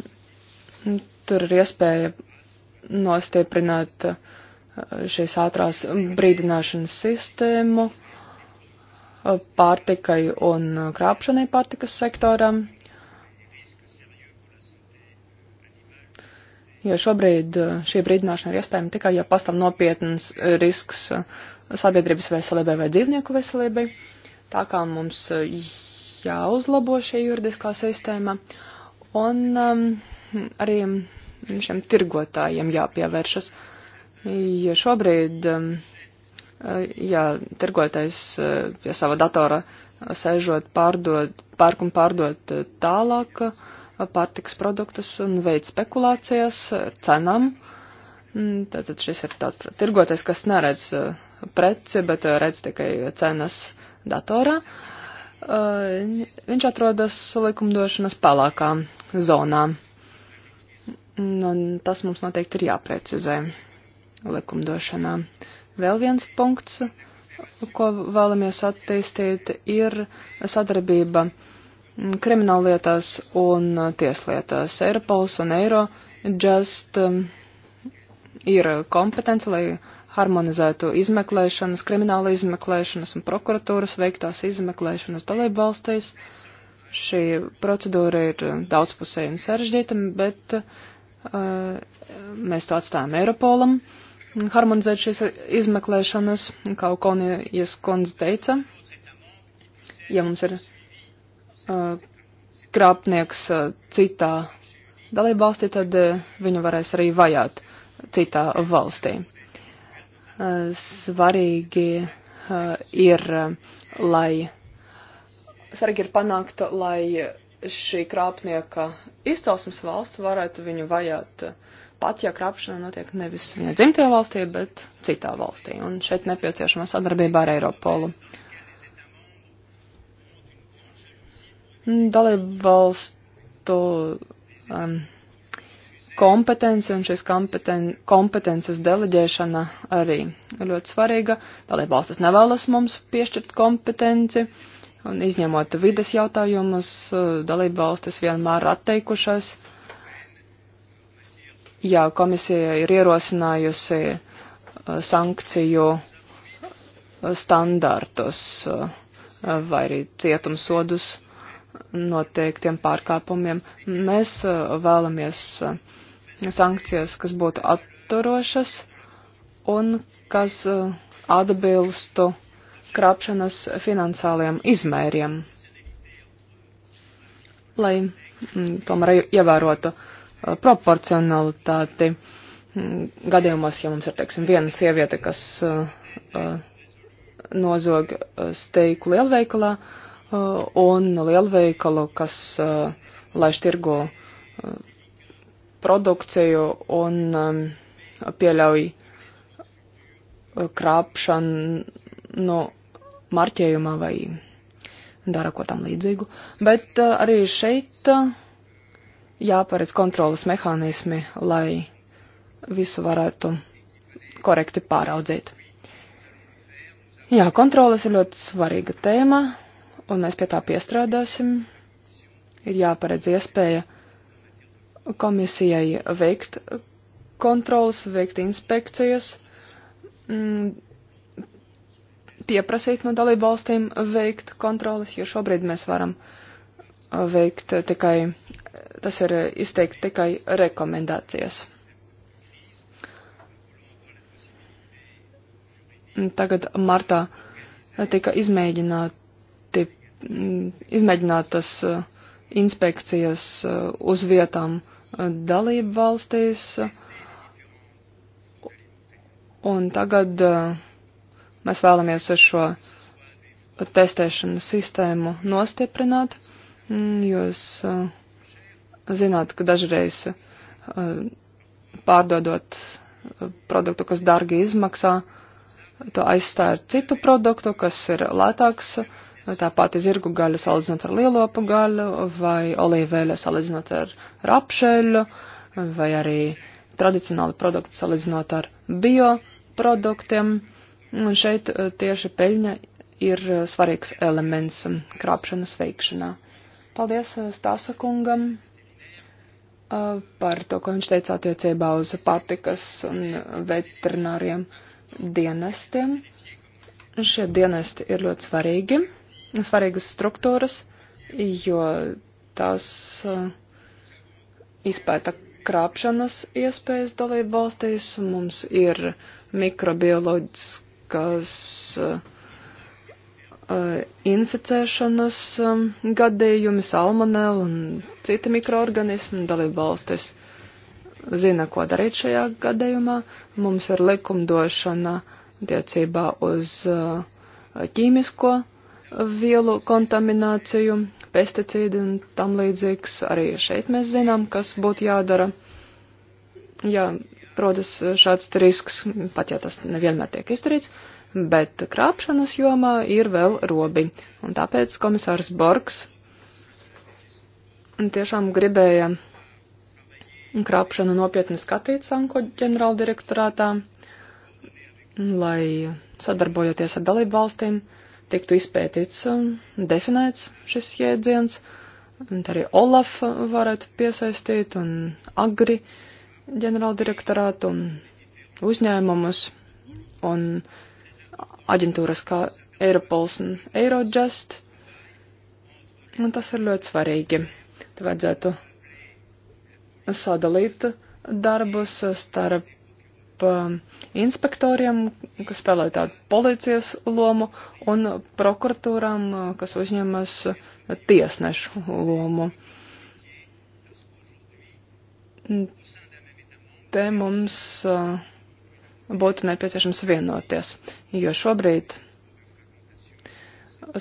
tur ir iespēja nostieprināt uh, šīs ātrās brīdināšanas sistēmu pārtikai un krāpšanai pārtikas sektoram. Jo šobrīd eh, šī brīdināšana ir iespējama tikai, ja pastāv nopietnas eh, risks eh, sabiedrības veselībai vai dzīvnieku veselībai. Tā kā mums jāuzlabo šī juridiskā sistēma. Un um, arī šiem tirgotājiem jāpievēršas. Uh, Jo šobrīd, um, uh, ja tirgotais uh, pie sava datora sēžot, pārdod, pērk un pārdod tālāk uh, pārtiks produktus un veids spekulācijas ar cenām, mm, tātad šis ir tāds tirgotais, kas neredz preci, bet redz tikai cenas datorā. Viņš atrodas likumdošanas palākā zonā. Mm, un tas mums noteikti ir jāprecizē likumdošanā. Vēl viens punkts, ko vēlamies attīstīt, ir sadarbība krimināllietās un tieslietās. Eiropols un Eiro just um, ir kompetence, lai harmonizētu izmeklēšanas, krimināla izmeklēšanas un prokuratūras veiktās izmeklēšanas dalību valstīs. Šī procedūra ir daudzpusēja un sarežģīta, bet uh, mēs to atstājam Eiropolam. Uh, harmonizēt šīs izmeklēšanas, kā Konijas kundze teica. Ja mums ir uh, krāpnieks uh, citā dalībvalstī, tad uh, viņu varēs arī vajāt citā valstī. Uh, svarīgi uh, ir, uh, lai, svarīgi ir panākt, lai šī krāpnieka izcelsmes valsts varētu viņu vajāt. Uh, pat ja krāpšana notiek nevis viņa dzimtajā valstī, bet citā valstī. Un šeit nepieciešama sadarbība ar Eiropolu. Dalību valstu um, kompetence un šīs kompeten kompetences deleģēšana arī ir ļoti svarīga. Dalību valstis nevēlas mums piešķirt kompetenci. Un izņemot vides jautājumus, uh, dalību valstis vienmēr atteikušās uh, Jā, komisija ir ierosinājusi uh, sankciju uh, standartus uh, vai arī cietumsodus noteiktiem pārkāpumiem. Mēs vēlamies sankcijas, kas būtu atturošas un kas atbilstu krāpšanas finansiāliem izmēriem, lai mm, tomēr ievērotu uh, Eh, proporcionalitāti. Mm, gadījumos, ja mums ir, teiksim, viena sieviete, kas eh, eh, nozog steiku lielveikalā un lielveikalu, kas laiž tirgo produkciju un pieļauj krāpšanu no marķējumā vai dara ko tam līdzīgu. Bet arī šeit jāparedz kontrolas mehānismi, lai visu varētu korekti pāraudzīt. Jā, kontrolas ir ļoti svarīga tēma, un mēs pie tā piestrādāsim. Ir jāparedz iespēja komisijai veikt kontrolas, veikt inspekcijas, mm, pieprasīt no dalību valstīm veikt kontrolas, jo šobrīd mēs varam veikt tikai tas ir izteikt tikai rekomendācijas. Tagad martā tika izmēģināti, izmēģinātas eh, inspekcijas eh, uz vietām eh, dalību valstīs, un tagad mēs vēlamies ar šo testēšanas sistēmu nostiprināt, mm, jūs uh, zināt, ka dažreiz eh, pārdodot eh, produktu, kas dārgi izmaksā, to aizstāja ar citu produktu, kas ir lētāks. Tā pati zirgu gaļa salīdzinot ar lielopu gaļu, vai olīvēļa salīdzinot ar rapšeļu, vai arī tradicionāli produkti salīdzinot ar bio produktiem. Un šeit eh, tieši peļņa ir svarīgs elements krāpšanas veikšanā. Paldies Stāsa kungam! Uh, par to, ko viņš teica attiecībā uz patikas un veterināriem dienestiem. Šie dienesti ir ļoti svarīgi, svarīgas struktūras, jo tās uh, izpēta krāpšanas iespējas dalību valstīs. Mums ir mikrobioloģiskas uh, Eh, inficēšanas eh, gadījumi, salmonēla un citi mikroorganismi dalību valstis zina, ko darīt šajā gadījumā. Mums ir likumdošana attiecībā uz eh, ķīmisko vielu kontamināciju, pesticīdi un tam līdzīgs. Arī šeit mēs zinām, kas būtu jādara, ja rodas šāds risks, pat ja tas nevienmēr tiek izdarīts bet krāpšanas jomā ir vēl robi. Un tāpēc komisārs Borgs tiešām gribēja krāpšanu nopietni skatīt Sanko ģenerāldirektorātā, lai sadarbojoties ar dalību valstīm tiktu izpētīts un definēts šis jēdziens, un arī Olaf varētu piesaistīt un agri ģenerāldirektorātu un uzņēmumus un uh, aģentūras kā Europols un Eurojust. Un tas ir ļoti svarīgi. Te vajadzētu sadalīt darbus starp um, inspektoriem, kas spēlē tādu policijas lomu, un prokuratūram, uh, kas uzņemas tiesnešu lomu. Te mums uh, būtu nepieciešams vienoties, jo šobrīd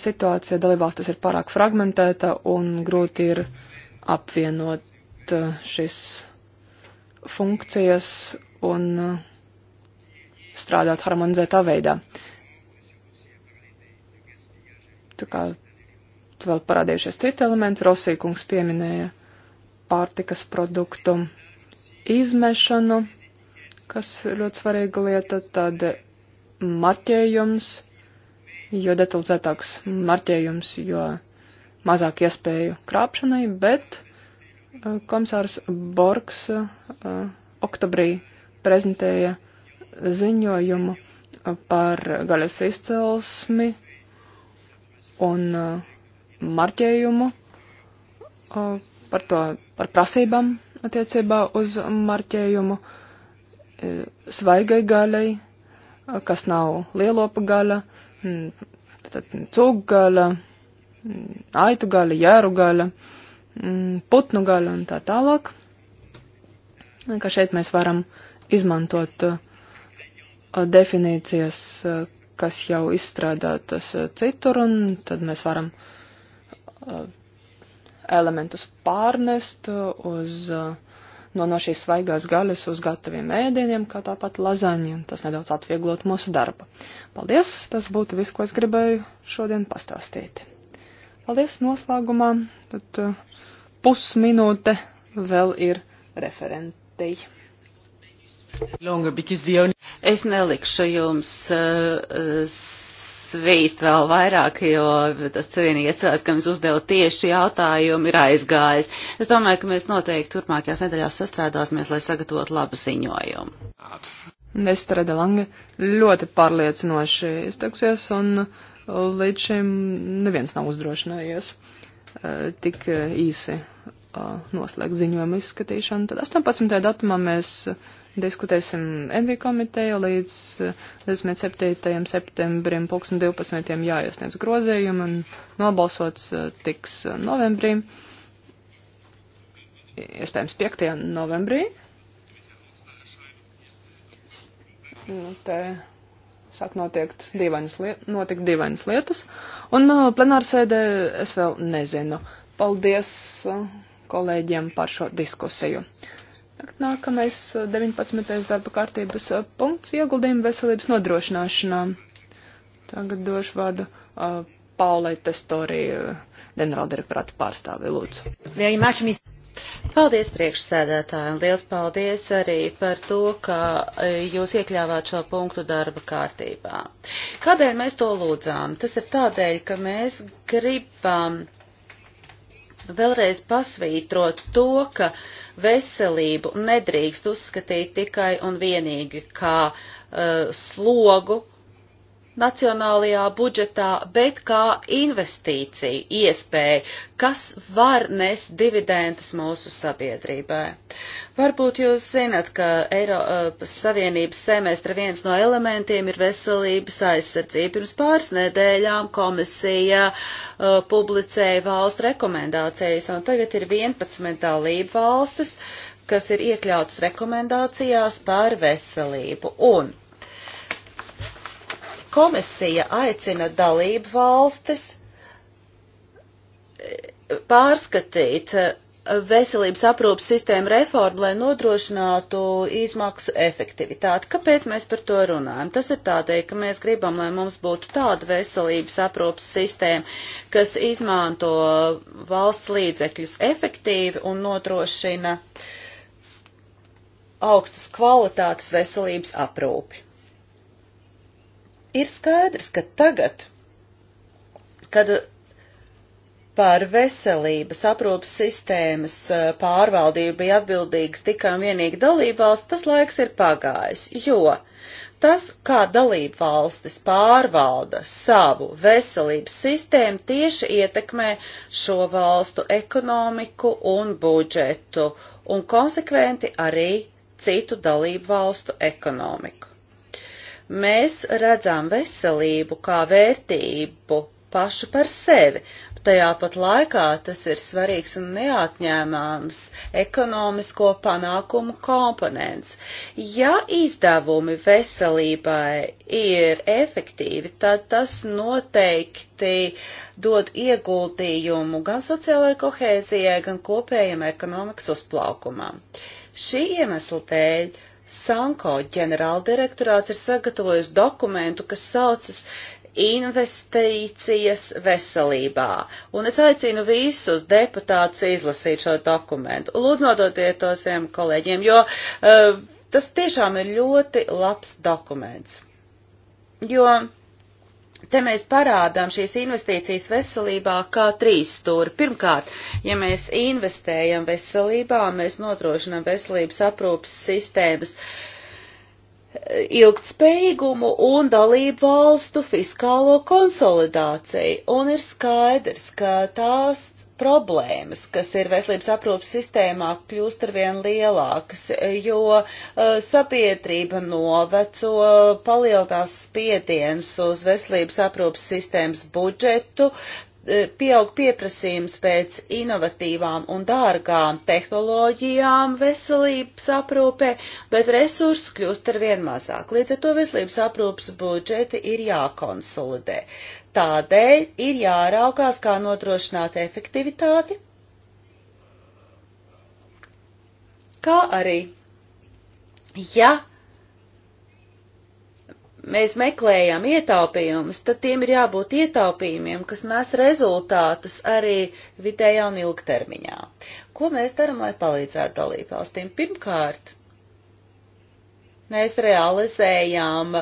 situācija dalībvalstis ir pārāk fragmentēta un grūti ir apvienot eh, šīs funkcijas un eh, strādāt harmonizētā veidā. Tā kā tu vēl parādījušies citi elementi, Rosīkungs pieminēja pārtikas produktu izmešanu kas ļoti svarīga lieta, tad marķējums, jo detalizētāks marķējums, jo mazāk iespēju krāpšanai, bet eh, komisārs Borgs eh, oktobrī prezentēja ziņojumu eh, par gaļas izcelsmi un marķējumu, par to, par prasībām attiecībā uz marķējumu. Uh, E, svaigai gaļai, kas nav lielopa gaļa, cūgaļa, aitu gaļa, jēru gaļa, putnu gaļa un tā tālāk. Ka šeit mēs varam izmantot definīcijas, kas jau izstrādātas citur, un tad mēs varam elementus pārnest uz uh, no, no šīs svaigās gaļas uz gataviem ēdieniem, kā tāpat lazaņa, un tas nedaudz atvieglot mūsu darbu. Paldies, tas būtu viss, ko es gribēju šodien pastāstīt. Paldies noslēgumā, tad uh, pusminūte vēl ir referentei. Es nelikšu jums uh, svīst vēl vairāk, jo tas vienīgais cilvēks, kam es uzdevu tieši jautājumu, ir aizgājis. Es domāju, ka mēs noteikti turpmākajās nedēļās sastrādāsimies, lai sagatavotu labu ziņojumu. Nestra de Lange ļoti pārliecinoši izteiksies, un līdz šim neviens nav uzdrošinājies eh, tik eh, īsi eh, noslēgt ziņojumu izskatīšanu. Tad 18. datumā mēs Diskutēsim NV komiteja līdz 27. Eh, septembrim, 2012. jāiesniedz grozējumi un nobalsots eh, tiks eh, novembrī, iespējams 5. novembrī. Nu, te sāk notiekt dīvainas, liet, notikt dīvainas lietas, un uh, plenārsēdē es vēl nezinu. Paldies uh, kolēģiem par šo diskusiju. Nākamais 19. Eh, darba kārtības eh, punkts - ieguldījumi veselības nodrošināšanā. Tagad došu vārdu uh, Paulai Testori, ģenerāldirektorāta pārstāvi, lūdzu. Paldies priekšsēdētājiem. Liels paldies arī par to, ka jūs iekļāvāt šo punktu darba kārtībā. Kādēļ mēs to lūdzām? Tas ir tādēļ, ka mēs gribam vēlreiz pasvītrot to, ka uh, veselību nedrīkst uzskatīt tikai un vienīgi kā uh, slogu, nacionālajā budžetā, bet kā investīcija iespēja, kas var nest dividendes mūsu sabiedrībai. Varbūt jūs zinat, ka Eiropas eh, Savienības semestra viens no elementiem ir veselības aizsardzība. Pirms pāris nedēļām komisija uh, publicēja valstu rekomendācijas, un tagad ir 11 dalību valstis, kas ir iekļautas rekomendācijās par veselību. Un Komisija aicina dalību valstis e, pārskatīt e, veselības aprūpas sistēmu reformu, lai nodrošinātu izmaksu efektivitāti. Kāpēc mēs par to runājam? Tas ir tādēļ, ka mēs gribam, lai mums būtu tāda veselības aprūpas sistēma, kas izmanto valsts līdzekļus efektīvi un nodrošina augstas kvalitātes veselības aprūpi. Ir skaidrs, ka tagad, kad par veselības aprūpas sistēmas pārvaldību bija atbildīgs tikai un vienīgi dalībvalsts, tas laiks ir pagājis, jo tas, kā dalībvalstis pārvalda savu veselības sistēmu, tieši ietekmē šo valstu ekonomiku un budžetu un konsekventi arī citu dalībvalstu ekonomiku. Mēs redzam veselību kā vērtību pašu par sevi, Tajā pat laikā tas ir svarīgs un neatņēmāms ekonomisko panākumu komponents. Ja izdevumi veselībai ir efektīvi, tad tas noteikti dod ieguldījumu gan sociālajai kohēzijai, gan kopējiem ekonomikas uzplaukumam. Šī iemesla dēļ Sanko ģenerāldirektorāts ir sagatavojis dokumentu, kas saucas investīcijas veselībā. Un es aicinu visus deputātus izlasīt šo dokumentu. Lūdzu, nodotiet to saviem kolēģiem, jo uh, tas tiešām ir ļoti labs dokuments. Jo te mēs parādām šīs investīcijas veselībā kā trīs stūri. Pirmkārt, ja mēs investējam veselībā, mēs nodrošinām veselības aprūpas sistēmas eh, ilgtspējīgumu un dalību valstu fiskālo konsolidāciju. Un ir skaidrs, ka tās problēmas, kas ir veselības aprūpas sistēmā, kļūst arvien lielākas, jo eh, sabiedrība noveco palielinās spiediens uz veselības aprūpas sistēmas budžetu, E, pieaug pieprasījums pēc inovatīvām un dārgām tehnoloģijām veselības aprūpē, bet resursu kļūst ar vien mazāk. Līdz ar to veselības aprūpas budžeti ir jākonsolidē. Tādēļ ir jāraukās, kā nodrošināt efektivitāti, kā arī, ja mēs meklējam ietaupījumus, tad tiem ir jābūt ietaupījumiem, kas nes rezultātus arī vidējā un ilgtermiņā. Ko mēs darām, lai palīdzētu dalībvalstīm? Pirmkārt, mēs realizējām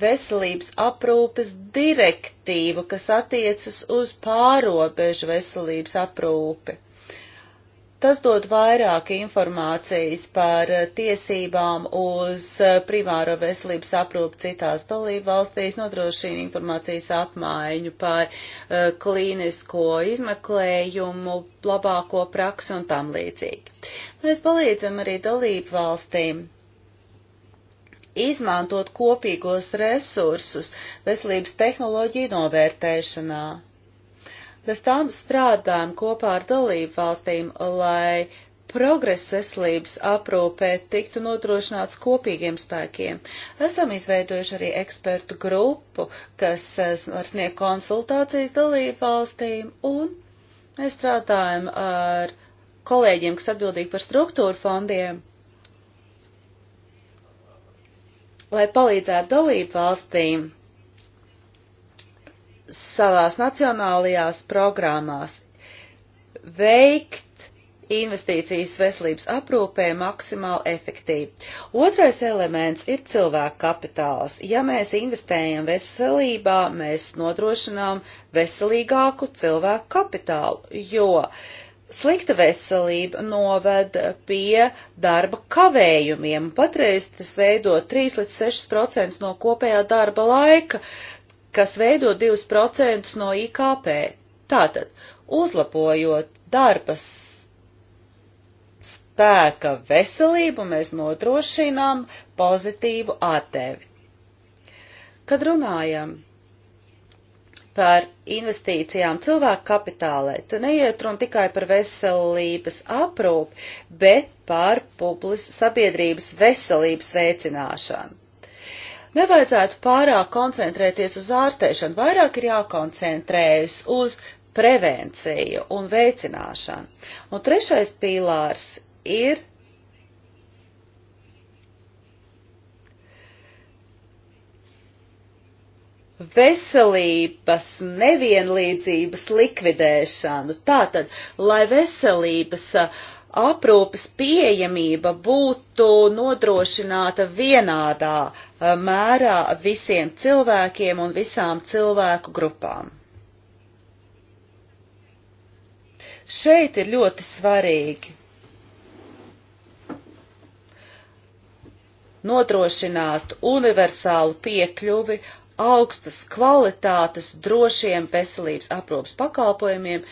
veselības aprūpes direktīvu, kas attiecas uz pārobežu veselības aprūpi. Tas dod vairāk informācijas par eh, tiesībām uz eh, primāro veselības aprūpu citās dalību valstīs, nodrošina informācijas apmaiņu par uh, klīnisko izmeklējumu, labāko praksu un tam līdzīgi. Mēs palīdzam arī dalību valstīm izmantot kopīgos resursus veselības tehnoloģiju novērtēšanā Bez tām strādājam kopā ar dalību valstīm, lai progress veselības aprūpē tiktu nodrošināts kopīgiem spēkiem. Esam izveidojuši arī ekspertu grupu, kas var eh, sniegt konsultācijas dalību valstīm, un mēs strādājam ar kolēģiem, kas atbildīgi par struktūru fondiem, lai palīdzētu dalību valstīm savās nacionālajās programmās veikt investīcijas veselības aprūpē maksimāli efektīvi. Otrais elements ir cilvēku kapitāls. Ja mēs investējam veselībā, mēs nodrošinām veselīgāku cilvēku kapitālu, jo slikta veselība noved pie darba kavējumiem. Patreiz tas veido 3 līdz 6% no kopējā darba laika, kas veido 2% no IKP. Tātad, uzlabojot darbas spēka veselību, mēs nodrošinām pozitīvu atdevi. Kad runājam par investīcijām cilvēku kapitālē, tad neiet runa tikai par veselības aprūpi, bet par publis sabiedrības veselības veicināšanu. Nevajadzētu pārāk koncentrēties uz ārstēšanu, vairāk ir jākoncentrējas uz prevenciju un veicināšanu. Un trešais pīlārs ir veselības nevienlīdzības likvidēšanu. Tātad, lai veselības uh, aprūpes pieejamība būtu nodrošināta vienādā eh, mērā visiem cilvēkiem un visām cilvēku grupām. Šeit ir ļoti svarīgi nodrošināt universālu piekļuvi augstas kvalitātes drošiem veselības aprūpas pakalpojumiem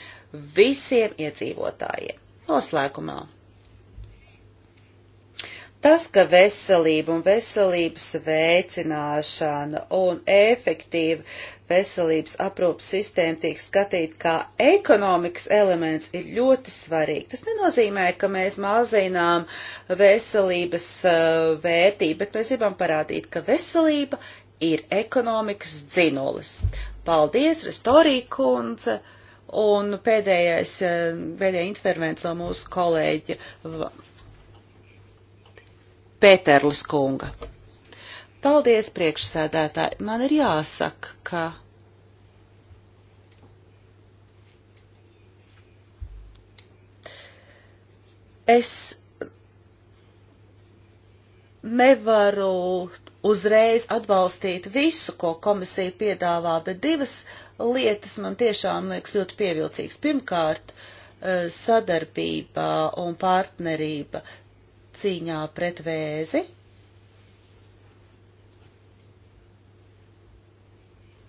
visiem iedzīvotājiem. Noslēgumā. Tas, ka veselība un veselības veicināšana un efektīva veselības aprūpas sistēma tiek skatīta kā ekonomikas elements, ir ļoti svarīgi. Tas nenozīmē, ka mēs mazinām veselības uh, vērtību, bet mēs gribam parādīt, ka veselība ir ekonomikas dzinulis. Paldies, Restorī kundze! Un pēdējais, eh, pēdējā intervents no mūsu kolēģa Pēterlis kunga. Paldies, priekšsēdētāji. Man ir jāsaka, ka. Es nevaru uzreiz atbalstīt visu, ko komisija piedāvā, bet divas lietas man tiešām liekas ļoti pievilcīgas. Pirmkārt, eh, sadarbība un partnerība cīņā pret vēzi.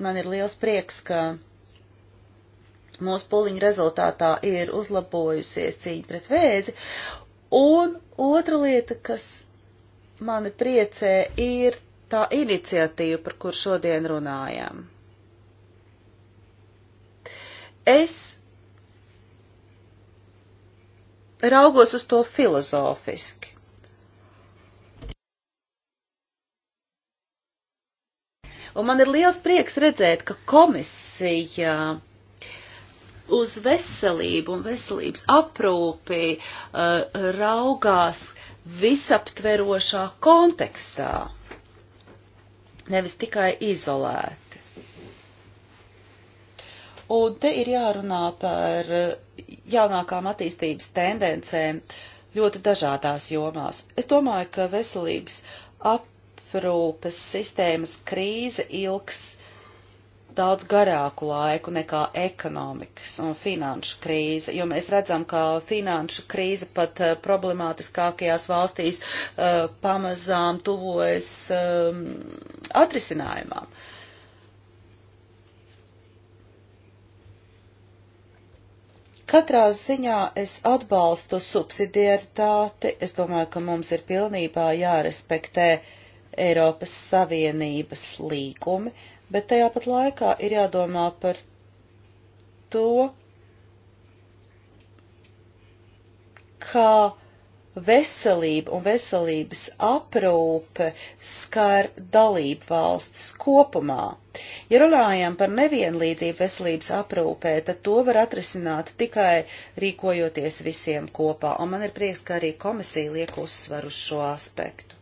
Man ir liels prieks, ka mūsu puliņu rezultātā ir uzlabojusies cīņa pret vēzi. Un otra lieta, kas mani priecē, ir tā iniciatīva, par kur šodien runājām. Es raugos uz to filozofiski. Un man ir liels prieks redzēt, ka komisija uz veselību un veselības aprūpi uh, raugās uh, visaptverošā kontekstā, nevis tikai izolēti. Un te ir jārunā par jaunākām attīstības tendencēm ļoti dažādās jomās. Es domāju, ka veselības aprūpes sistēmas krīze ilgs daudz garāku laiku nekā ekonomikas un finanšu krīze, jo mēs redzam, ka finanšu krīze pat eh, problemātiskākajās valstīs uh, pamazām tuvojas um, atrisinājumam. Katrā ziņā es atbalstu subsidiaritāti. Es domāju, ka mums ir pilnībā jārespektē Eiropas Savienības līgumi. Uh, bet tajā pat laikā ir jādomā par to, kā veselība un veselības aprūpe skar dalību valstis kopumā. Ja runājam par nevienlīdzību veselības aprūpē, tad to var atrisināt tikai rīkojoties visiem kopā, un man ir prieks, ka arī komisija liek uzsvaru uz šo aspektu.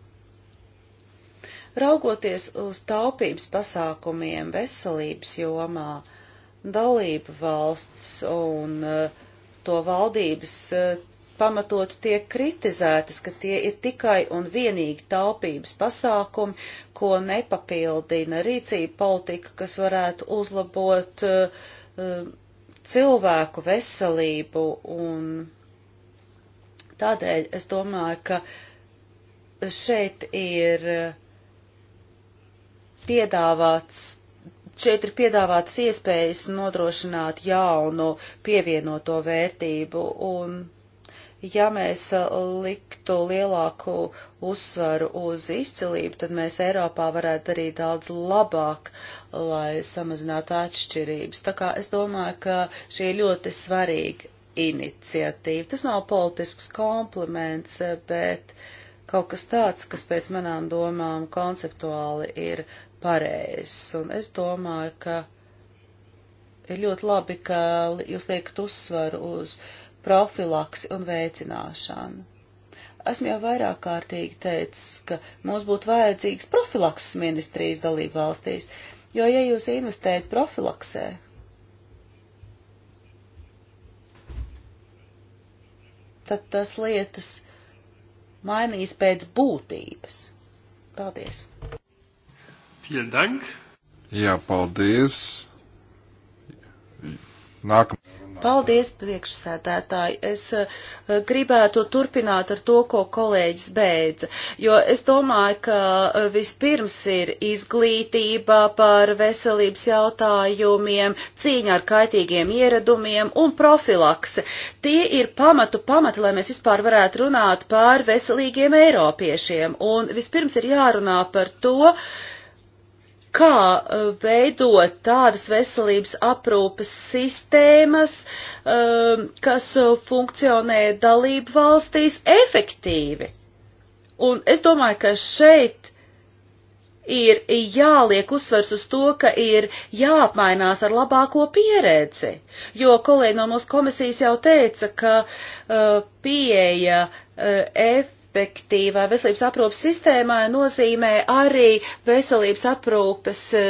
Raugoties uz taupības pasākumiem veselības jomā, dalība valsts un eh, to valdības eh, pamatot tiek kritizētas, ka tie ir tikai un vienīgi taupības pasākumi, ko nepapildina rīcība politika, kas varētu uzlabot uh, cilvēku veselību un tādēļ es domāju, ka šeit ir piedāvāts, šeit ir piedāvātas iespējas nodrošināt jaunu pievienoto vērtību un ja mēs uh, liktu lielāku uzsvaru uz izcilību, tad mēs Eiropā varētu darīt daudz labāk, lai samazinātu atšķirības. Tā kā es domāju, ka šī ir ļoti svarīga iniciatīva. Tas nav politisks kompliments, bet kaut kas tāds, kas pēc manām domām konceptuāli ir pareizs. Un es domāju, ka ir ļoti labi, ka jūs liekat uzsvaru uz profilaksi un veicināšanu. Esmu jau vairāk kārtīgi teicis, ka mums būtu vajadzīgs profilakses ministrijas dalība valstīs, jo ja jūs investējat profilaksē, tad tas lietas mainīs pēc būtības. Paldies! Vielen Dank. Jā, paldies. Nākamā. Paldies, priekšsēdētāji. Es uh, gribētu turpināt ar to, ko kolēģis beidza, jo es domāju, ka eh, vispirms ir izglītība par veselības jautājumiem, cīņa ar kaitīgiem ieradumiem un profilakse. Tie ir pamatu pamati, lai mēs vispār varētu runāt par veselīgiem eiropiešiem. Un vispirms ir jārunā par to, uh, kā uh, veidot tādas veselības aprūpas sistēmas, um, kas uh, funkcionē dalību valstīs efektīvi. Un es domāju, ka šeit ir jāliek uzsvers uz to, ka ir jāapmainās ar labāko pieredzi, jo kolēģi no mūsu komisijas jau teica, ka uh, pieeja uh, F efektīvā veselības aprūpas sistēmā nozīmē arī veselības aprūpas e,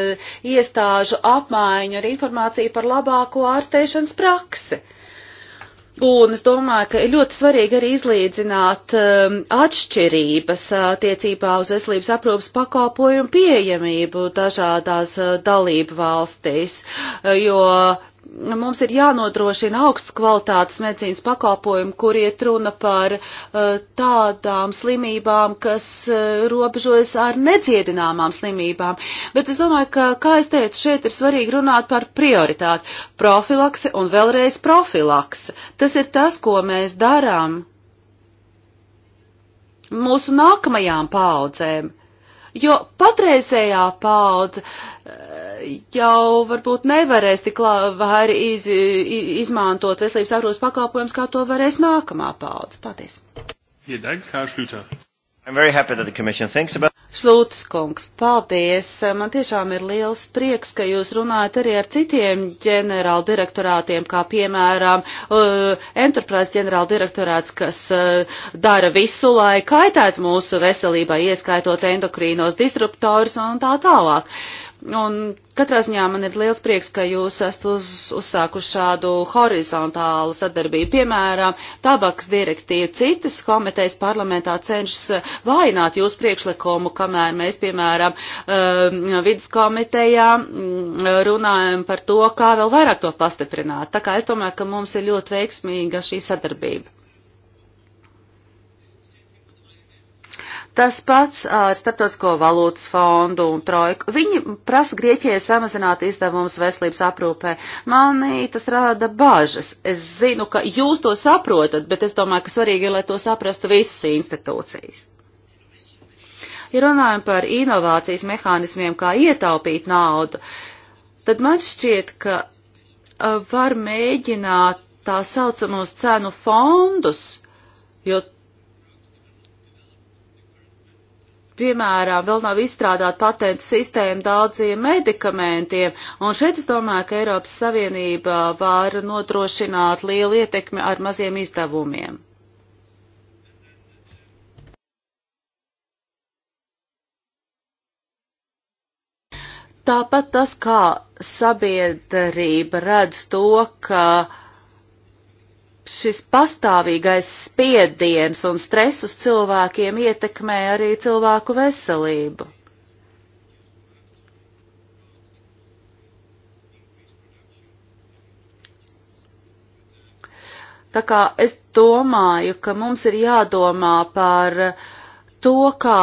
iestāžu apmaiņu ar informāciju par labāko ārstēšanas praksi. Un es domāju, ka ir ļoti svarīgi arī izlīdzināt um, atšķirības attiecībā uz veselības aprūpas pakalpojumu pieejamību dažādās uh, dalību valstīs, jo mums ir jānodrošina augsts kvalitātes medicīnas pakalpojumi, kur iet runa par uh, tādām slimībām, kas uh, robežojas ar nedziedināmām slimībām. Bet es domāju, ka, kā es teicu, šeit ir svarīgi runāt par prioritāti - profilakse un vēlreiz profilakse. Tas ir tas, ko mēs darām mūsu nākamajām paudzēm jo patreizējā paudze eh, jau varbūt nevarēs tik labi iz, izmantot veselības aprūpas pakalpojumus, kā to varēs nākamā paudze. Paldies! Vielen Dank, Herr Schlüter. About... Slūts kungs, paldies! Man tiešām ir liels prieks, ka jūs runājat arī ar citiem ģenerāla direktorātiem, kā piemēram uh, Enterprise ģenerāla direktorāts, kas uh, dara visu, lai kaitētu mūsu veselībai, ieskaitot endokrīnos disruptors un tā tālāk. Un katrā ziņā man ir liels prieks, ka jūs esat uz, uzsākuši šādu horizontālu sadarbību. Piemēram, tabaks direktīva citas komitejas parlamentā cenšas vājināt jūsu priekšlikumu, kamēr mēs, piemēram, um, vidas komitejā mm, runājam par to, kā vēl vairāk to pastiprināt. Tā kā es domāju, ka mums ir ļoti veiksmīga šī sadarbība. Tas pats ar Startautisko valūtas fondu un trojku. Viņi prasa Grieķijai samazināt izdevumus veselības aprūpē. Manī tas rada bažas. Es zinu, ka jūs to saprotat, bet es domāju, ka svarīgi ir, lai to saprastu visas institūcijas. Ja runājam par inovācijas mehānismiem, kā ietaupīt naudu, tad man šķiet, ka var mēģināt tā saucamos cenu fondus, jo piemēram, vēl nav izstrādāta patentu sistēma daudziem medikamentiem, un šeit es domāju, ka Eiropas Savienība var nodrošināt lielu ietekmi ar maziem izdevumiem. Tāpat tas, kā sabiedrība redz to, ka uh, šis pastāvīgais spiediens un stress uz cilvēkiem ietekmē arī cilvēku veselību. Tā kā es domāju, ka mums ir jādomā par to, kā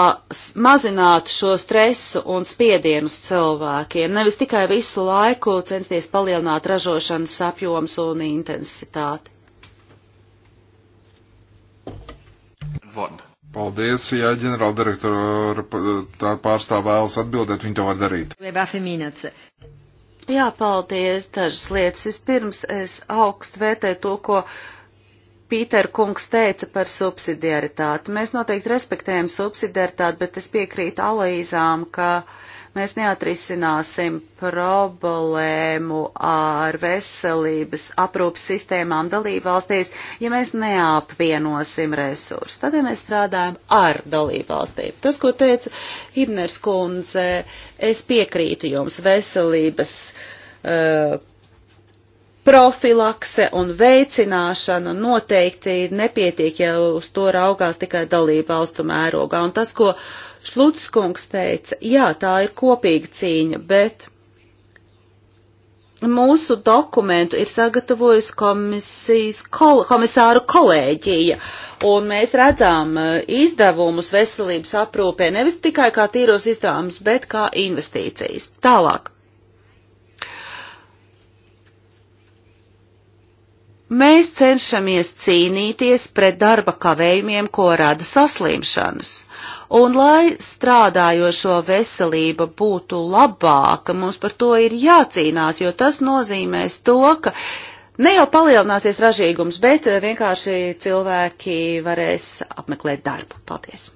mazināt šo stresu un spiedienu uz cilvēkiem, nevis tikai visu laiku censties palielināt ražošanas apjoms un intensitāti. antworten. Paldies, ja ģenerāldirektora tā pārstāv vēlas atbildēt, viņi to var darīt. Jā, paldies, dažas lietas. Vispirms es augstu vērtēju to, ko Pīter kungs teica par subsidiaritāti. Mēs noteikti respektējam subsidiaritāti, bet es piekrītu Alaīzām, ka uh, mēs neatrisināsim problēmu ar veselības aprūpas sistēmām dalībvalstīs, ja mēs neapvienosim resursus. Tad, ja mēs strādājam ar dalībvalstīm. Tas, ko teica Hibners kundze, es piekrītu jums veselības. Uh, profilakse un veicināšana noteikti nepietiek, ja uz to raugās tikai dalība valstu mērogā. Un tas, ko uh, Šlutskungs teica, jā, tā ir kopīga cīņa, bet mūsu dokumentu ir sagatavojusi komisijas kol, komisāru kolēģija, un mēs redzam e, izdevumus veselības aprūpē nevis tikai kā tīros izdevumus, bet kā investīcijas. Tālāk. Mēs cenšamies cīnīties pret darba kavējumiem, ko rada saslimšanas Un, lai strādājošo veselība būtu labāka, mums par to ir jācīnās, jo tas nozīmēs to, ka ne jau palielināsies ražīgums, bet eh, vienkārši cilvēki varēs apmeklēt darbu. Paldies!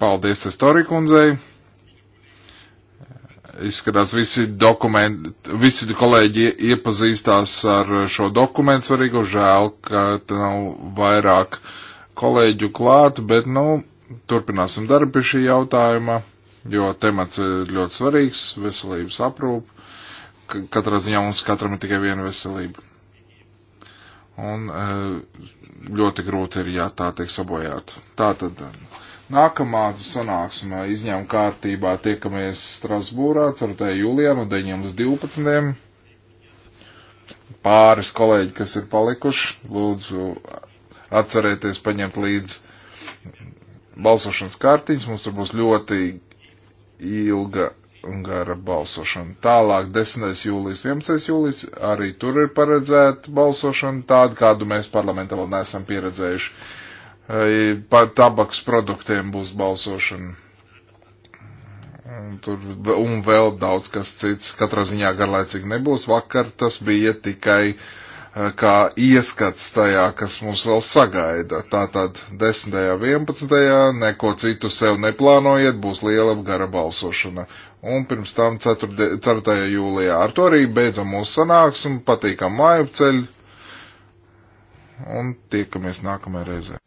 Paldies, Estori kundzei! Izskatās, visi, visi kolēģi iepazīstās ar šo dokumentu svarīgu. Žēl, ka te nav vairāk kolēģu klāt, bet, nu, turpināsim darbu pie šī jautājuma, jo temats ir ļoti svarīgs - veselības aprūpe. Katrā ziņā mums katram ir tikai viena veselība. Un eh, ļoti grūti ir, ja tā tiek sabojāta. Tā tad Nākamā sanāksme izņēmuma kārtībā tiekamies Strasbūrā 4. jūlijā no 9 līdz 12. Pāris kolēģi, kas ir palikuši, lūdzu atcerēties paņemt līdz balsošanas kārtiņas. Mums tur būs ļoti ilga un gara balsošana. Tālāk 10. jūlijas, 11. jūlijas arī tur ir paredzēta balsošana tāda, kādu mēs parlamentā vēl neesam pieredzējuši par tabaks produktiem būs balsošana. Un, tur, un vēl daudz kas cits. Katrā ziņā garlaicīgi nebūs. Vakar tas bija tikai eh, kā ieskats tajā, kas mūs vēl sagaida. Tātad 10. un 11. neko citu sev neplānojiet, būs liela gara balsošana. Un pirms tam 4. 4. jūlijā. Ar to arī beidzam mūsu sanāksmu, patīkam māju ceļu un tiekamies nākamajā reizē.